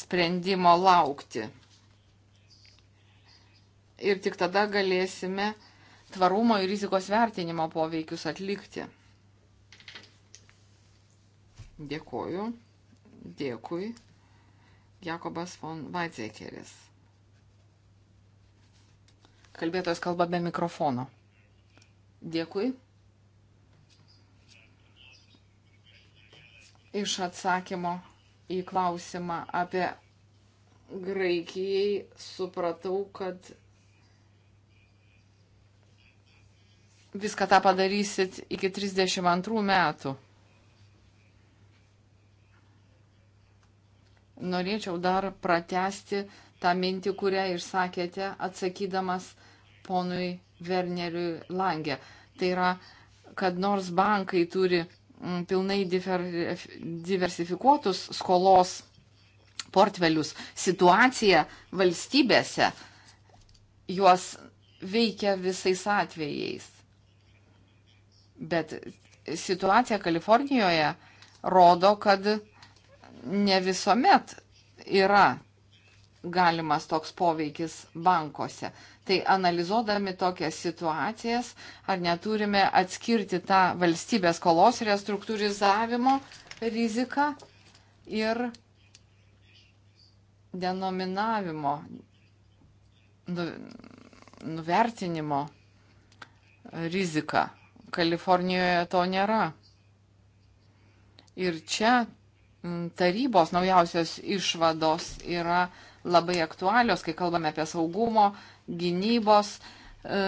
sprendimo laukti. Ir tik tada galėsime tvarumo ir rizikos vertinimo poveikius atlikti. Dėkuoju. Dėkui. Jakobas von Weizsäkeris. Kalbėtojas kalba be mikrofono. Dėkui. Iš atsakymo į klausimą apie Graikijai supratau, kad viską tą padarysit iki 32 metų. norėčiau dar pratesti tą mintį, kurią išsakėte atsakydamas ponui Werneriui Langė. Tai yra, kad nors bankai turi mm, pilnai diversifikuotus skolos portfelius, situacija valstybėse juos veikia visais atvejais. Bet situacija Kalifornijoje rodo, kad ne visuomet yra galimas toks poveikis bankuose. Tai analizuodami tokias situacijas, ar neturime atskirti tą valstybės kolos restruktūrizavimo riziką ir denominavimo, nu, nuvertinimo riziką. Kalifornijoje to nėra. Ir čia Mm, tarybos naujausios išvados yra labai aktualios, kai kalbame apie saugumo, gynybos e,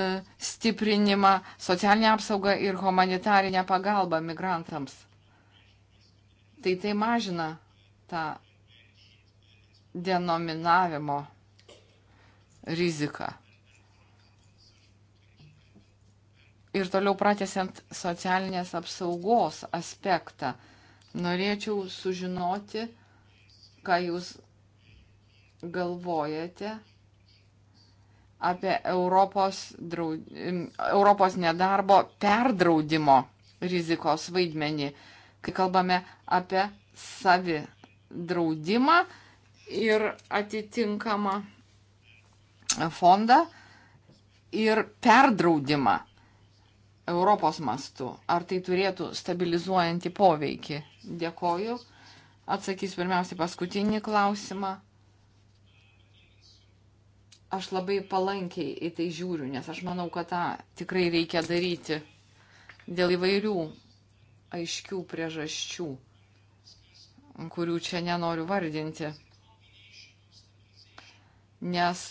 stiprinimą, socialinę apsaugą ir humanitarinę pagalbą migrantams. Tai tai mažina tą denominavimo riziką. Ir toliau pratesiant socialinės apsaugos aspektą Norėčiau sužinoti, ką jūs galvojate apie Europos, draud... Europos nedarbo perdraudimo rizikos vaidmenį, kai kalbame apie savi draudimą ir atitinkamą fondą ir perdraudimą. Europos mastu. Ar tai turėtų stabilizuojantį poveikį? Dėkoju. Atsakys pirmiausiai paskutinį klausimą. Aš labai palankiai į tai žiūriu, nes aš manau, kad tą tikrai reikia daryti dėl įvairių aiškių priežasčių, kurių čia nenoriu vardinti. Nes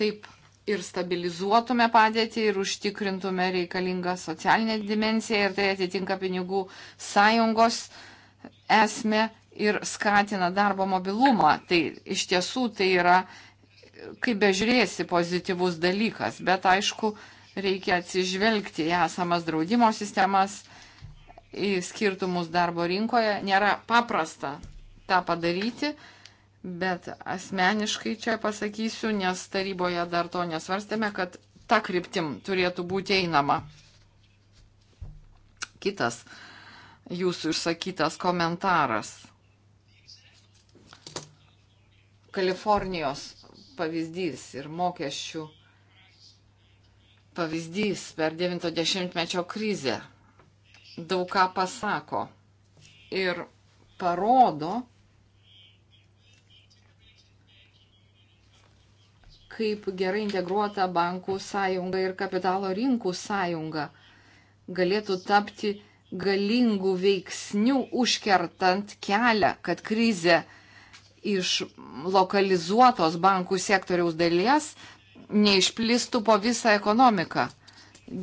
taip ir stabilizuotume padėtį ir užtikrintume reikalingą socialinę dimenciją ir tai atitinka pinigų sąjungos esmę ir skatina darbo mobilumą. Tai iš tiesų tai yra, kaip bežiūrėsi, pozityvus dalykas, bet aišku, reikia atsižvelgti į esamas draudimo sistemas, į skirtumus darbo rinkoje. Nėra paprasta tą padaryti Bet asmeniškai čia pasakysiu, nes taryboje dar to nesvarstėme, kad ta kryptim turėtų būti einama. Kitas jūsų išsakytas komentaras. Kalifornijos pavyzdys ir mokesčių pavyzdys per 90-mečio krizę daug ką pasako ir parodo, kaip gerai integruota bankų sąjunga ir kapitalo rinkų sąjunga galėtų tapti galingų veiksnių užkertant kelią, kad krizė iš lokalizuotos bankų sektoriaus dalies neišplistų po visą ekonomiką.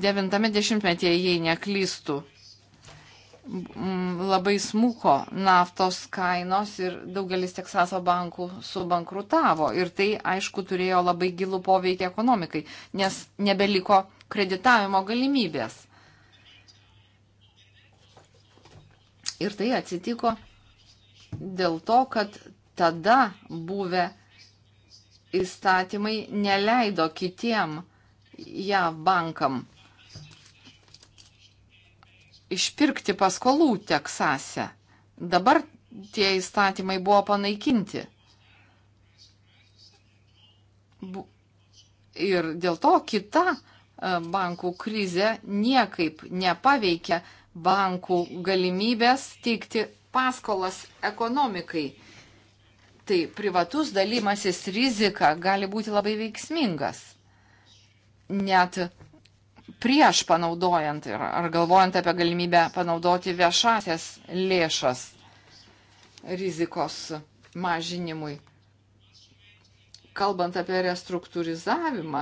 90-metyje, jei neklystų, labai smuko naftos kainos ir daugelis Teksaso bankų subankrutavo. Ir tai, aišku, turėjo labai gilų poveikį ekonomikai, nes nebeliko kreditavimo galimybės. Ir tai atsitiko dėl to, kad tada buvę įstatymai neleido kitiem JAV bankam išpirkti paskolų Teksase. Dabar tie įstatymai buvo panaikinti. Ir dėl to kita e, bankų krizė niekaip nepaveikia bankų galimybės teikti paskolas ekonomikai. Tai privatus dalymasis rizika gali būti labai veiksmingas. Net prieš panaudojant ir ar galvojant apie galimybę panaudoti viešasias lėšas rizikos mažinimui. Kalbant apie restruktūrizavimą,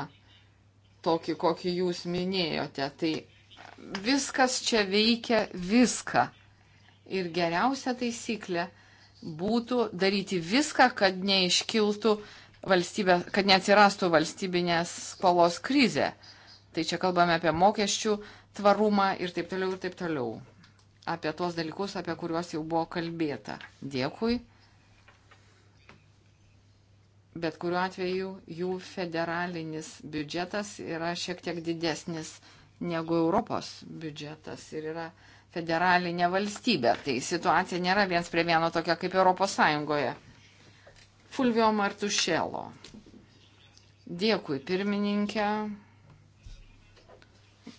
tokį, kokį jūs minėjote, tai viskas čia veikia viską. Ir geriausia taisyklė būtų daryti viską, kad neiškiltų valstybė, kad neatsirastų valstybinės skolos krizė. Tai čia kalbame apie mokesčių tvarumą ir taip toliau ir taip toliau. Apie tuos dalykus, apie kuriuos jau buvo kalbėta. Dėkui. Bet kuriuo atveju jų federalinis biudžetas yra šiek tiek didesnis negu Europos biudžetas ir yra federalinė valstybė. Tai situacija nėra viens prie vieno tokia kaip Europos Sąjungoje. Fulvio Martušėlo. Dėkui pirmininkė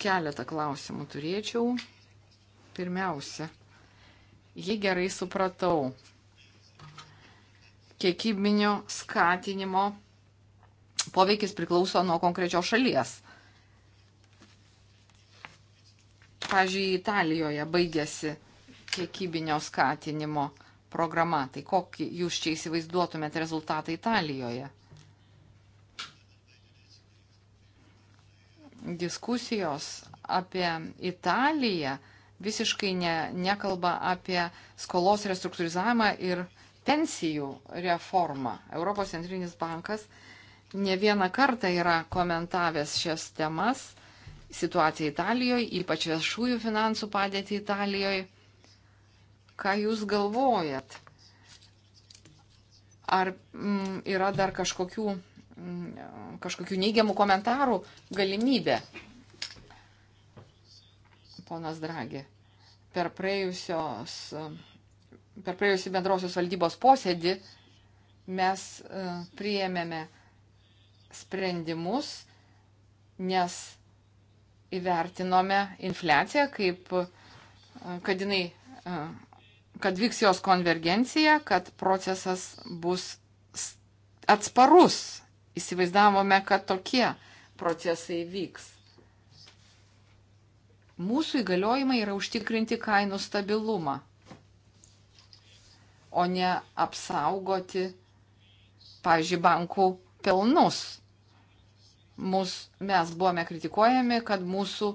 keletą klausimų turėčiau. Pirmiausia, jei gerai supratau, kiekybinio skatinimo poveikis priklauso nuo konkrečios šalies. Pavyzdžiui, Italijoje baigėsi kiekybinio skatinimo programa. Tai kokį jūs čia įsivaizduotumėte rezultatą Italijoje? diskusijos apie Italiją visiškai ne, nekalba apie skolos restruktūrizavimą ir pensijų reformą. Europos centrinis bankas ne vieną kartą yra komentavęs šias temas, situaciją Italijoje, ypač viešųjų finansų padėtį Italijoje. Ką Jūs galvojat? Ar m, mm, yra dar kažkokių Mm, kažkokių neigiamų komentarų galimybė. Ponas Dragi, per, praėjusios, per praėjusią bendrosios valdybos posėdį mes e, priėmėme sprendimus, nes įvertinome infliaciją kaip, e, kad jinai, e, kad vyks jos konvergencija, kad procesas bus atsparus įsivaizdavome, kad tokie procesai vyks. Mūsų įgaliojimai yra užtikrinti kainų stabilumą, o ne apsaugoti, pažiūrėjau, bankų pelnus. Mūs, mes buvome kritikuojami, kad mūsų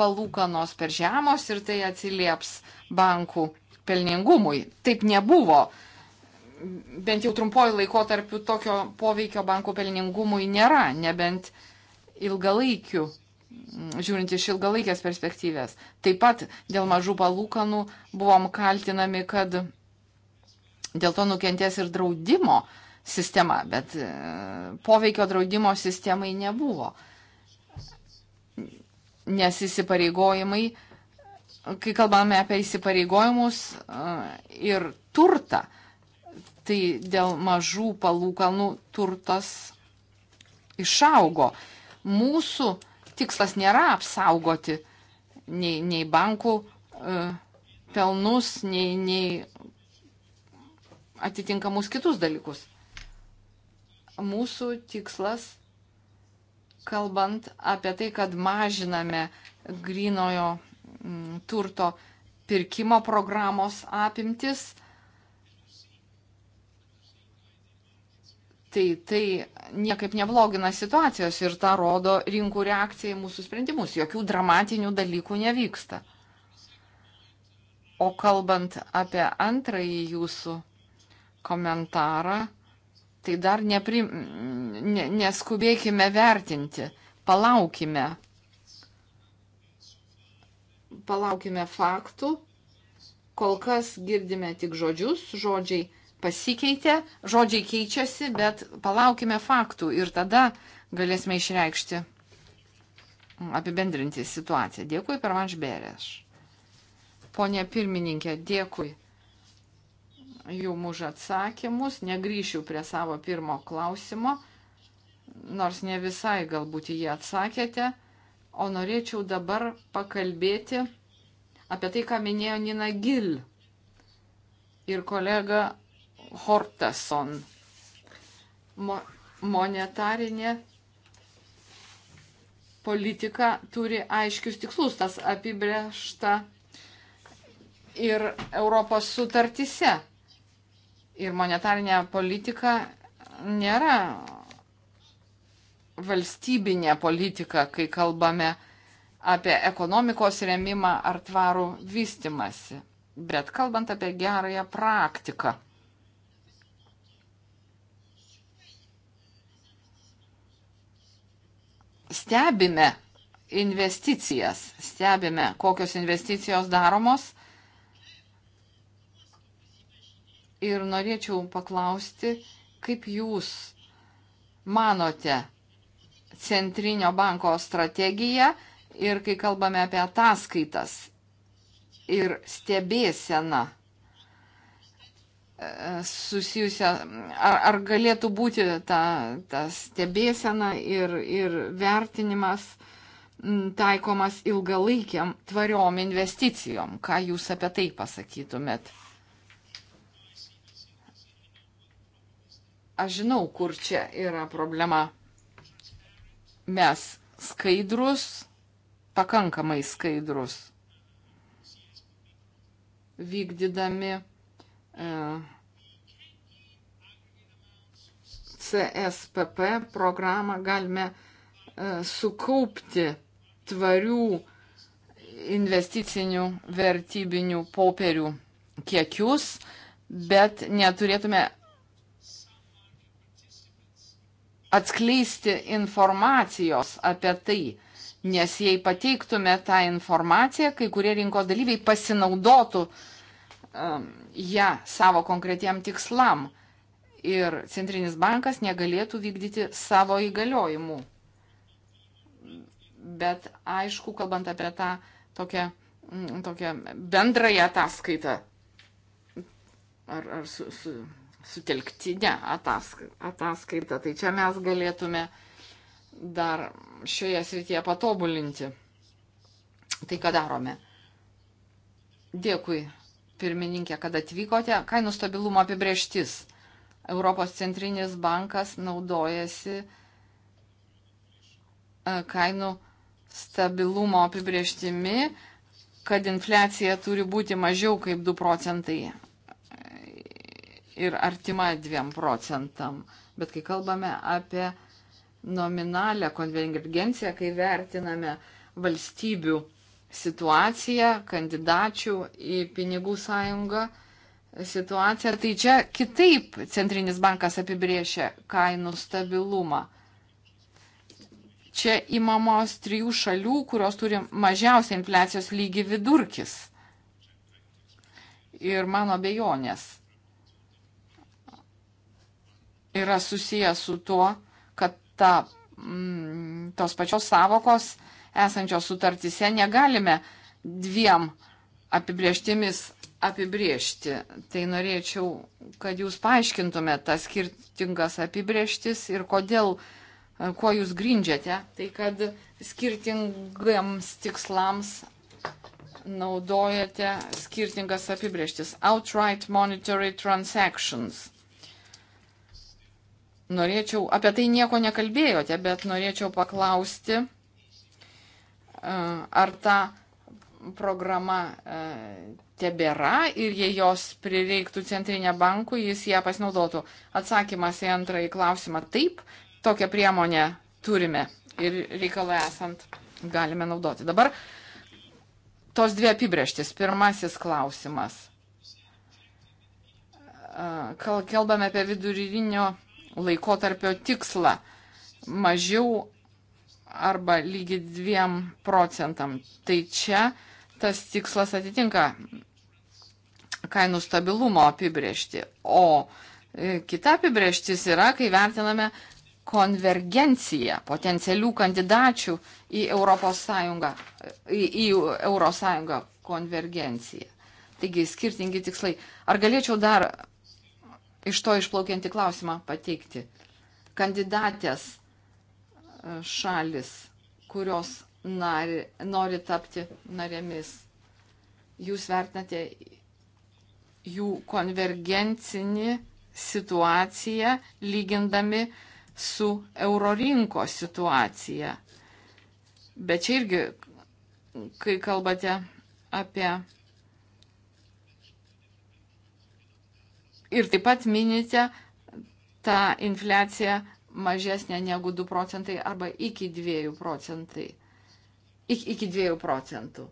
palūkanos per žemos ir tai atsilieps bankų pelningumui. Taip nebuvo bent jau trumpoju laikotarpiu tokio poveikio bankų pelningumui nėra, nebent ilgalaikiu, žiūrint iš ilgalaikės perspektyvės. Taip pat dėl mažų palūkanų buvom kaltinami, kad dėl to nukentės ir draudimo sistema, bet e, poveikio draudimo sistemai nebuvo. Nes įsipareigojimai, kai kalbame apie įsipareigojimus e, ir turtą, tai dėl mažų palūkanų turtas išaugo. Mūsų tikslas nėra apsaugoti nei, nei bankų e, pelnus, nei, nei atitinkamus kitus dalykus. Mūsų tikslas, kalbant apie tai, kad mažiname grinojo m, mm, turto pirkimo programos apimtis, e, Tai tai niekaip neblogina situacijos ir tą rodo rinkų reakcija į mūsų sprendimus. Jokių dramatinių dalykų nevyksta. O kalbant apie antrąjį jūsų komentarą, tai dar neprim, ne, neskubėkime vertinti, palaukime. Palaukime faktų, kol kas girdime tik žodžius, žodžiai pasikeitė, žodžiai keičiasi, bet palaukime faktų ir tada galėsime išreikšti mm, apibendrinti situaciją. Dėkui per Vanžberėš. Pone pirmininkė, dėkui jum už atsakymus. Negryšiu prie savo pirmo klausimo, nors ne visai galbūt jį atsakėte, o norėčiau dabar pakalbėti apie tai, ką minėjo Nina Gil ir kolega Hortason. Mo monetarinė politika turi aiškius tikslus, tas apibriešta ir Europos sutartise. Ir monetarinė politika nėra valstybinė politika, kai kalbame apie ekonomikos remimą ar tvarų vystimasi, bet kalbant apie gerąją praktiką. stebime investicijas, stebime, kokios investicijos daromos. Ir norėčiau paklausti, kaip jūs manote centrinio banko strategiją ir kai kalbame apie ataskaitas ir stebėseną susijusia, ar, ar galėtų būti ta, ta stebėsena ir, ir vertinimas mm, taikomas ilgalaikiam tvariom investicijom. Ką jūs apie tai pasakytumėt? Aš žinau, kur čia yra problema. Mes skaidrus, pakankamai skaidrus, vykdydami CSPP programą galime e, sukaupti tvarių investicinių vertybinių popierių kiekius, bet neturėtume atskleisti informacijos apie tai, nes jei pateiktume tą informaciją, kai kurie rinkos dalyviai pasinaudotų uh, ją um, ja, savo konkretiem tikslam ir centrinis bankas negalėtų vykdyti savo įgaliojimų. Bet aišku, kalbant apie tą tokią, mm, tokią bendrąją ataskaitą ar, ar su, su, sutelktinę ataskaitą, ataskaitą, tai čia mes galėtume dar šioje srityje patobulinti tai, ką darome. Dėkui pirmininkė, kad atvykote. Kainų stabilumo apibrieštis. Europos centrinis bankas naudojasi e, kainų stabilumo apibrieštimi, kad infliacija turi būti mažiau kaip 2 procentai ir artima 2 procentam. Bet kai kalbame apie nominalią konvergenciją, kai vertiname valstybių situaciją, kandidačių į pinigų sąjungą situaciją. Tai čia kitaip Centrinis bankas apibriešia kainų stabilumą. Čia įmamos trijų šalių, kurios turi mažiausią infliacijos lygį vidurkis. Ir mano bejonės yra susijęs su tuo, kad ta, mm, tos pačios savokos esančios sutartise negalime dviem apibrieštimis apibriežti. Tai norėčiau, kad jūs paaiškintumėte tas skirtingas apibrieštis ir kodėl, kuo jūs grindžiate. Tai kad skirtingiams tikslams naudojate skirtingas apibrieštis. Outright monetary transactions. Norėčiau, apie tai nieko nekalbėjote, bet norėčiau paklausti E, ar ta programa e, tebėra ir jei jos prireiktų centrinė bankų, jis ją pasinaudotų. Atsakymas į antrąjį klausimą - taip, tokią priemonę turime ir reikalai esant galime naudoti. Dabar tos dvi apibrieštis. Pirmasis klausimas. E, kalbame apie vidurinio laikotarpio tikslą. Mažiau arba lygi 2 procentam. Tai čia tas tikslas atitinka kainų stabilumo apibriešti. O e, kita apibrieštis yra, kai vertiname konvergenciją potencialių kandidačių į Europos Sąjungą, į, į Europos Sąjungą konvergenciją. Taigi skirtingi tikslai. Ar galėčiau dar iš to išplaukiantį klausimą pateikti? Kandidatės šalis, kurios nari, nori tapti narėmis. Jūs vertinate jų konvergencinį situaciją, lygindami su eurorinko situacija. Bet čia irgi, kai kalbate apie. Ir taip pat minite tą infliaciją mažesnė negu 2 procentai arba iki 2 procentai. Ik, iki 2 procentų.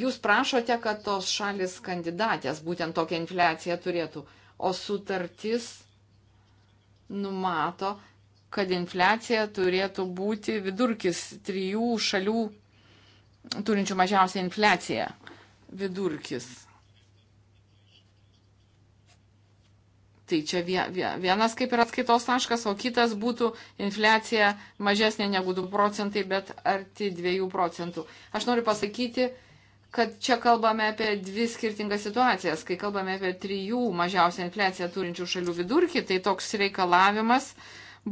Jūs prašote, kad tos šalis kandidatės būtent tokią infliaciją turėtų, o sutartis numato, kad infliacija turėtų būti vidurkis trijų šalių turinčių mažiausią infliaciją. Vidurkis. Tai čia vienas kaip ir atskaitos taškas, o kitas būtų infliacija mažesnė negu 2 procentai, bet arti 2 procentų. Aš noriu pasakyti, kad čia kalbame apie dvi skirtingas situacijas. Kai kalbame apie trijų mažiausią infliaciją turinčių šalių vidurkį, tai toks reikalavimas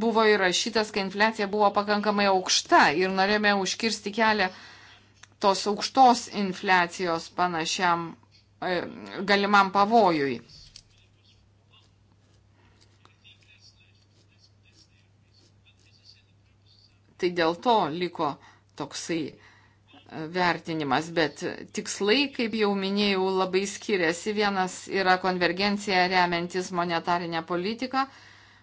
buvo įrašytas, kai infliacija buvo pakankamai aukšta ir norėjome užkirsti kelią tos aukštos infliacijos panašiam e, galimam pavojui. Tai dėl to liko toksai e, vertinimas, bet tikslai, kaip jau minėjau, labai skiriasi. Vienas yra konvergencija remiantis monetarinę politiką,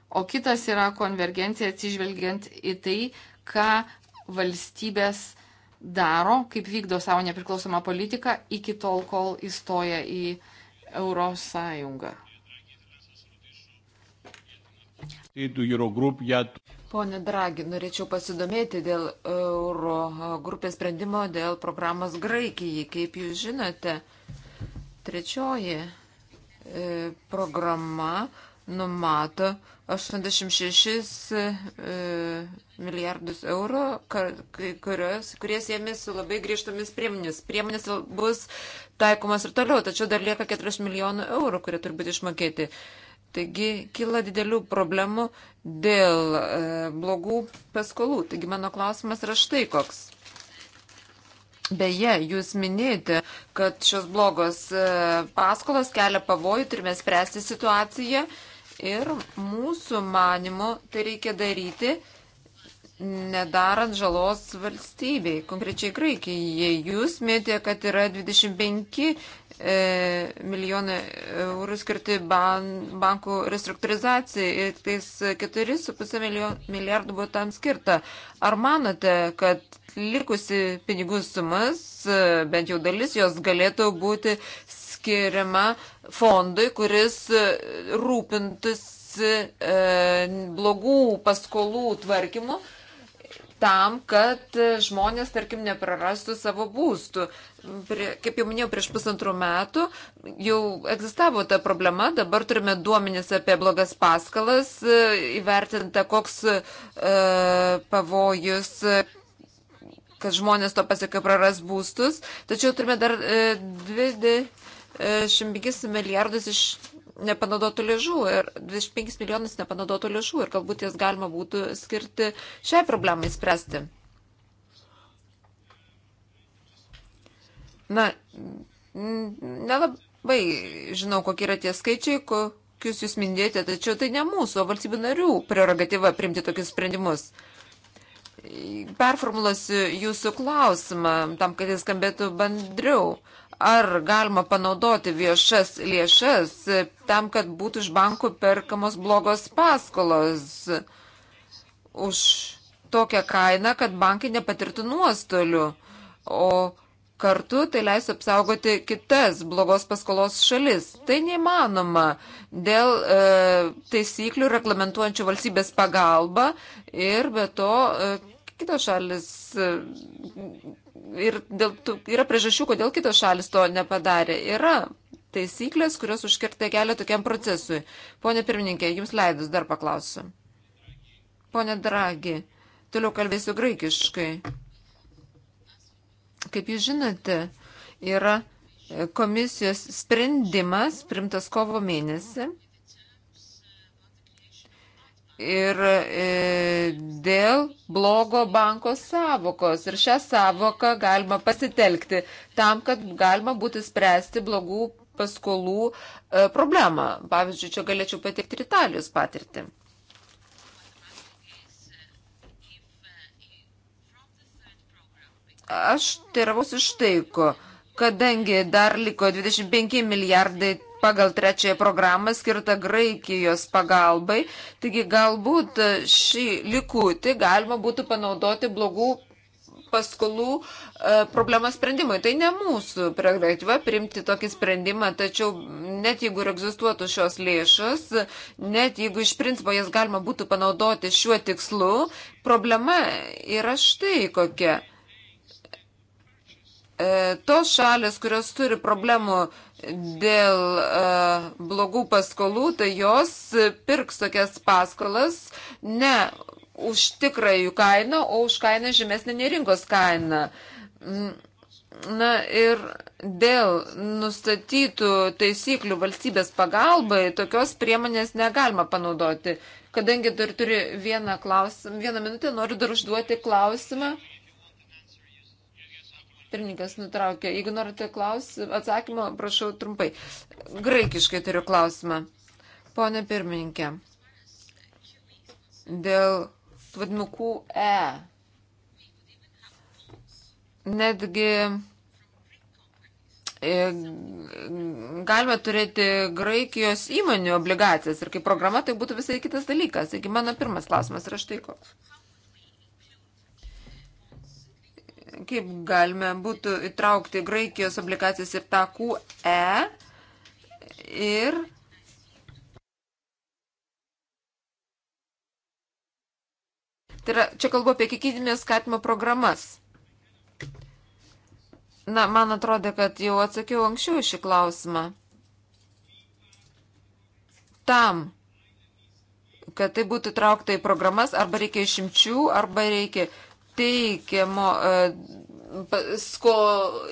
o kitas yra konvergencija atsižvelgiant į tai, ką valstybės daro, kaip vykdo savo nepriklausomą politiką iki tol, kol įstoja į Europos Sąjungą. Pone Dragi, norėčiau pasidomėti dėl euro grupės sprendimo dėl programos Graikijai. Kaip jūs žinote, trečioji e, programa numato 86 e, milijardus eurų, kurios, kurie siemi su labai griežtomis priemonės. Priemonės bus taikomas ir toliau, tačiau dar lieka 4 milijonų eurų, kurie turi būti išmokėti. Uh, Taigi kyla didelių problemų dėl e, blogų paskolų. Taigi mano klausimas yra štai koks. Beje, jūs minėjote, kad šios blogos e, paskolos kelia pavojų, turime spręsti situaciją ir mūsų manimo tai reikia daryti, nedarant žalos valstybei, konkrečiai Graikijai. Jūs mėtė, kad yra 25 E, milijonai eurų skirti ban, bankų restruktūrizacijai ir tais 4,5 milijardų buvo tam skirta. Ar manote, kad likusi pinigų sumas, e, bent jau dalis jos galėtų būti skiriama fondui, kuris e, rūpintus blogų paskolų tvarkymu tam, kad žmonės, tarkim, neprarastų savo būstų. Prie, kaip jau minėjau, prieš pusantrų metų jau egzistavo ta problema, dabar turime duomenis apie blogas paskalas, įvertinta, koks e, pavojus kad žmonės to pasiekia praras būstus, tačiau turime dar e, 25 milijardus iš nepanaudotų lėšų ir 25 milijonus nepanaudotų lėšų ir galbūt jas galima būtų skirti šiai problemai spręsti. Na, nelabai žinau, kokie yra tie skaičiai, kokius jūs mindėjote, tačiau tai ne mūsų, o valstybių narių prerogatyva priimti tokius sprendimus performuluosiu jūsų klausimą, tam, kad jis skambėtų bandriau ar galima panaudoti viešas lėšas tam, kad būtų iš bankų perkamos blogos paskolos už tokią kainą, kad bankai nepatirtų nuostolių, o kartu tai leis apsaugoti kitas blogos paskolos šalis. Tai neįmanoma dėl e, taisyklių reglamentuojančių valstybės pagalbą ir be to e, kitos šalis. E, ir dėl, yra priežasčių, kodėl kitos šalis to nepadarė. Yra taisyklės, kurios užkirta kelią tokiam procesui. Pone pirmininkė, jums leidus dar paklausiu. Pone Dragi, toliau kalbėsiu graikiškai. Kaip jūs žinote, yra komisijos sprendimas primtas kovo mėnesį ir e, dėl blogo banko savokos. Ir šią savoką galima pasitelkti tam, kad galima būtų spręsti blogų paskolų e, problemą. Pavyzdžiui, čia galėčiau patikti ir Italijos patirtį. Aš teiravausi iš taiko, kadangi dar liko 25 milijardai pagal trečiąją programą skirtą Graikijos pagalbai. Taigi galbūt šį likutį galima būtų panaudoti blogų paskolų e, problemos sprendimui. Tai ne mūsų prerogatyva priimti tokį sprendimą, tačiau net jeigu ir egzistuotų šios lėšos, net jeigu iš principo jas galima būtų panaudoti šiuo tikslu, problema yra štai kokia. E, tos šalis, kurios turi problemų dėl uh, blogų paskolų, tai jos pirks tokias paskolas ne už tikrąjų kainą, o už kainą žemesnį nei rinkos kainą. Mm, na ir dėl nustatytų taisyklių valstybės pagalbai tokios priemonės negalima panaudoti. Kadangi dar turi vieną, klausimą, vieną minutę, noriu dar užduoti klausimą. Uh, Pirmininkas nutraukė. Jeigu norite klaus... atsakymą, prašau trumpai. Graikiškai turiu klausimą. Pone pirmininkė, dėl vadinukų E. Netgi e, galime turėti Graikijos įmonių obligacijas ir kaip programa tai būtų visai kitas dalykas. Taigi mano pirmas klausimas yra štai koks. kaip galime būtų įtraukti Graikijos obligacijas ir tą QE ir Tai yra, čia kalbu apie kiekybinės skatimo programas. Na, man atrodo, kad jau atsakiau anksčiau šį klausimą. Tam, kad tai būtų traukta į programas, arba reikia išimčių, arba reikia uh, teikiamo e,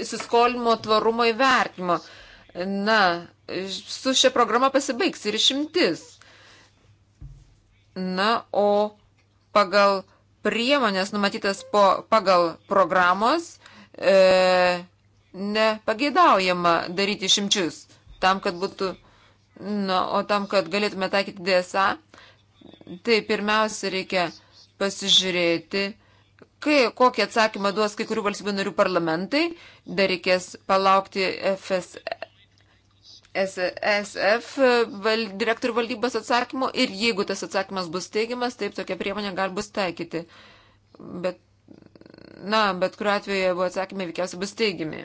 įsiskolimo tvarumo įvertimo. Na, su šia programa pasibaigs ir išimtis. Na, o pagal priemonės numatytas po, pagal programos e, nepageidaujama daryti išimčius tam, kad būtų, na, o tam, kad galėtume taikyti DSA, tai pirmiausia reikia pasižiūrėti, kai, kokį atsakymą duos kai kurių valstybių narių parlamentai, dar reikės palaukti FS, e, SF e, val, direktorių valdybos atsakymo ir jeigu tas atsakymas bus teigiamas, taip tokia priemonė gali bus taikyti. Bet, na, bet kuriuo atveju, jeigu atsakymai veikiausiai bus teigiami.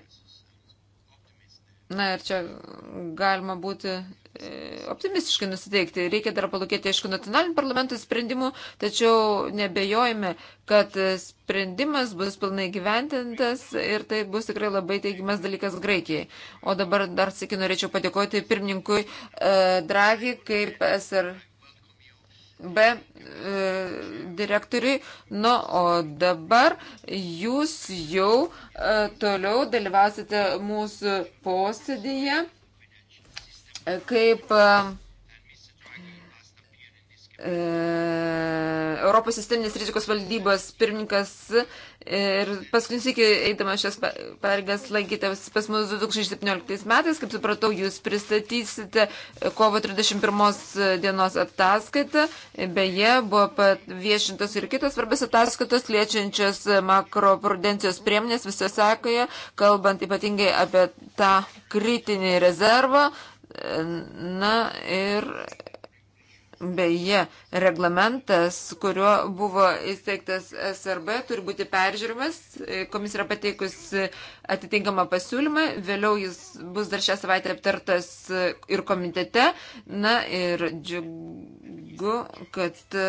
Na ir čia galima būti E, optimistiškai nusiteikti. Reikia dar palūkėti, aišku, nacionalinių parlamentų sprendimų, tačiau nebejojame, kad sprendimas bus pilnai gyventintas ir tai bus tikrai labai teigiamas dalykas Graikijai. O dabar dar sėki norėčiau padėkoti pirmininkui uh, e, Dragi kaip SRB uh, e, direktoriui. Nu, o dabar jūs jau uh, toliau dalyvausite mūsų posėdėje kaip e, e, Europos sisteminės rizikos valdybos pirmininkas ir paskutinis iki eidamas šias pareigas lankytas pas mus 2017 metais, kaip supratau, jūs pristatysite kovo 31 dienos ataskaitą, beje, buvo viešintos ir kitos svarbės ataskaitos liečiančios makroprudencijos priemonės visose sakoje, kalbant ypatingai apie tą kritinį rezervą Na ir beje, reglamentas, kuriuo buvo įsteigtas SRB, turi būti peržiūrimas. Komisija yra pateikusi atitinkamą pasiūlymą, vėliau jis bus dar šią savaitę aptartas ir komitete. Na ir džiugu, kad e,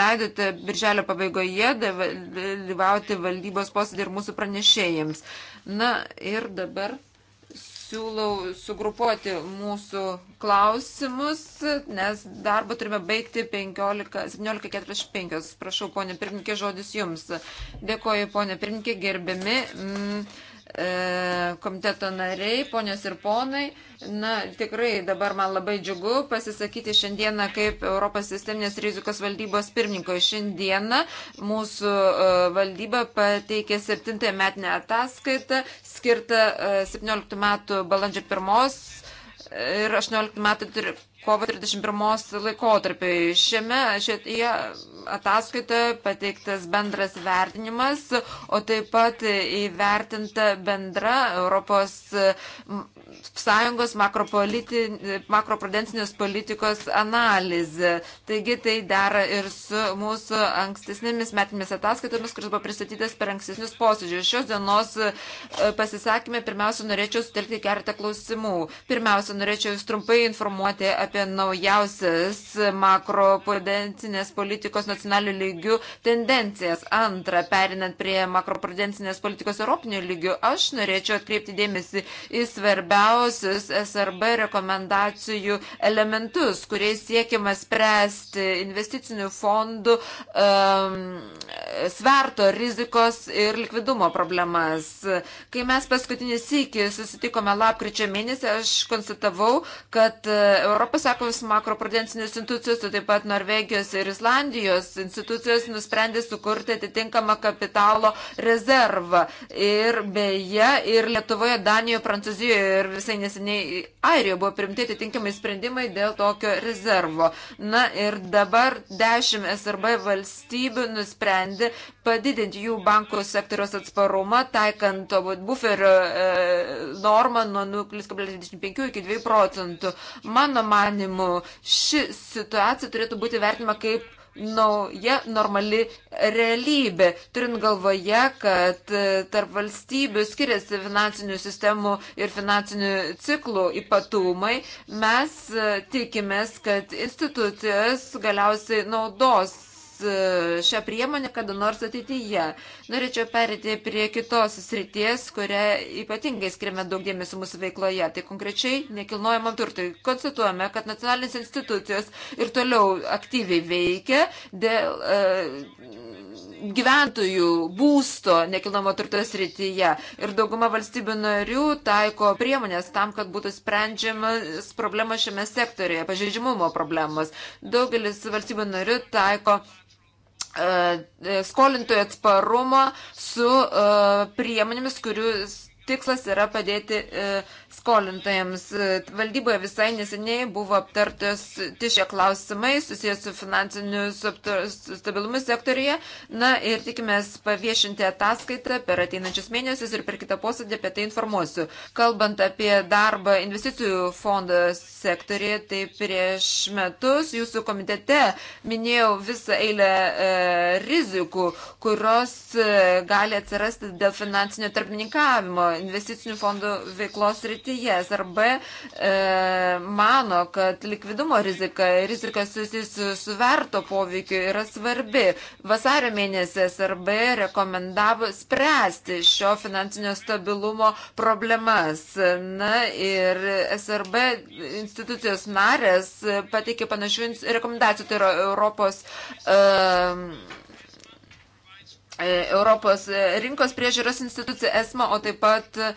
leidote birželio pabaigoje dalyvauti valdybos posėdį ir mūsų pranešėjams. Na ir dabar siūlau sugrupuoti mūsų klausimus, nes darbą turime baigti 17.45. Prašau, ponė pirmininkė, žodis jums. Dėkoju, ponė pirmininkė, gerbiami. Mm, E, komiteto nariai, ponios ir ponai. Na, tikrai dabar man labai džiugu pasisakyti šiandieną kaip Europos sisteminės rizikos valdybos pirmininko. Šiandieną mūsų e, valdyba pateikė 7 metinę ataskaitą, skirtą 17 e, metų balandžio 1 ir 18 metų kovo 31 laikotarpiai. Šiame šioje ataskaitoje pateiktas bendras vertinimas, o taip pat įvertinta bendra Europos sąjungos makroprudencinės politikos analizė. Taigi tai dera ir su mūsų ankstesnėmis metinėmis ataskaitomis, kuris buvo pristatytas per ankstesnius posėdžius. Šios dienos e, pasisakymė pirmiausia norėčiau sutelkti keletą klausimų. Pirmiausia, norėčiau jūs trumpai informuoti apie naujausias makroprudencinės politikos nacionalių lygių tendencijas. Antra, perinant prie makroprudencinės politikos europinių lygių, aš norėčiau atkreipti dėmesį į svarbiausius SRB rekomendacijų elementus, kuriais siekiama spręsti investicinių fondų um, sverto rizikos ir likvidumo problemas. Kai mes paskutinį sykį susitikome lapkričio mėnesį, aš konstatavau, kad uh, Europos sąkos makroprudencinės institucijos, taip pat Norvegijos ir Islandijos valdžios institucijos nusprendė sukurti atitinkamą kapitalo rezervą. Ir beje, ir Lietuvoje, Danijoje, Prancūzijoje ir visai neseniai Airijoje buvo primti atitinkamai sprendimai dėl tokio rezervo. Na ir dabar 10 SRB valstybių nusprendė padidinti jų bankų sektoriaus atsparumą, taikant buferio e, normą nuo 0,25 iki 2 procentų. Mano manimu, ši situacija turėtų būti vertinama kaip nauja normali realybė, turint galvoje, kad e, tarp valstybių skiriasi finansinių sistemų ir finansinių ciklų ypatumai, mes e, tikimės, kad institucijos galiausiai naudos E, šią priemonę kada nors ateityje. Norėčiau perėti prie kitos srities, kurią ypatingai skiriame daug dėmesio mūsų veikloje. Tai konkrečiai nekilnojamam turtui. Konstatuojame, kad nacionalinės institucijos ir toliau aktyviai veikia dėl e, gyventojų būsto nekilnojamo turto srityje. Ir dauguma valstybių narių taiko priemonės tam, kad būtų sprendžiamas problemas šiame sektorėje, pažeidžiamumo problemas. Daugelis valstybių narių taiko E, skolintojų atsparumo su e, priemonėmis, kurių tikslas yra padėti e, skolintojams. Valdyboje visai neseniai buvo aptartas tišie klausimai susijęs su finansiniu stabilumu sektorija. Na ir tikimės paviešinti ataskaitą per ateinančius mėnesius ir per kitą posėdį apie tai informuosiu. Kalbant apie darbą investicijų fondo sektorį, tai prieš metus jūsų komitete minėjau visą eilę e, rizikų, kurios e, gali atsirasti dėl finansinio tarpininkavimo investicinių fondų veiklos rytyje srityje. SRB e, mano, kad likvidumo rizika, rizika susijusi su verto poveikiu yra svarbi. Vasario mėnesį SRB rekomendavo spręsti šio finansinio stabilumo problemas. Na ir SRB institucijos narės pateikė panašių rekomendacijų, tai yra Europos e, E, Europos e, rinkos priežiūros institucija ESMA, o taip pat e,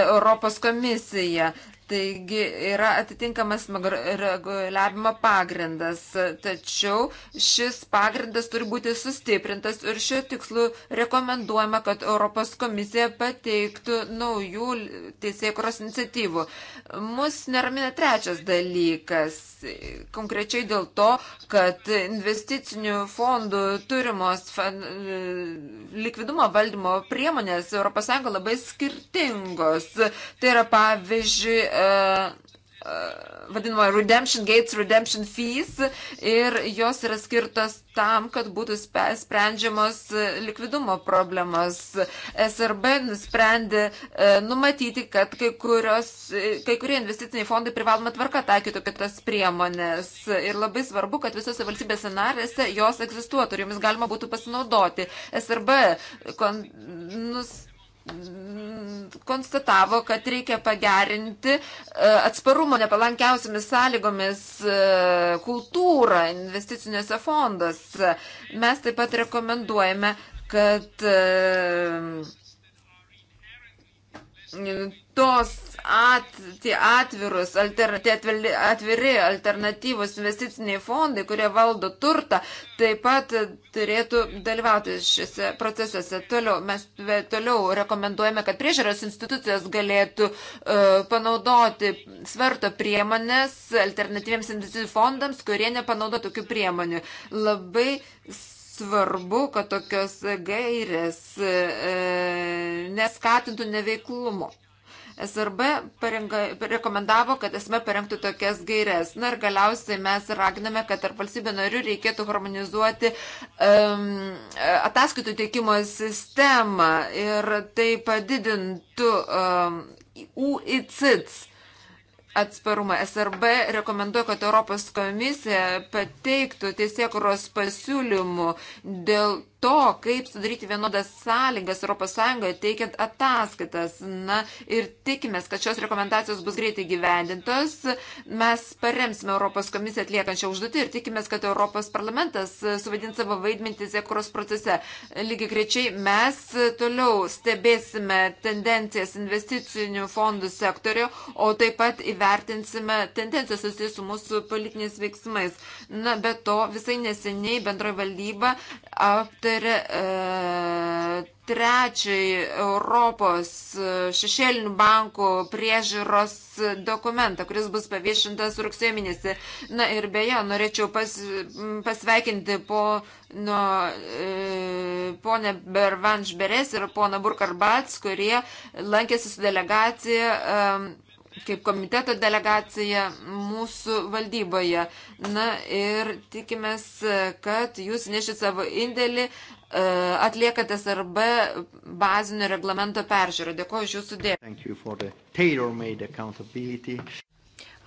Europos komisija. Taigi yra atitinkamas reguliavimo pagrindas, tačiau šis pagrindas turi būti sustiprintas ir šiuo tikslu rekomenduojama, kad Europos komisija pateiktų naujų teisėkuros iniciatyvų. Mus neramina trečias dalykas, konkrečiai dėl to, kad investicinių fondų turimos e, likvidumo valdymo priemonės ES labai skirtingos. Tai yra pavyzdžiui, Uh, uh, vadinamo redemption gates, redemption fees ir jos yra skirtos tam, kad būtų sprendžiamos uh, likvidumo problemos. SRB nusprendė numatyti, kad kai, kurios, kai kurie investiciniai fondai privaloma tvarka taikytų kitas priemonės. Ir labai svarbu, kad visose valstybėse narėse jos egzistuotų ir jomis galima būtų pasinaudoti. SRB kon, nus, Mm, konstatavo, kad reikia pagerinti e, atsparumo nepalankiausiamis sąlygomis e, kultūrą investicinėse fonduose. Mes taip pat rekomenduojame, kad e, tos at, tie atvirus, alter, tie atviri alternatyvus investiciniai fondai, kurie valdo turtą, taip pat turėtų dalyvauti šiuose procesuose. Toliau mes toliau rekomenduojame, kad priežiūros institucijos galėtų uh, panaudoti sverto priemonės alternatyviems investicijų fondams, kurie nepanaudo tokių priemonių. Labai svarbu, kad tokios gairės e, neskatintų neveiklumo. SRB parenga, rekomendavo, kad esame parengtų tokias gairias. Na ir galiausiai mes raginame, kad tarp valstybių narių reikėtų harmonizuoti um, ataskaitų teikimo sistemą ir tai padidintų um, UICITS atsparumą. SRB rekomenduoja, kad Europos komisija pateiktų teisėkuros pasiūlymų dėl to, kaip sudaryti vienodas sąlygas ES teikiant ataskaitas. Na ir tikimės, kad šios rekomendacijos bus greitai gyvendintos. Mes paremsime Europos komisiją atliekančią užduotį ir tikimės, kad Europos parlamentas suvaidins savo vaidmenį teisėkuros procese. Lygiai grečiai mes toliau stebėsime tendencijas investicinių fondų sektorių, o taip pat įvertinsime tendencijas susijusius su mūsų politiniais veiksmais. Na, be to, visai neseniai bendroji valdyba aptarė ir e, trečiai Europos e, šešėlinių bankų priežiūros dokumentą, kuris bus paviešintas rugsėjo mėnesį. Na ir beje, norėčiau pas, pasveikinti po, nu, e, ponę Bervanš Beres ir poną Burkarbats, kurie lankėsi su delegacija. E, kaip komiteto delegacija mūsų valdyboje. Na ir tikimės, kad jūs nešit savo indėlį, e, atliekate SRB bazinio reglamento peržiūrą. Dėkuoju iš jūsų dėmesio.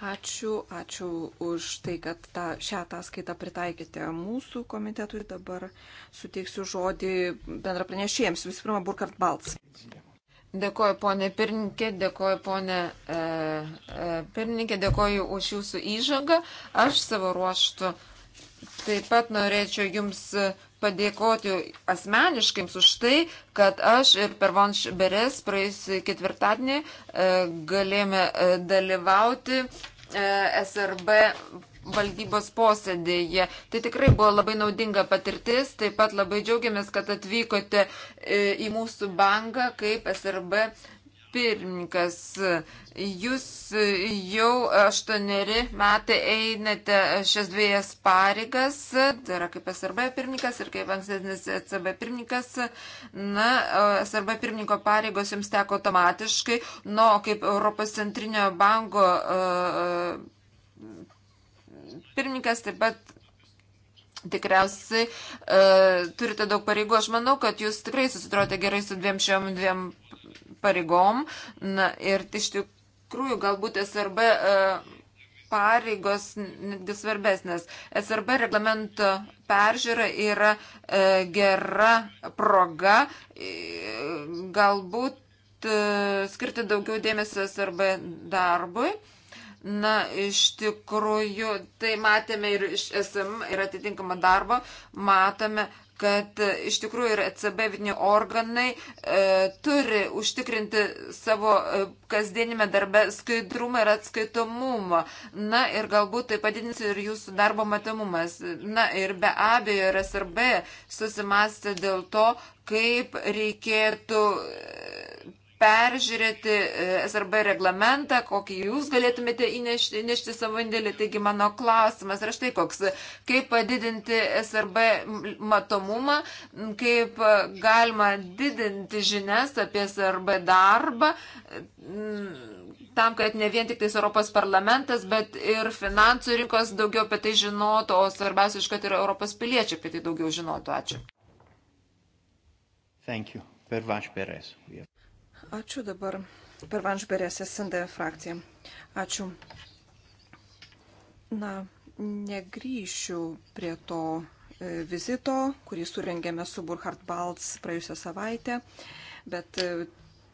Ačiū, ačiū už tai, kad tą, šią ataskaitą pritaikėte mūsų komitetui. Dabar suteiksiu žodį bendrapranešėjams. Visų pirma, Burkart Balts. Yeah. Dėkoju, ponė pirmininkė, dėkoju, ponė e, e, pirmininkė, dėkoju už jūsų įžangą. Aš savo ruoštų taip pat norėčiau jums padėkoti asmeniškai jums už tai, kad aš ir Pervanš Beres praėjusį ketvirtadienį e, galėjome e, dalyvauti e, SRB valdybos posėdėje. Tai tikrai buvo labai naudinga patirtis, taip pat labai džiaugiamės, kad atvykote e, į mūsų banką kaip SRB pirmininkas. Jūs e, jau aštuoneri metai einate šias dviejas pareigas, tai yra kaip SRB pirmininkas ir kaip ankstesnis ECB pirmininkas. Na, SRB pirmininko pareigos jums teko automatiškai, nu, kaip Europos centrinio banko e, pirmininkas taip pat tikriausiai e, turite daug pareigų. Aš manau, kad jūs tikrai susitrote gerai su dviem šiom dviem pareigom. Na, ir iš tikrųjų galbūt SRB e, pareigos netgi svarbesnės. SRB reglamento peržiūra yra e, gera proga. E, galbūt e, skirti daugiau dėmesio SRB darbui. E, Na, iš tikrųjų, tai matėme ir iš SM, ir atitinkamą darbą, matome, kad e, iš tikrųjų ir ECB vidiniai organai e, turi užtikrinti savo e, kasdienime darbe skaidrumą ir atskaitomumą. Na ir galbūt tai padidins ir jūsų darbo matomumas. Na ir be abejo, ir SRB susimastė dėl to, kaip reikėtų e, peržiūrėti e, SRB reglamentą, kokį jūs galėtumėte įnešti, įnešti savo indėlį. Taigi mano klausimas yra štai koks. Kaip padidinti SRB matomumą, kaip galima didinti žinias apie SRB darbą, mm, tam, kad ne vien tik tais Europos parlamentas, bet ir finansų rinkos daugiau apie tai žinotų, o svarbiausia, kad ir Europos piliečiai apie tai daugiau žinotų. Ačiū. Thank you. Pervaš Perez. Yeah. Ačiū dabar per Vanžberės SND frakciją. Ačiū. Na, negryšiu prie to e, vizito, kurį surengėme su Burkhard Balts praėjusią savaitę, bet e,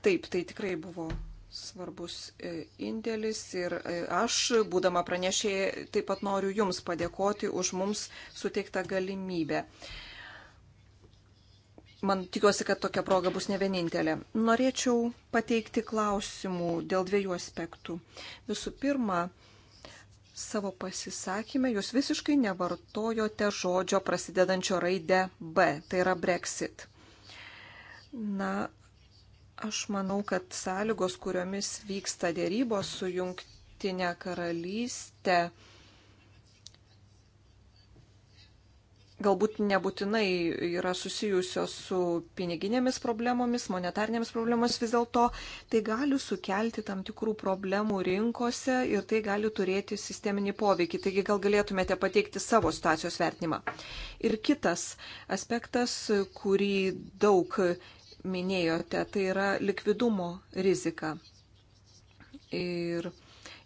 taip, tai tikrai buvo svarbus e, indėlis ir aš, būdama pranešėjai, taip pat noriu Jums padėkoti už mums suteiktą galimybę. Uh, man tikiuosi, kad tokia proga bus ne vienintelė. Norėčiau pateikti klausimų dėl dviejų aspektų. Visų pirma, savo pasisakymę jūs visiškai nevartojote žodžio prasidedančio raidę B, tai yra Brexit. Na, aš manau, kad sąlygos, kuriomis vyksta dėrybos su jungtinė karalystė, galbūt nebūtinai yra susijusios su piniginėmis problemomis, monetarnėmis problemomis, vis dėlto tai gali sukelti tam tikrų problemų rinkose ir tai gali turėti sisteminį poveikį. Taigi gal galėtumėte pateikti savo situacijos vertinimą. Ir kitas aspektas, kurį daug minėjote, tai yra likvidumo rizika ir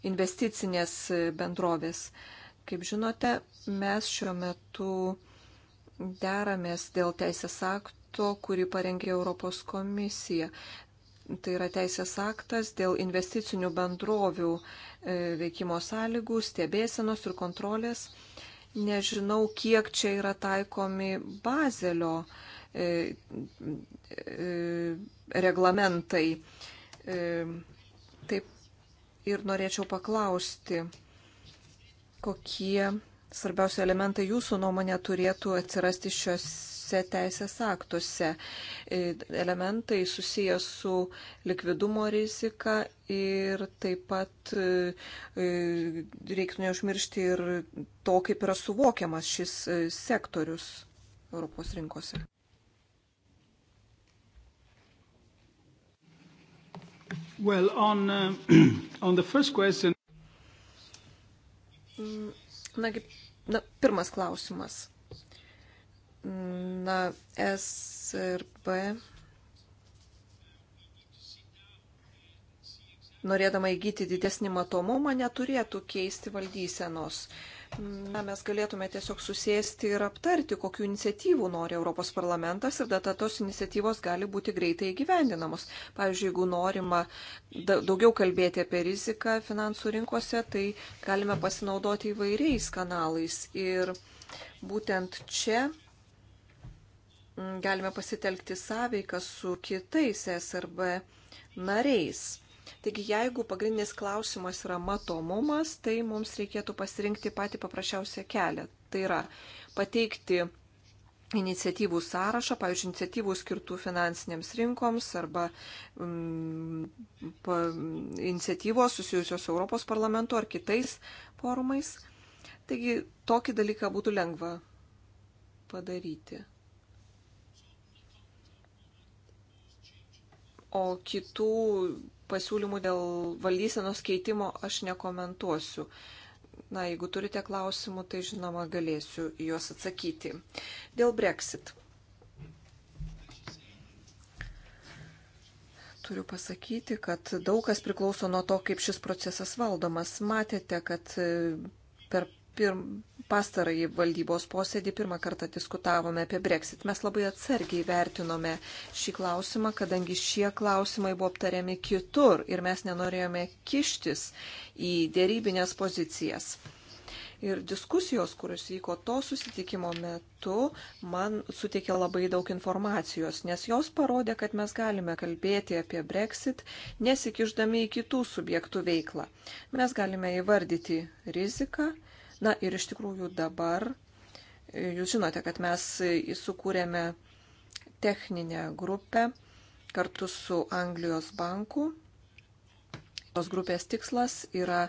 investicinės bendrovės. Kaip žinote, mes šiuo metu deramės dėl teisės akto, kurį parengė Europos komisija. Tai yra teisės aktas dėl investicinių bendrovių e, veikimo sąlygų, stebėsenos ir kontrolės. Nežinau, kiek čia yra taikomi bazelio e, e, reglamentai. Taip ir norėčiau paklausti, kokie svarbiausi elementai jūsų nuomonė turėtų atsirasti šiuose teisės aktuose. E, elementai susijęs su likvidumo rizika ir taip pat e, e, reiktų neužmiršti ir to, kaip yra suvokiamas šis sektorius Europos rinkose. Well, on, uh, on the first question. Mm Nagi, na, pirmas klausimas. Na, S ir B. Norėdama įgyti didesnį matomumą, neturėtų keisti valdysenos. Uh, na, mes galėtume tiesiog susėsti ir aptarti, kokiu iniciatyvų nori Europos parlamentas ir tada tos iniciatyvos gali būti greitai įgyvendinamos. Pavyzdžiui, jeigu norima daugiau kalbėti apie riziką finansų rinkose, tai galime pasinaudoti įvairiais kanalais. Ir būtent čia mm, galime pasitelkti sąveiką su kitais SRB nariais. Taigi, jeigu pagrindinis klausimas yra matomumas, tai mums reikėtų pasirinkti patį paprasčiausią kelią. Tai yra pateikti iniciatyvų sąrašą, pavyzdžiui, iniciatyvų skirtų finansinėms rinkoms arba mm, pa, iniciatyvos susijusios Europos parlamentu ar kitais forumais. Taigi, tokį dalyką būtų lengva padaryti. O kitų pasiūlymų dėl valdysenos keitimo aš nekomentuosiu. Na, jeigu turite klausimų, tai žinoma, galėsiu juos atsakyti. Dėl Brexit. Turiu pasakyti, kad daug kas priklauso nuo to, kaip šis procesas valdomas. Matėte, kad e, per pirm, pastarąjį valdybos posėdį pirmą kartą diskutavome apie Brexit. Mes labai atsargiai vertinome šį klausimą, kadangi šie klausimai buvo aptariami kitur ir mes nenorėjome kištis į dėrybinės pozicijas. Ir diskusijos, kuris vyko to susitikimo metu, man suteikė labai daug informacijos, nes jos parodė, kad mes galime kalbėti apie Brexit, nesikiždami į kitų subjektų veiklą. Mes galime įvardyti riziką, Na ir iš tikrųjų dabar jūs žinote, kad mes įsukūrėme techninę grupę kartu su Anglijos banku. Tos grupės tikslas yra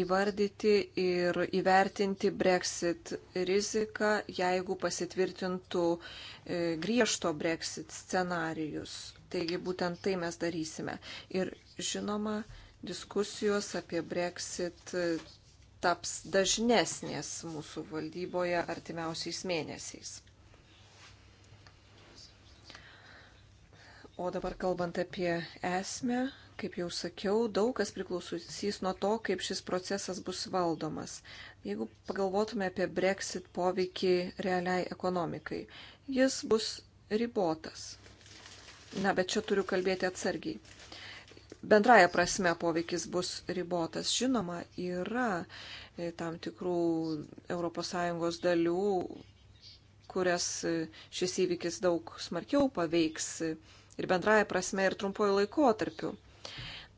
įvardyti ir įvertinti Brexit riziką, jeigu pasitvirtintų e, griežto Brexit scenarijus. Taigi būtent tai mes darysime. Ir žinoma, diskusijos apie Brexit taps dažnesnės mūsų valdyboje artimiausiais mėnesiais. O dabar kalbant apie esmę, kaip jau sakiau, daug kas priklausys nuo to, kaip šis procesas bus valdomas. Jeigu pagalvotume apie Brexit poveikį realiai ekonomikai, jis bus ribotas. Na, bet čia turiu kalbėti atsargiai bendraja prasme poveikis bus ribotas. Žinoma, yra e, tam tikrų ES dalių, kurias e, šis įvykis daug smarkiau paveiks e, ir bendraja prasme, ir trumpuoju laikotarpiu.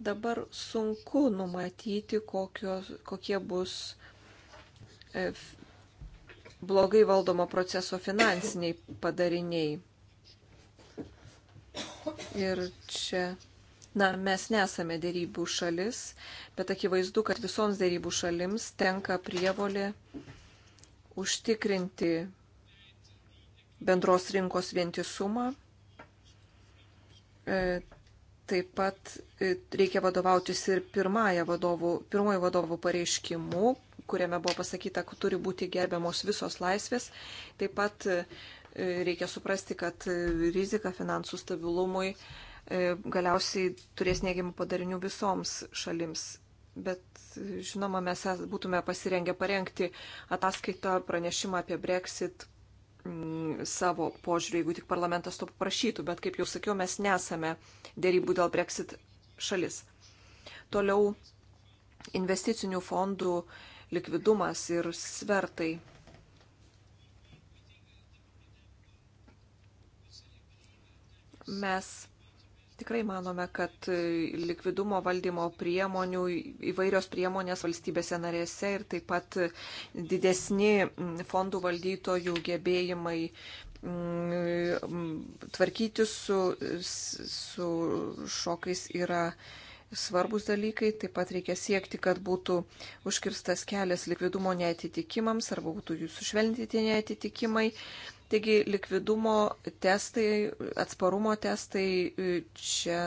Dabar sunku numatyti, kokios, kokie bus blogai valdomo proceso finansiniai padariniai. Ir čia Na, mes nesame dėrybų šalis, bet akivaizdu, kad visoms dėrybų šalims tenka prievolė užtikrinti bendros rinkos vientisumą. E, taip pat e, reikia vadovautis ir vadovų, pirmoji vadovų pareiškimu, kuriame buvo pasakyta, kad turi būti gerbiamos visos laisvės. Taip pat e, reikia suprasti, kad rizika finansų stabilumui E, galiausiai turės neigiamų padarinių visoms šalims. Bet, žinoma, mes būtume pasirengę parengti ataskaitą, pranešimą apie Brexit mm, savo požiūrį, jeigu tik parlamentas to paprašytų. Bet, kaip jau sakiau, mes nesame dėrybų dėl Brexit šalis. Toliau investicinių fondų likvidumas ir svertai. Mes Tikrai manome, kad e, likvidumo valdymo priemonių įvairios priemonės valstybėse narėse ir taip pat didesni fondų valdytojų gebėjimai tvarkyti su, su šokais yra svarbus dalykai. Taip pat reikia siekti, kad būtų užkirstas kelias likvidumo netitikimams arba būtų jų sušvelninti netitikimai. Taigi likvidumo testai, atsparumo testai e, čia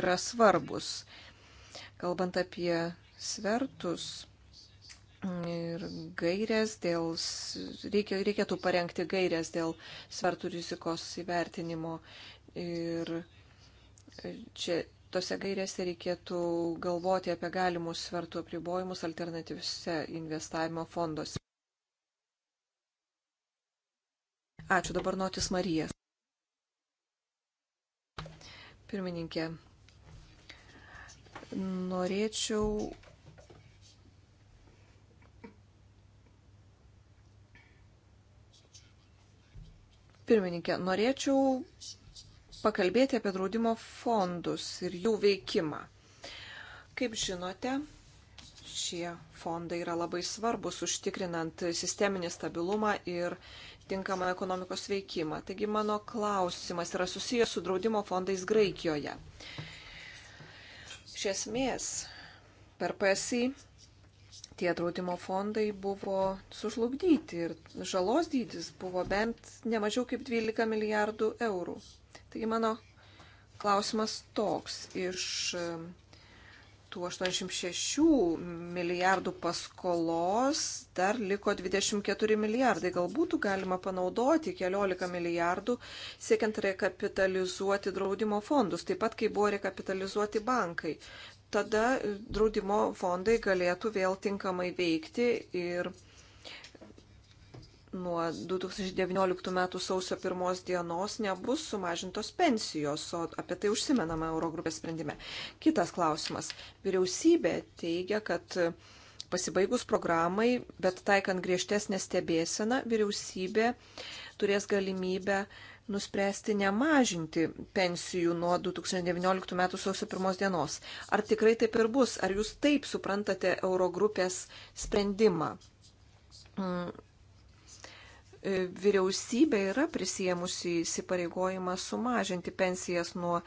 yra svarbus. Kalbant apie svertus ir gairės dėl, reikia, reikėtų parengti gairės dėl svertų rizikos įvertinimo. Ir čia tose gairėse reikėtų galvoti apie galimus svertų apribojimus alternatyviuose investavimo fonduose. Ačiū dabar Notis Marijas. Pirmininkė, norėčiau Pirmininkė, norėčiau pakalbėti apie draudimo fondus ir jų veikimą. Kaip žinote, šie fondai yra labai svarbus užtikrinant sisteminį stabilumą ir tinkamą ekonomikos veikimą. Taigi mano klausimas yra susijęs su draudimo fondais Graikijoje. Iš esmės, per PSI tie draudimo fondai buvo sužlugdyti ir žalos dydis buvo bent nemažiau kaip 12 milijardų eurų. Taigi mano klausimas toks. Iš tų 86 milijardų paskolos dar liko 24 milijardai. Gal būtų galima panaudoti 14 milijardų, siekiant rekapitalizuoti draudimo fondus, taip pat kaip buvo rekapitalizuoti bankai. Tada draudimo fondai galėtų vėl tinkamai veikti ir nuo 2019 m. sausio 1 dienos nebus sumažintos pensijos, o apie tai užsimenama Eurogrupės sprendime. Kitas klausimas. Vyriausybė teigia, kad pasibaigus programai, bet taikant griežtesnę stebėseną, vyriausybė turės galimybę nuspręsti nemažinti pensijų nuo 2019 m. sausio 1 dienos. Ar tikrai taip ir bus? Ar jūs taip suprantate Eurogrupės sprendimą? Mm, E, vyriausybė yra prisėmusi įsipareigojimą sumažinti pensijas nuo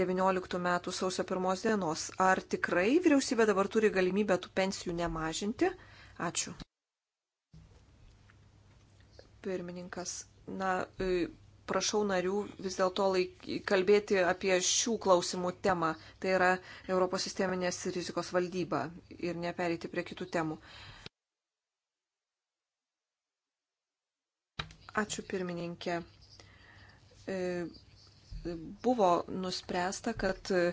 19 metų sausio pirmos dienos. Ar tikrai vyriausybė dabar turi galimybę tų pensijų nemažinti? Ačiū. Pirmininkas, na, e, prašau narių vis dėlto kalbėti apie šių klausimų temą, tai yra Europos sisteminės rizikos valdyba ir nepereiti prie kitų temų. Uh, Ačiū pirmininkė. E, buvo nuspręsta, kad e,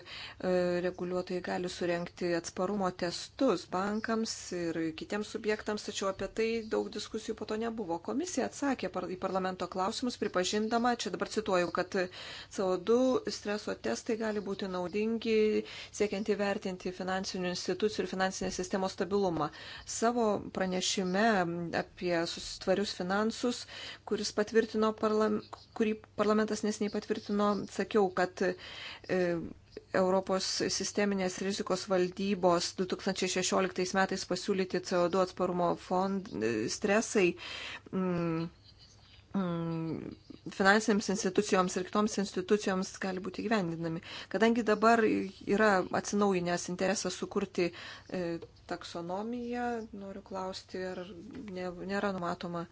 reguliuotojai gali surenkti atsparumo testus bankams ir kitiems subjektams, tačiau apie tai daug diskusijų po to nebuvo. Komisija atsakė į parlamento klausimus, pripažindama, čia dabar cituoju, kad CO2 streso testai gali būti naudingi, siekiant įvertinti finansinių institucijų ir finansinės sistemos stabilumą. Savo pranešime apie tvarius finansus, kuris patvirtino, parlam, kurį parlamentas nesiniai patvirtino, sakiau, kad e, Europos sisteminės rizikos valdybos 2016 metais pasiūlyti CO2 atsparumo fond e, stresai mm, mm, finansinėms institucijoms ir kitoms institucijoms gali būti gyvendinami. Kadangi dabar yra atsinaujinęs interesas sukurti e, taksonomiją, noriu klausti, ar ne, nėra numatoma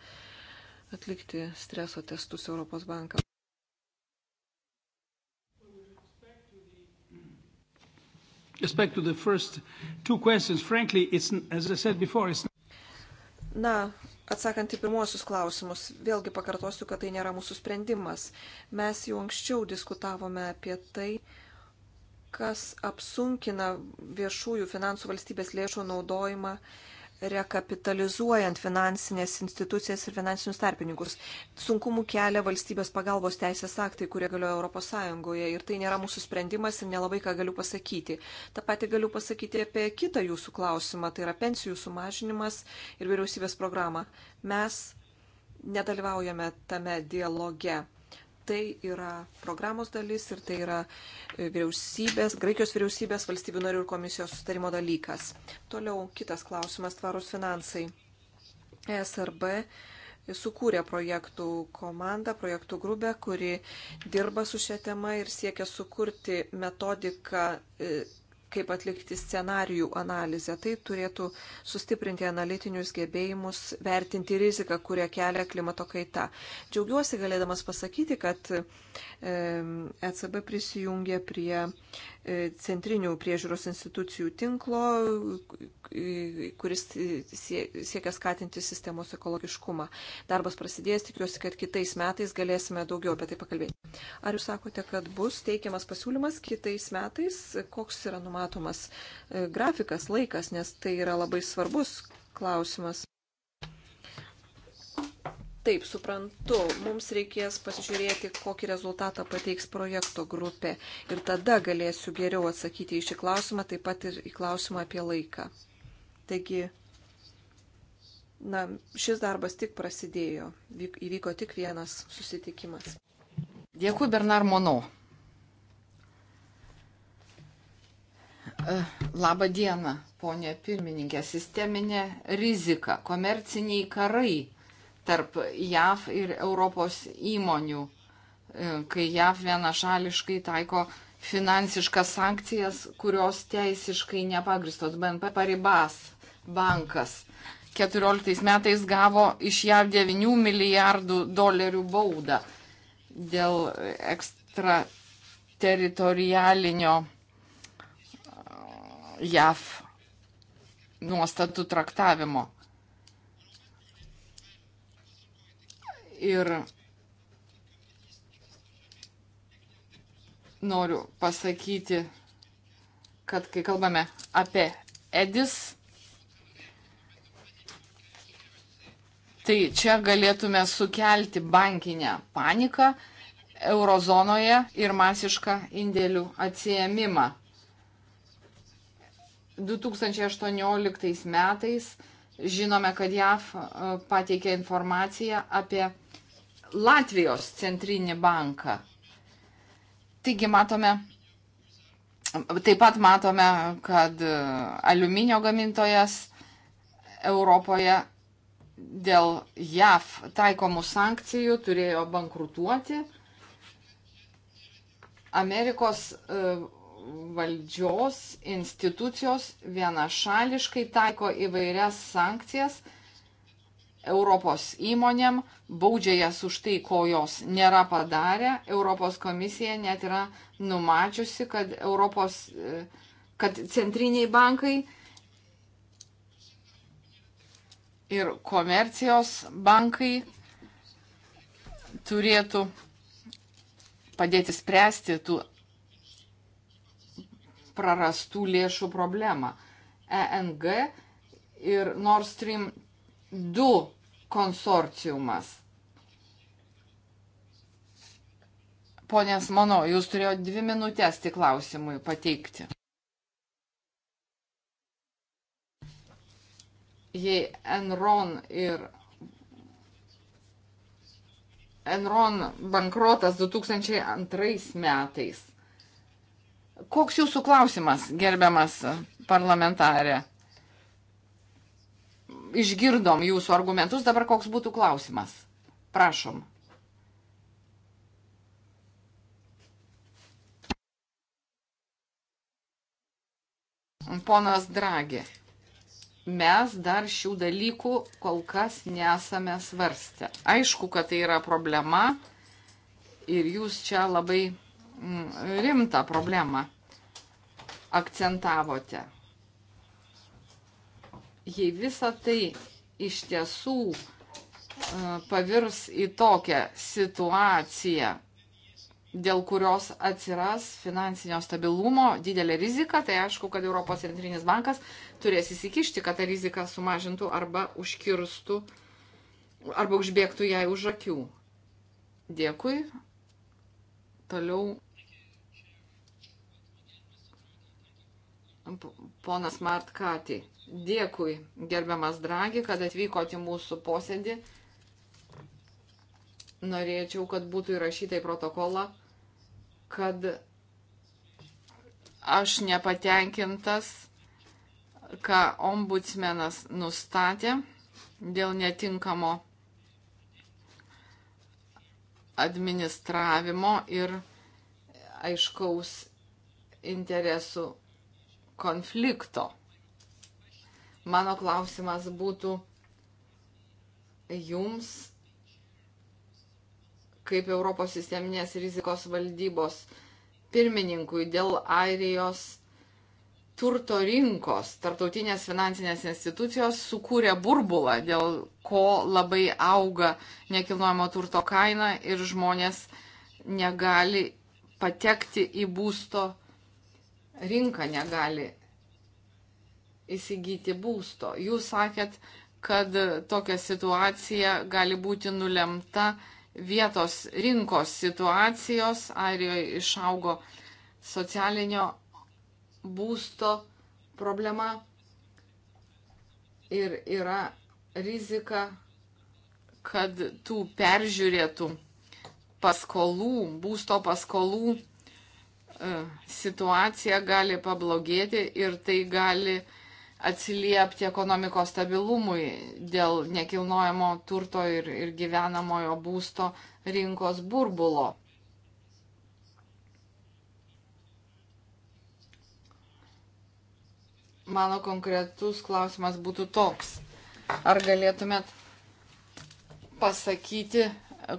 atlikti streso testus Europos banką. Just back to the first two questions, frankly, it's, as I said before, it's... Na, atsakant į pirmosius klausimus, vėlgi pakartosiu, kad tai nėra mūsų sprendimas. Mes jau anksčiau diskutavome apie tai, kas apsunkina viešųjų finansų valstybės lėšų naudojimą uh, rekapitalizuojant finansinės institucijas ir finansinius tarpininkus. Sunkumų kelia valstybės pagalbos teisės aktai, kurie galioja ES ir tai nėra mūsų sprendimas ir nelabai ką galiu pasakyti. Ta pati galiu pasakyti apie kitą jūsų klausimą, tai yra pensijų sumažinimas ir vyriausybės programą. Mes nedalyvaujame tame dialoge tai yra programos dalis ir tai yra e, vyriausybės, Graikijos vyriausybės, valstybių narių ir komisijos sustarimo dalykas. Toliau kitas klausimas - tvarus finansai. ESRB sukūrė projektų komandą, projektų grupę, kuri dirba su šia tema ir siekia sukurti metodiką e, kaip atlikti scenarijų analizę. Tai turėtų sustiprinti analitinius gebėjimus, vertinti riziką, kurią kelia klimato kaita. Džiaugiuosi galėdamas pasakyti, kad ECB e prisijungė prie E, centrinių priežiūros institucijų tinklo, e, kuris siekia skatinti sistemos ekologiškumą. Darbas prasidės, tikiuosi, kad kitais metais galėsime daugiau apie tai pakalbėti. Ar jūs sakote, kad bus teikiamas pasiūlymas kitais metais? Koks yra numatomas e, grafikas, laikas, nes tai yra labai svarbus klausimas. Taip, suprantu, mums reikės pasižiūrėti, kokį rezultatą pateiks projekto grupė ir tada galėsiu geriau atsakyti į šį klausimą, taip pat ir į klausimą apie laiką. Taigi, na, šis darbas tik prasidėjo, įvyko tik vienas susitikimas. Dėkui, Bernard Monau. Eh, Labą dieną, ponė pirmininkė. Sisteminė rizika, komerciniai karai tarp JAV ir Europos įmonių, e, kai JAV vienašališkai taiko finansiškas sankcijas, kurios teisiškai nepagristos. BNP Paribas bankas 14 metais gavo iš JAV 9 milijardų dolerių baudą dėl ekstrateritorialinio e, JAV nuostatų traktavimo. Ir noriu pasakyti, kad kai kalbame apie Edis, tai čia galėtume sukelti bankinę paniką eurozonoje ir masišką indėlių atsijėmimą. 2018 metais žinome, kad JAF e, pateikė informaciją apie Latvijos centrinį banką. Taigi matome, taip pat matome, kad e, aliuminio gamintojas Europoje dėl JAV taikomų sankcijų turėjo bankrutuoti. Amerikos e, valdžios institucijos vienašališkai taiko įvairias sankcijas Europos įmonėm, baudžia jas už tai, ko jos nėra padarę. Europos komisija net yra numačiusi, kad, Europos, e, kad centriniai bankai ir komercijos bankai turėtų padėti spręsti tų prarastų lėšų problemą. ENG ir Nord Stream du konsorciumas. Ponės, manau, jūs turėjote dvi minutės tik klausimui pateikti. Jei Enron ir Enron bankrotas 2002 metais. Koks jūsų klausimas, gerbiamas parlamentarė? išgirdom jūsų argumentus, dabar koks būtų klausimas? Prašom. Ponas Dragė, mes dar šių dalykų kol kas nesame svarstę. Aišku, kad tai yra problema ir jūs čia labai mm, rimtą problemą akcentavote jei visa tai iš tiesų e, pavirs į tokią situaciją, dėl kurios atsiras finansinio stabilumo didelė rizika, tai aišku, kad Europos centrinis bankas turės įsikišti, kad tą riziką sumažintų arba užkirstų, arba užbėgtų jai už akių. Dėkui. Toliau. Ponas Martkati. Dėkui, gerbiamas Dragi, kad atvykote į mūsų posėdį. Norėčiau, kad būtų įrašyta į protokolą, kad aš nepatenkintas, ką ombudsmenas nustatė dėl netinkamo administravimo ir aiškaus interesų konflikto. Mano klausimas būtų jums, kaip Europos sisteminės rizikos valdybos pirmininkui dėl Airijos turto rinkos. Tartautinės finansinės institucijos sukūrė burbulą, dėl ko labai auga nekilnojamo turto kaina ir žmonės negali patekti į būsto rinką, negali įsigyti būsto. Jūs sakėt, kad tokia situacija gali būti nulemta vietos rinkos situacijos. Airijoje išaugo socialinio būsto problema ir yra rizika, kad tų peržiūrėtų paskolų, būsto paskolų e, situacija gali pablogėti ir tai gali uh, atsiliepti ekonomikos stabilumui dėl nekilnojamo turto ir, ir gyvenamojo būsto rinkos burbulo. Mano konkretus klausimas būtų toks. Ar galėtumėt pasakyti,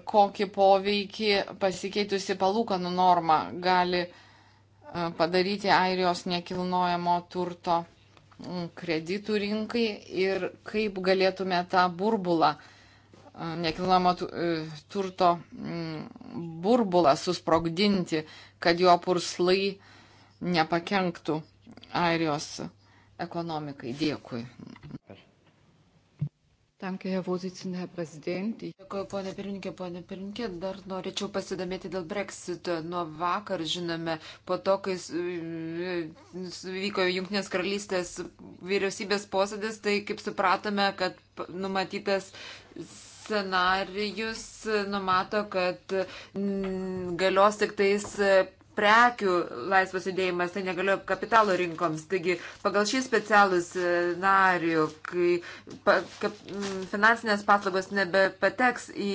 kokį poveikį pasikeitusi palūkanų norma gali e, padaryti Airijos nekilnojamo turto Mm, kreditų rinkai ir kaip galėtume tą burbulą, nekilnojamo e, turto mm, burbulą susprogdinti, kad jo purslai nepakenktų Airijos ekonomikai. Dėkui. Per. Danke, Herr Vorsitzender, Herr Präsident. Dėkuoju, ponė pirmininkė, ponė pirmininkė. Dar norėčiau pasidomėti dėl Brexito. Nuo vakar, žinome, po to, kai vyko Junktinės karalystės vyriausybės posėdis, tai kaip supratome, kad numatytas scenarijus numato, kad galios tik tais prekių laisvas judėjimas, tai negalėjo kapitalo rinkoms. Taigi pagal šį specialų scenarių, kai pa, ka, mm, finansinės paslaugos nebepateks į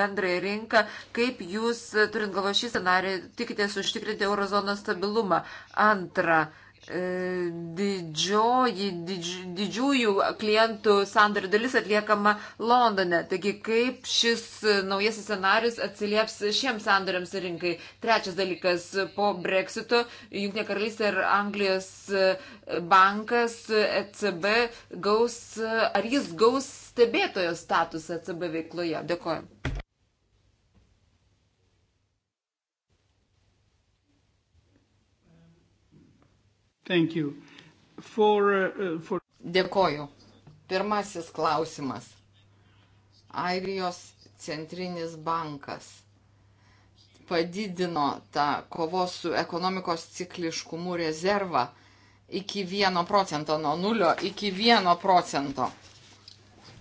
bendrąją rinką, kaip jūs, turint galvo šį scenarių, tikitės užtikrinti eurozonos stabilumą? Antra, E, didžioji, didž, didžiųjų klientų sandarių dalis atliekama Londone. Taigi, kaip šis naujasis scenarius atsilieps šiems sandariams rinkai? Trečias dalykas, po Brexito Junktinė karalystė ir Anglijos e, bankas ECB gaus, ar jis gaus stebėtojo statusą ECB veikloje? Dėkuoju. For, uh, uh, for... Dėkoju. Pirmasis klausimas. Airijos centrinis bankas padidino tą kovos su ekonomikos cikliškumu rezervą iki 1 procento, nuo 0 iki 1 procento.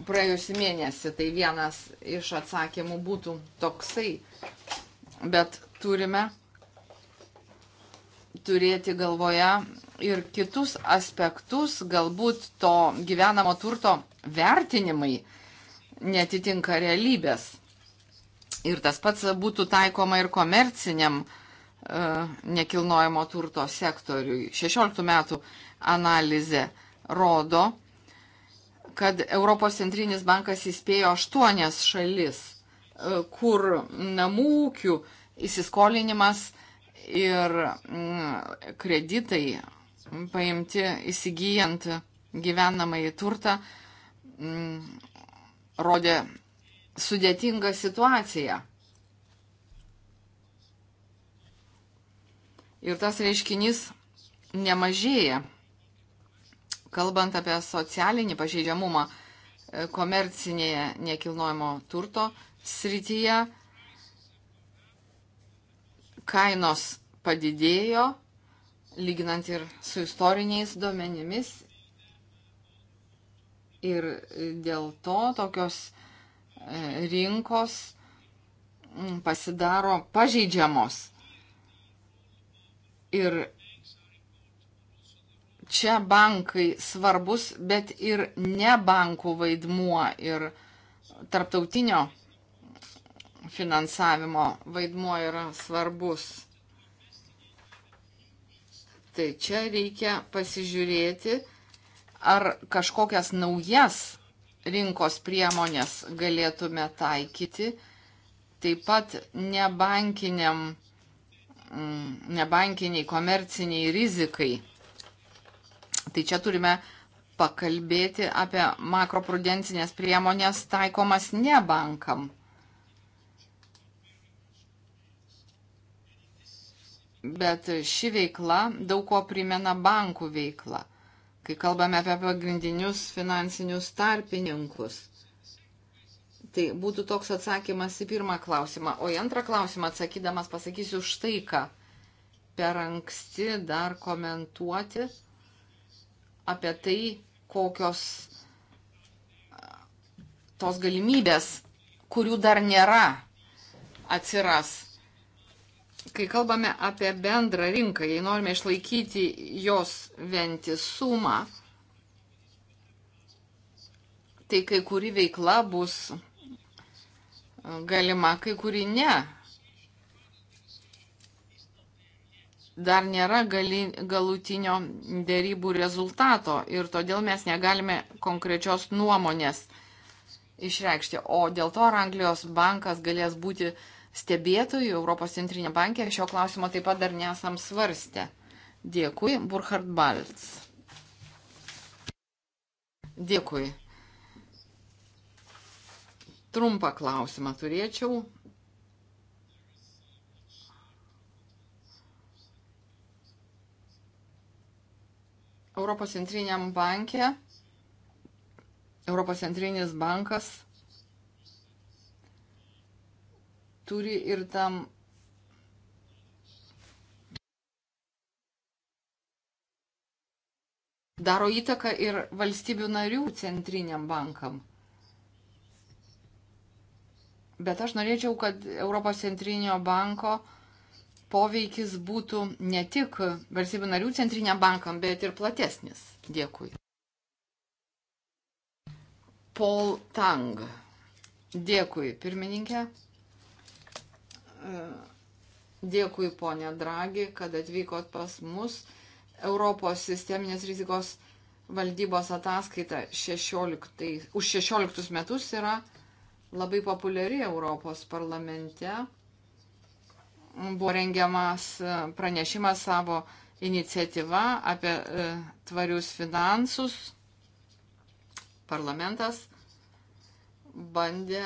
Praėjusį mėnesį tai vienas iš atsakymų būtų toksai, bet turime turėti galvoje ir kitus aspektus, galbūt to gyvenamo turto vertinimai netitinka realybės. Ir tas pats būtų taikoma ir komerciniam e, nekilnojamo turto sektoriui. 16 metų analizė rodo, kad Europos centrinis bankas įspėjo aštuonias šalis, e, kur namų ūkių įsiskolinimas ir mm, kreditai paimti įsigijant gyvenamąjį turtą, mm, rodė sudėtingą situaciją. Ir tas reiškinys nemažėja. Kalbant apie socialinį pažeidžiamumą e, komercinėje nekilnojimo turto srityje, kainos padidėjo lyginant ir su istoriniais duomenimis. Ir dėl to tokios e, rinkos mm, pasidaro pažeidžiamos. Ir čia bankai svarbus, bet ir ne bankų vaidmuo ir tarptautinio finansavimo vaidmuo yra svarbus. Tai čia reikia pasižiūrėti, ar kažkokias naujas rinkos priemonės galėtume taikyti, taip pat nebankiniam, mm, nebankiniai komerciniai rizikai. Tai čia turime pakalbėti apie makroprudencinės priemonės taikomas ne bankam. Bet ši veikla daug ko primena bankų veiklą, kai kalbame apie pagrindinius finansinius tarpininkus. Tai būtų toks atsakymas į pirmą klausimą. O į antrą klausimą atsakydamas pasakysiu štai ką. Per anksti dar komentuoti apie tai, kokios tos galimybės, kurių dar nėra, atsiras kai kalbame apie bendrą rinką, jei norime išlaikyti jos ventisumą, tai kai kuri veikla bus e, galima, kai kuri ne. Dar nėra gali, galutinio dėrybų rezultato ir todėl mes negalime konkrečios nuomonės išreikšti. O dėl to Anglijos bankas galės būti uh, stebėtojų Europos centrinė bankė. Šio klausimo taip pat dar nesam svarstę. Dėkui, Burkhard Balts. Dėkui. Trumpą klausimą turėčiau. Europos centriniam bankė, Europos centrinis bankas turi ir tam daro įtaką ir valstybių narių centriniam bankam. Bet aš norėčiau, kad Europos centrinio banko poveikis būtų ne tik valstybių narių centriniam bankam, bet ir platesnis. Dėkui. Paul Tang. Dėkui, pirmininkė. Dėkui, ponė Dragi, kad atvykot pas mus. Europos sisteminės rizikos valdybos ataskaita 16, už 16 metus yra labai populiari Europos parlamente. Buvo rengiamas e, pranešimas savo iniciatyva apie e, tvarius finansus. Parlamentas bandė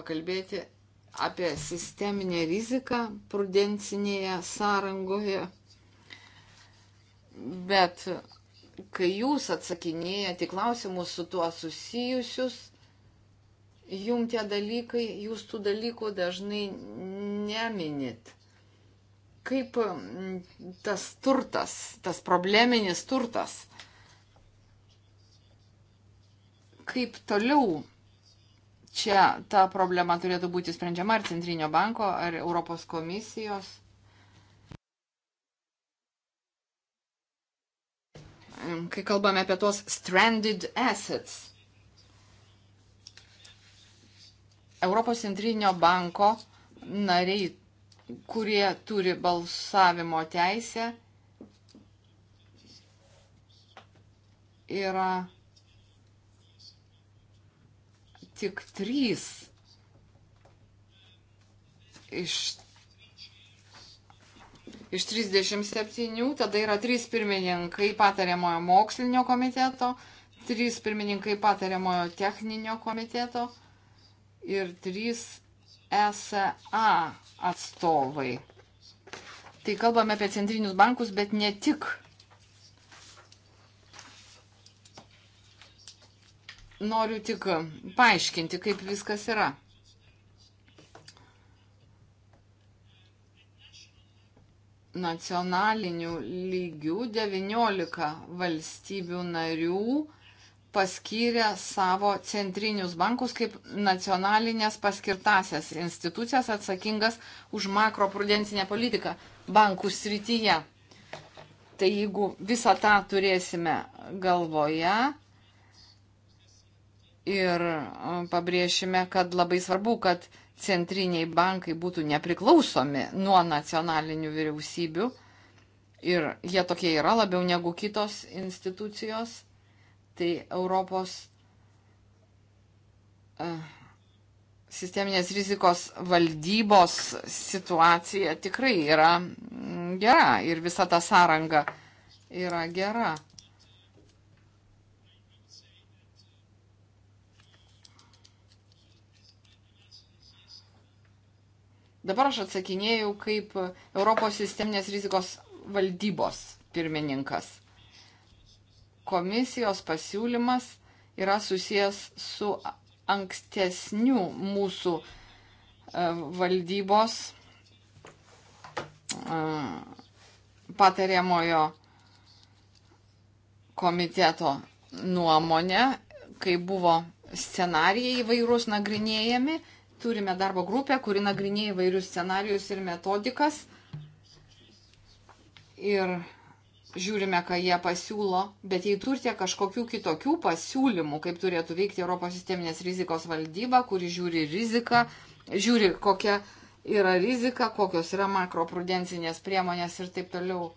pakalbėti apie sisteminę riziką prudencinėje sąrangoje. Bet kai jūs atsakinėjate klausimus su tuo susijusius, jum tie dalykai, jūs tų dalykų dažnai neminit. Kaip mm, tas turtas, tas probleminis turtas, kaip toliau čia ta problema turėtų būti sprendžiama ar Centrinio banko, ar Europos komisijos. Kai kalbame apie tos stranded assets, Europos centrinio banko nariai, kurie turi balsavimo teisę, yra tik trys iš, iš 37, tada yra trys pirmininkai patariamojo mokslinio komiteto, trys pirmininkai patariamojo techninio komiteto ir trys ESA atstovai. Tai kalbame apie centrinius bankus, bet ne tik noriu tik e, paaiškinti, kaip viskas yra. Nacionalinių lygių 19 valstybių narių paskyrė savo centrinius bankus kaip nacionalinės paskirtasias institucijas atsakingas už makroprudencinę politiką bankų srityje. Tai jeigu visą tą turėsime galvoje, Ir pabrėšime, kad labai svarbu, kad centriniai bankai būtų nepriklausomi nuo nacionalinių vyriausybių. Ir jie tokie yra labiau negu kitos institucijos. Tai Europos sisteminės rizikos valdybos situacija tikrai yra gera ir visa ta sąranga yra gera. Dabar aš atsakinėjau kaip Europos sisteminės rizikos valdybos pirmininkas. Komisijos pasiūlymas yra susijęs su ankstesniu mūsų e, valdybos e, patariamojo komiteto nuomonė, kai buvo scenarijai įvairūs nagrinėjami Turime darbo grupę, kuri nagrinėja įvairius scenarius ir metodikas. Ir žiūrime, ką jie pasiūlo, bet jei turite kažkokių kitokių pasiūlymų, kaip turėtų veikti Europos sisteminės rizikos valdyba, kuri žiūri riziką, žiūri, kokia yra rizika, kokios yra makroprudencinės priemonės ir taip toliau.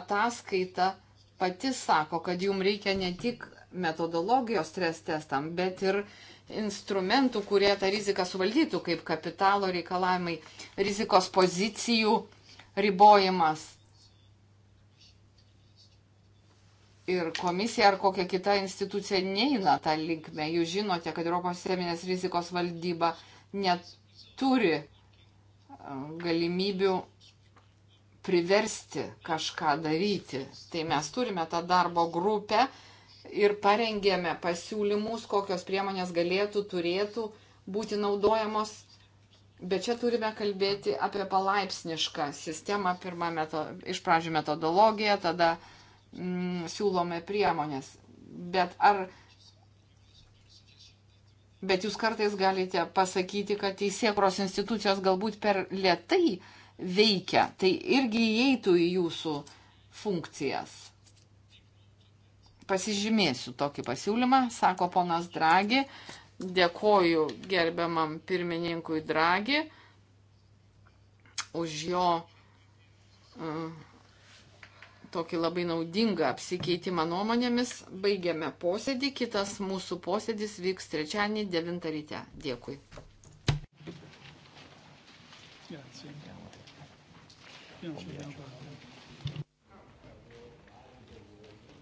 Ataskaita pati sako, kad jums reikia ne tik metodologijos stres testam, bet ir instrumentų, kurie tą riziką suvaldytų, kaip kapitalo reikalavimai, rizikos pozicijų ribojimas. Ir komisija ar kokia kita institucija neina tą linkmę. Jūs žinote, kad Europos sisteminės rizikos valdyba neturi galimybių priversti kažką daryti. Tai mes turime tą darbo grupę, ir parengėme pasiūlymus, kokios priemonės galėtų, turėtų būti naudojamos, bet čia turime kalbėti apie palaipsnišką sistemą, pirmą meto, iš pradžių metodologiją, tada mm, siūlome priemonės. Bet ar Bet jūs kartais galite pasakyti, kad teisėkros institucijos galbūt per lietai veikia. Tai irgi įeitų į jūsų funkcijas pasižymėsiu tokį pasiūlymą, sako ponas Dragi. Dėkoju gerbiamam pirmininkui Dragi už jo uh, tokį labai naudingą apsikeitimą nuomonėmis. Baigiame posėdį, kitas mūsų posėdis vyks trečiadienį 9 ryte. Dėkui. Ja,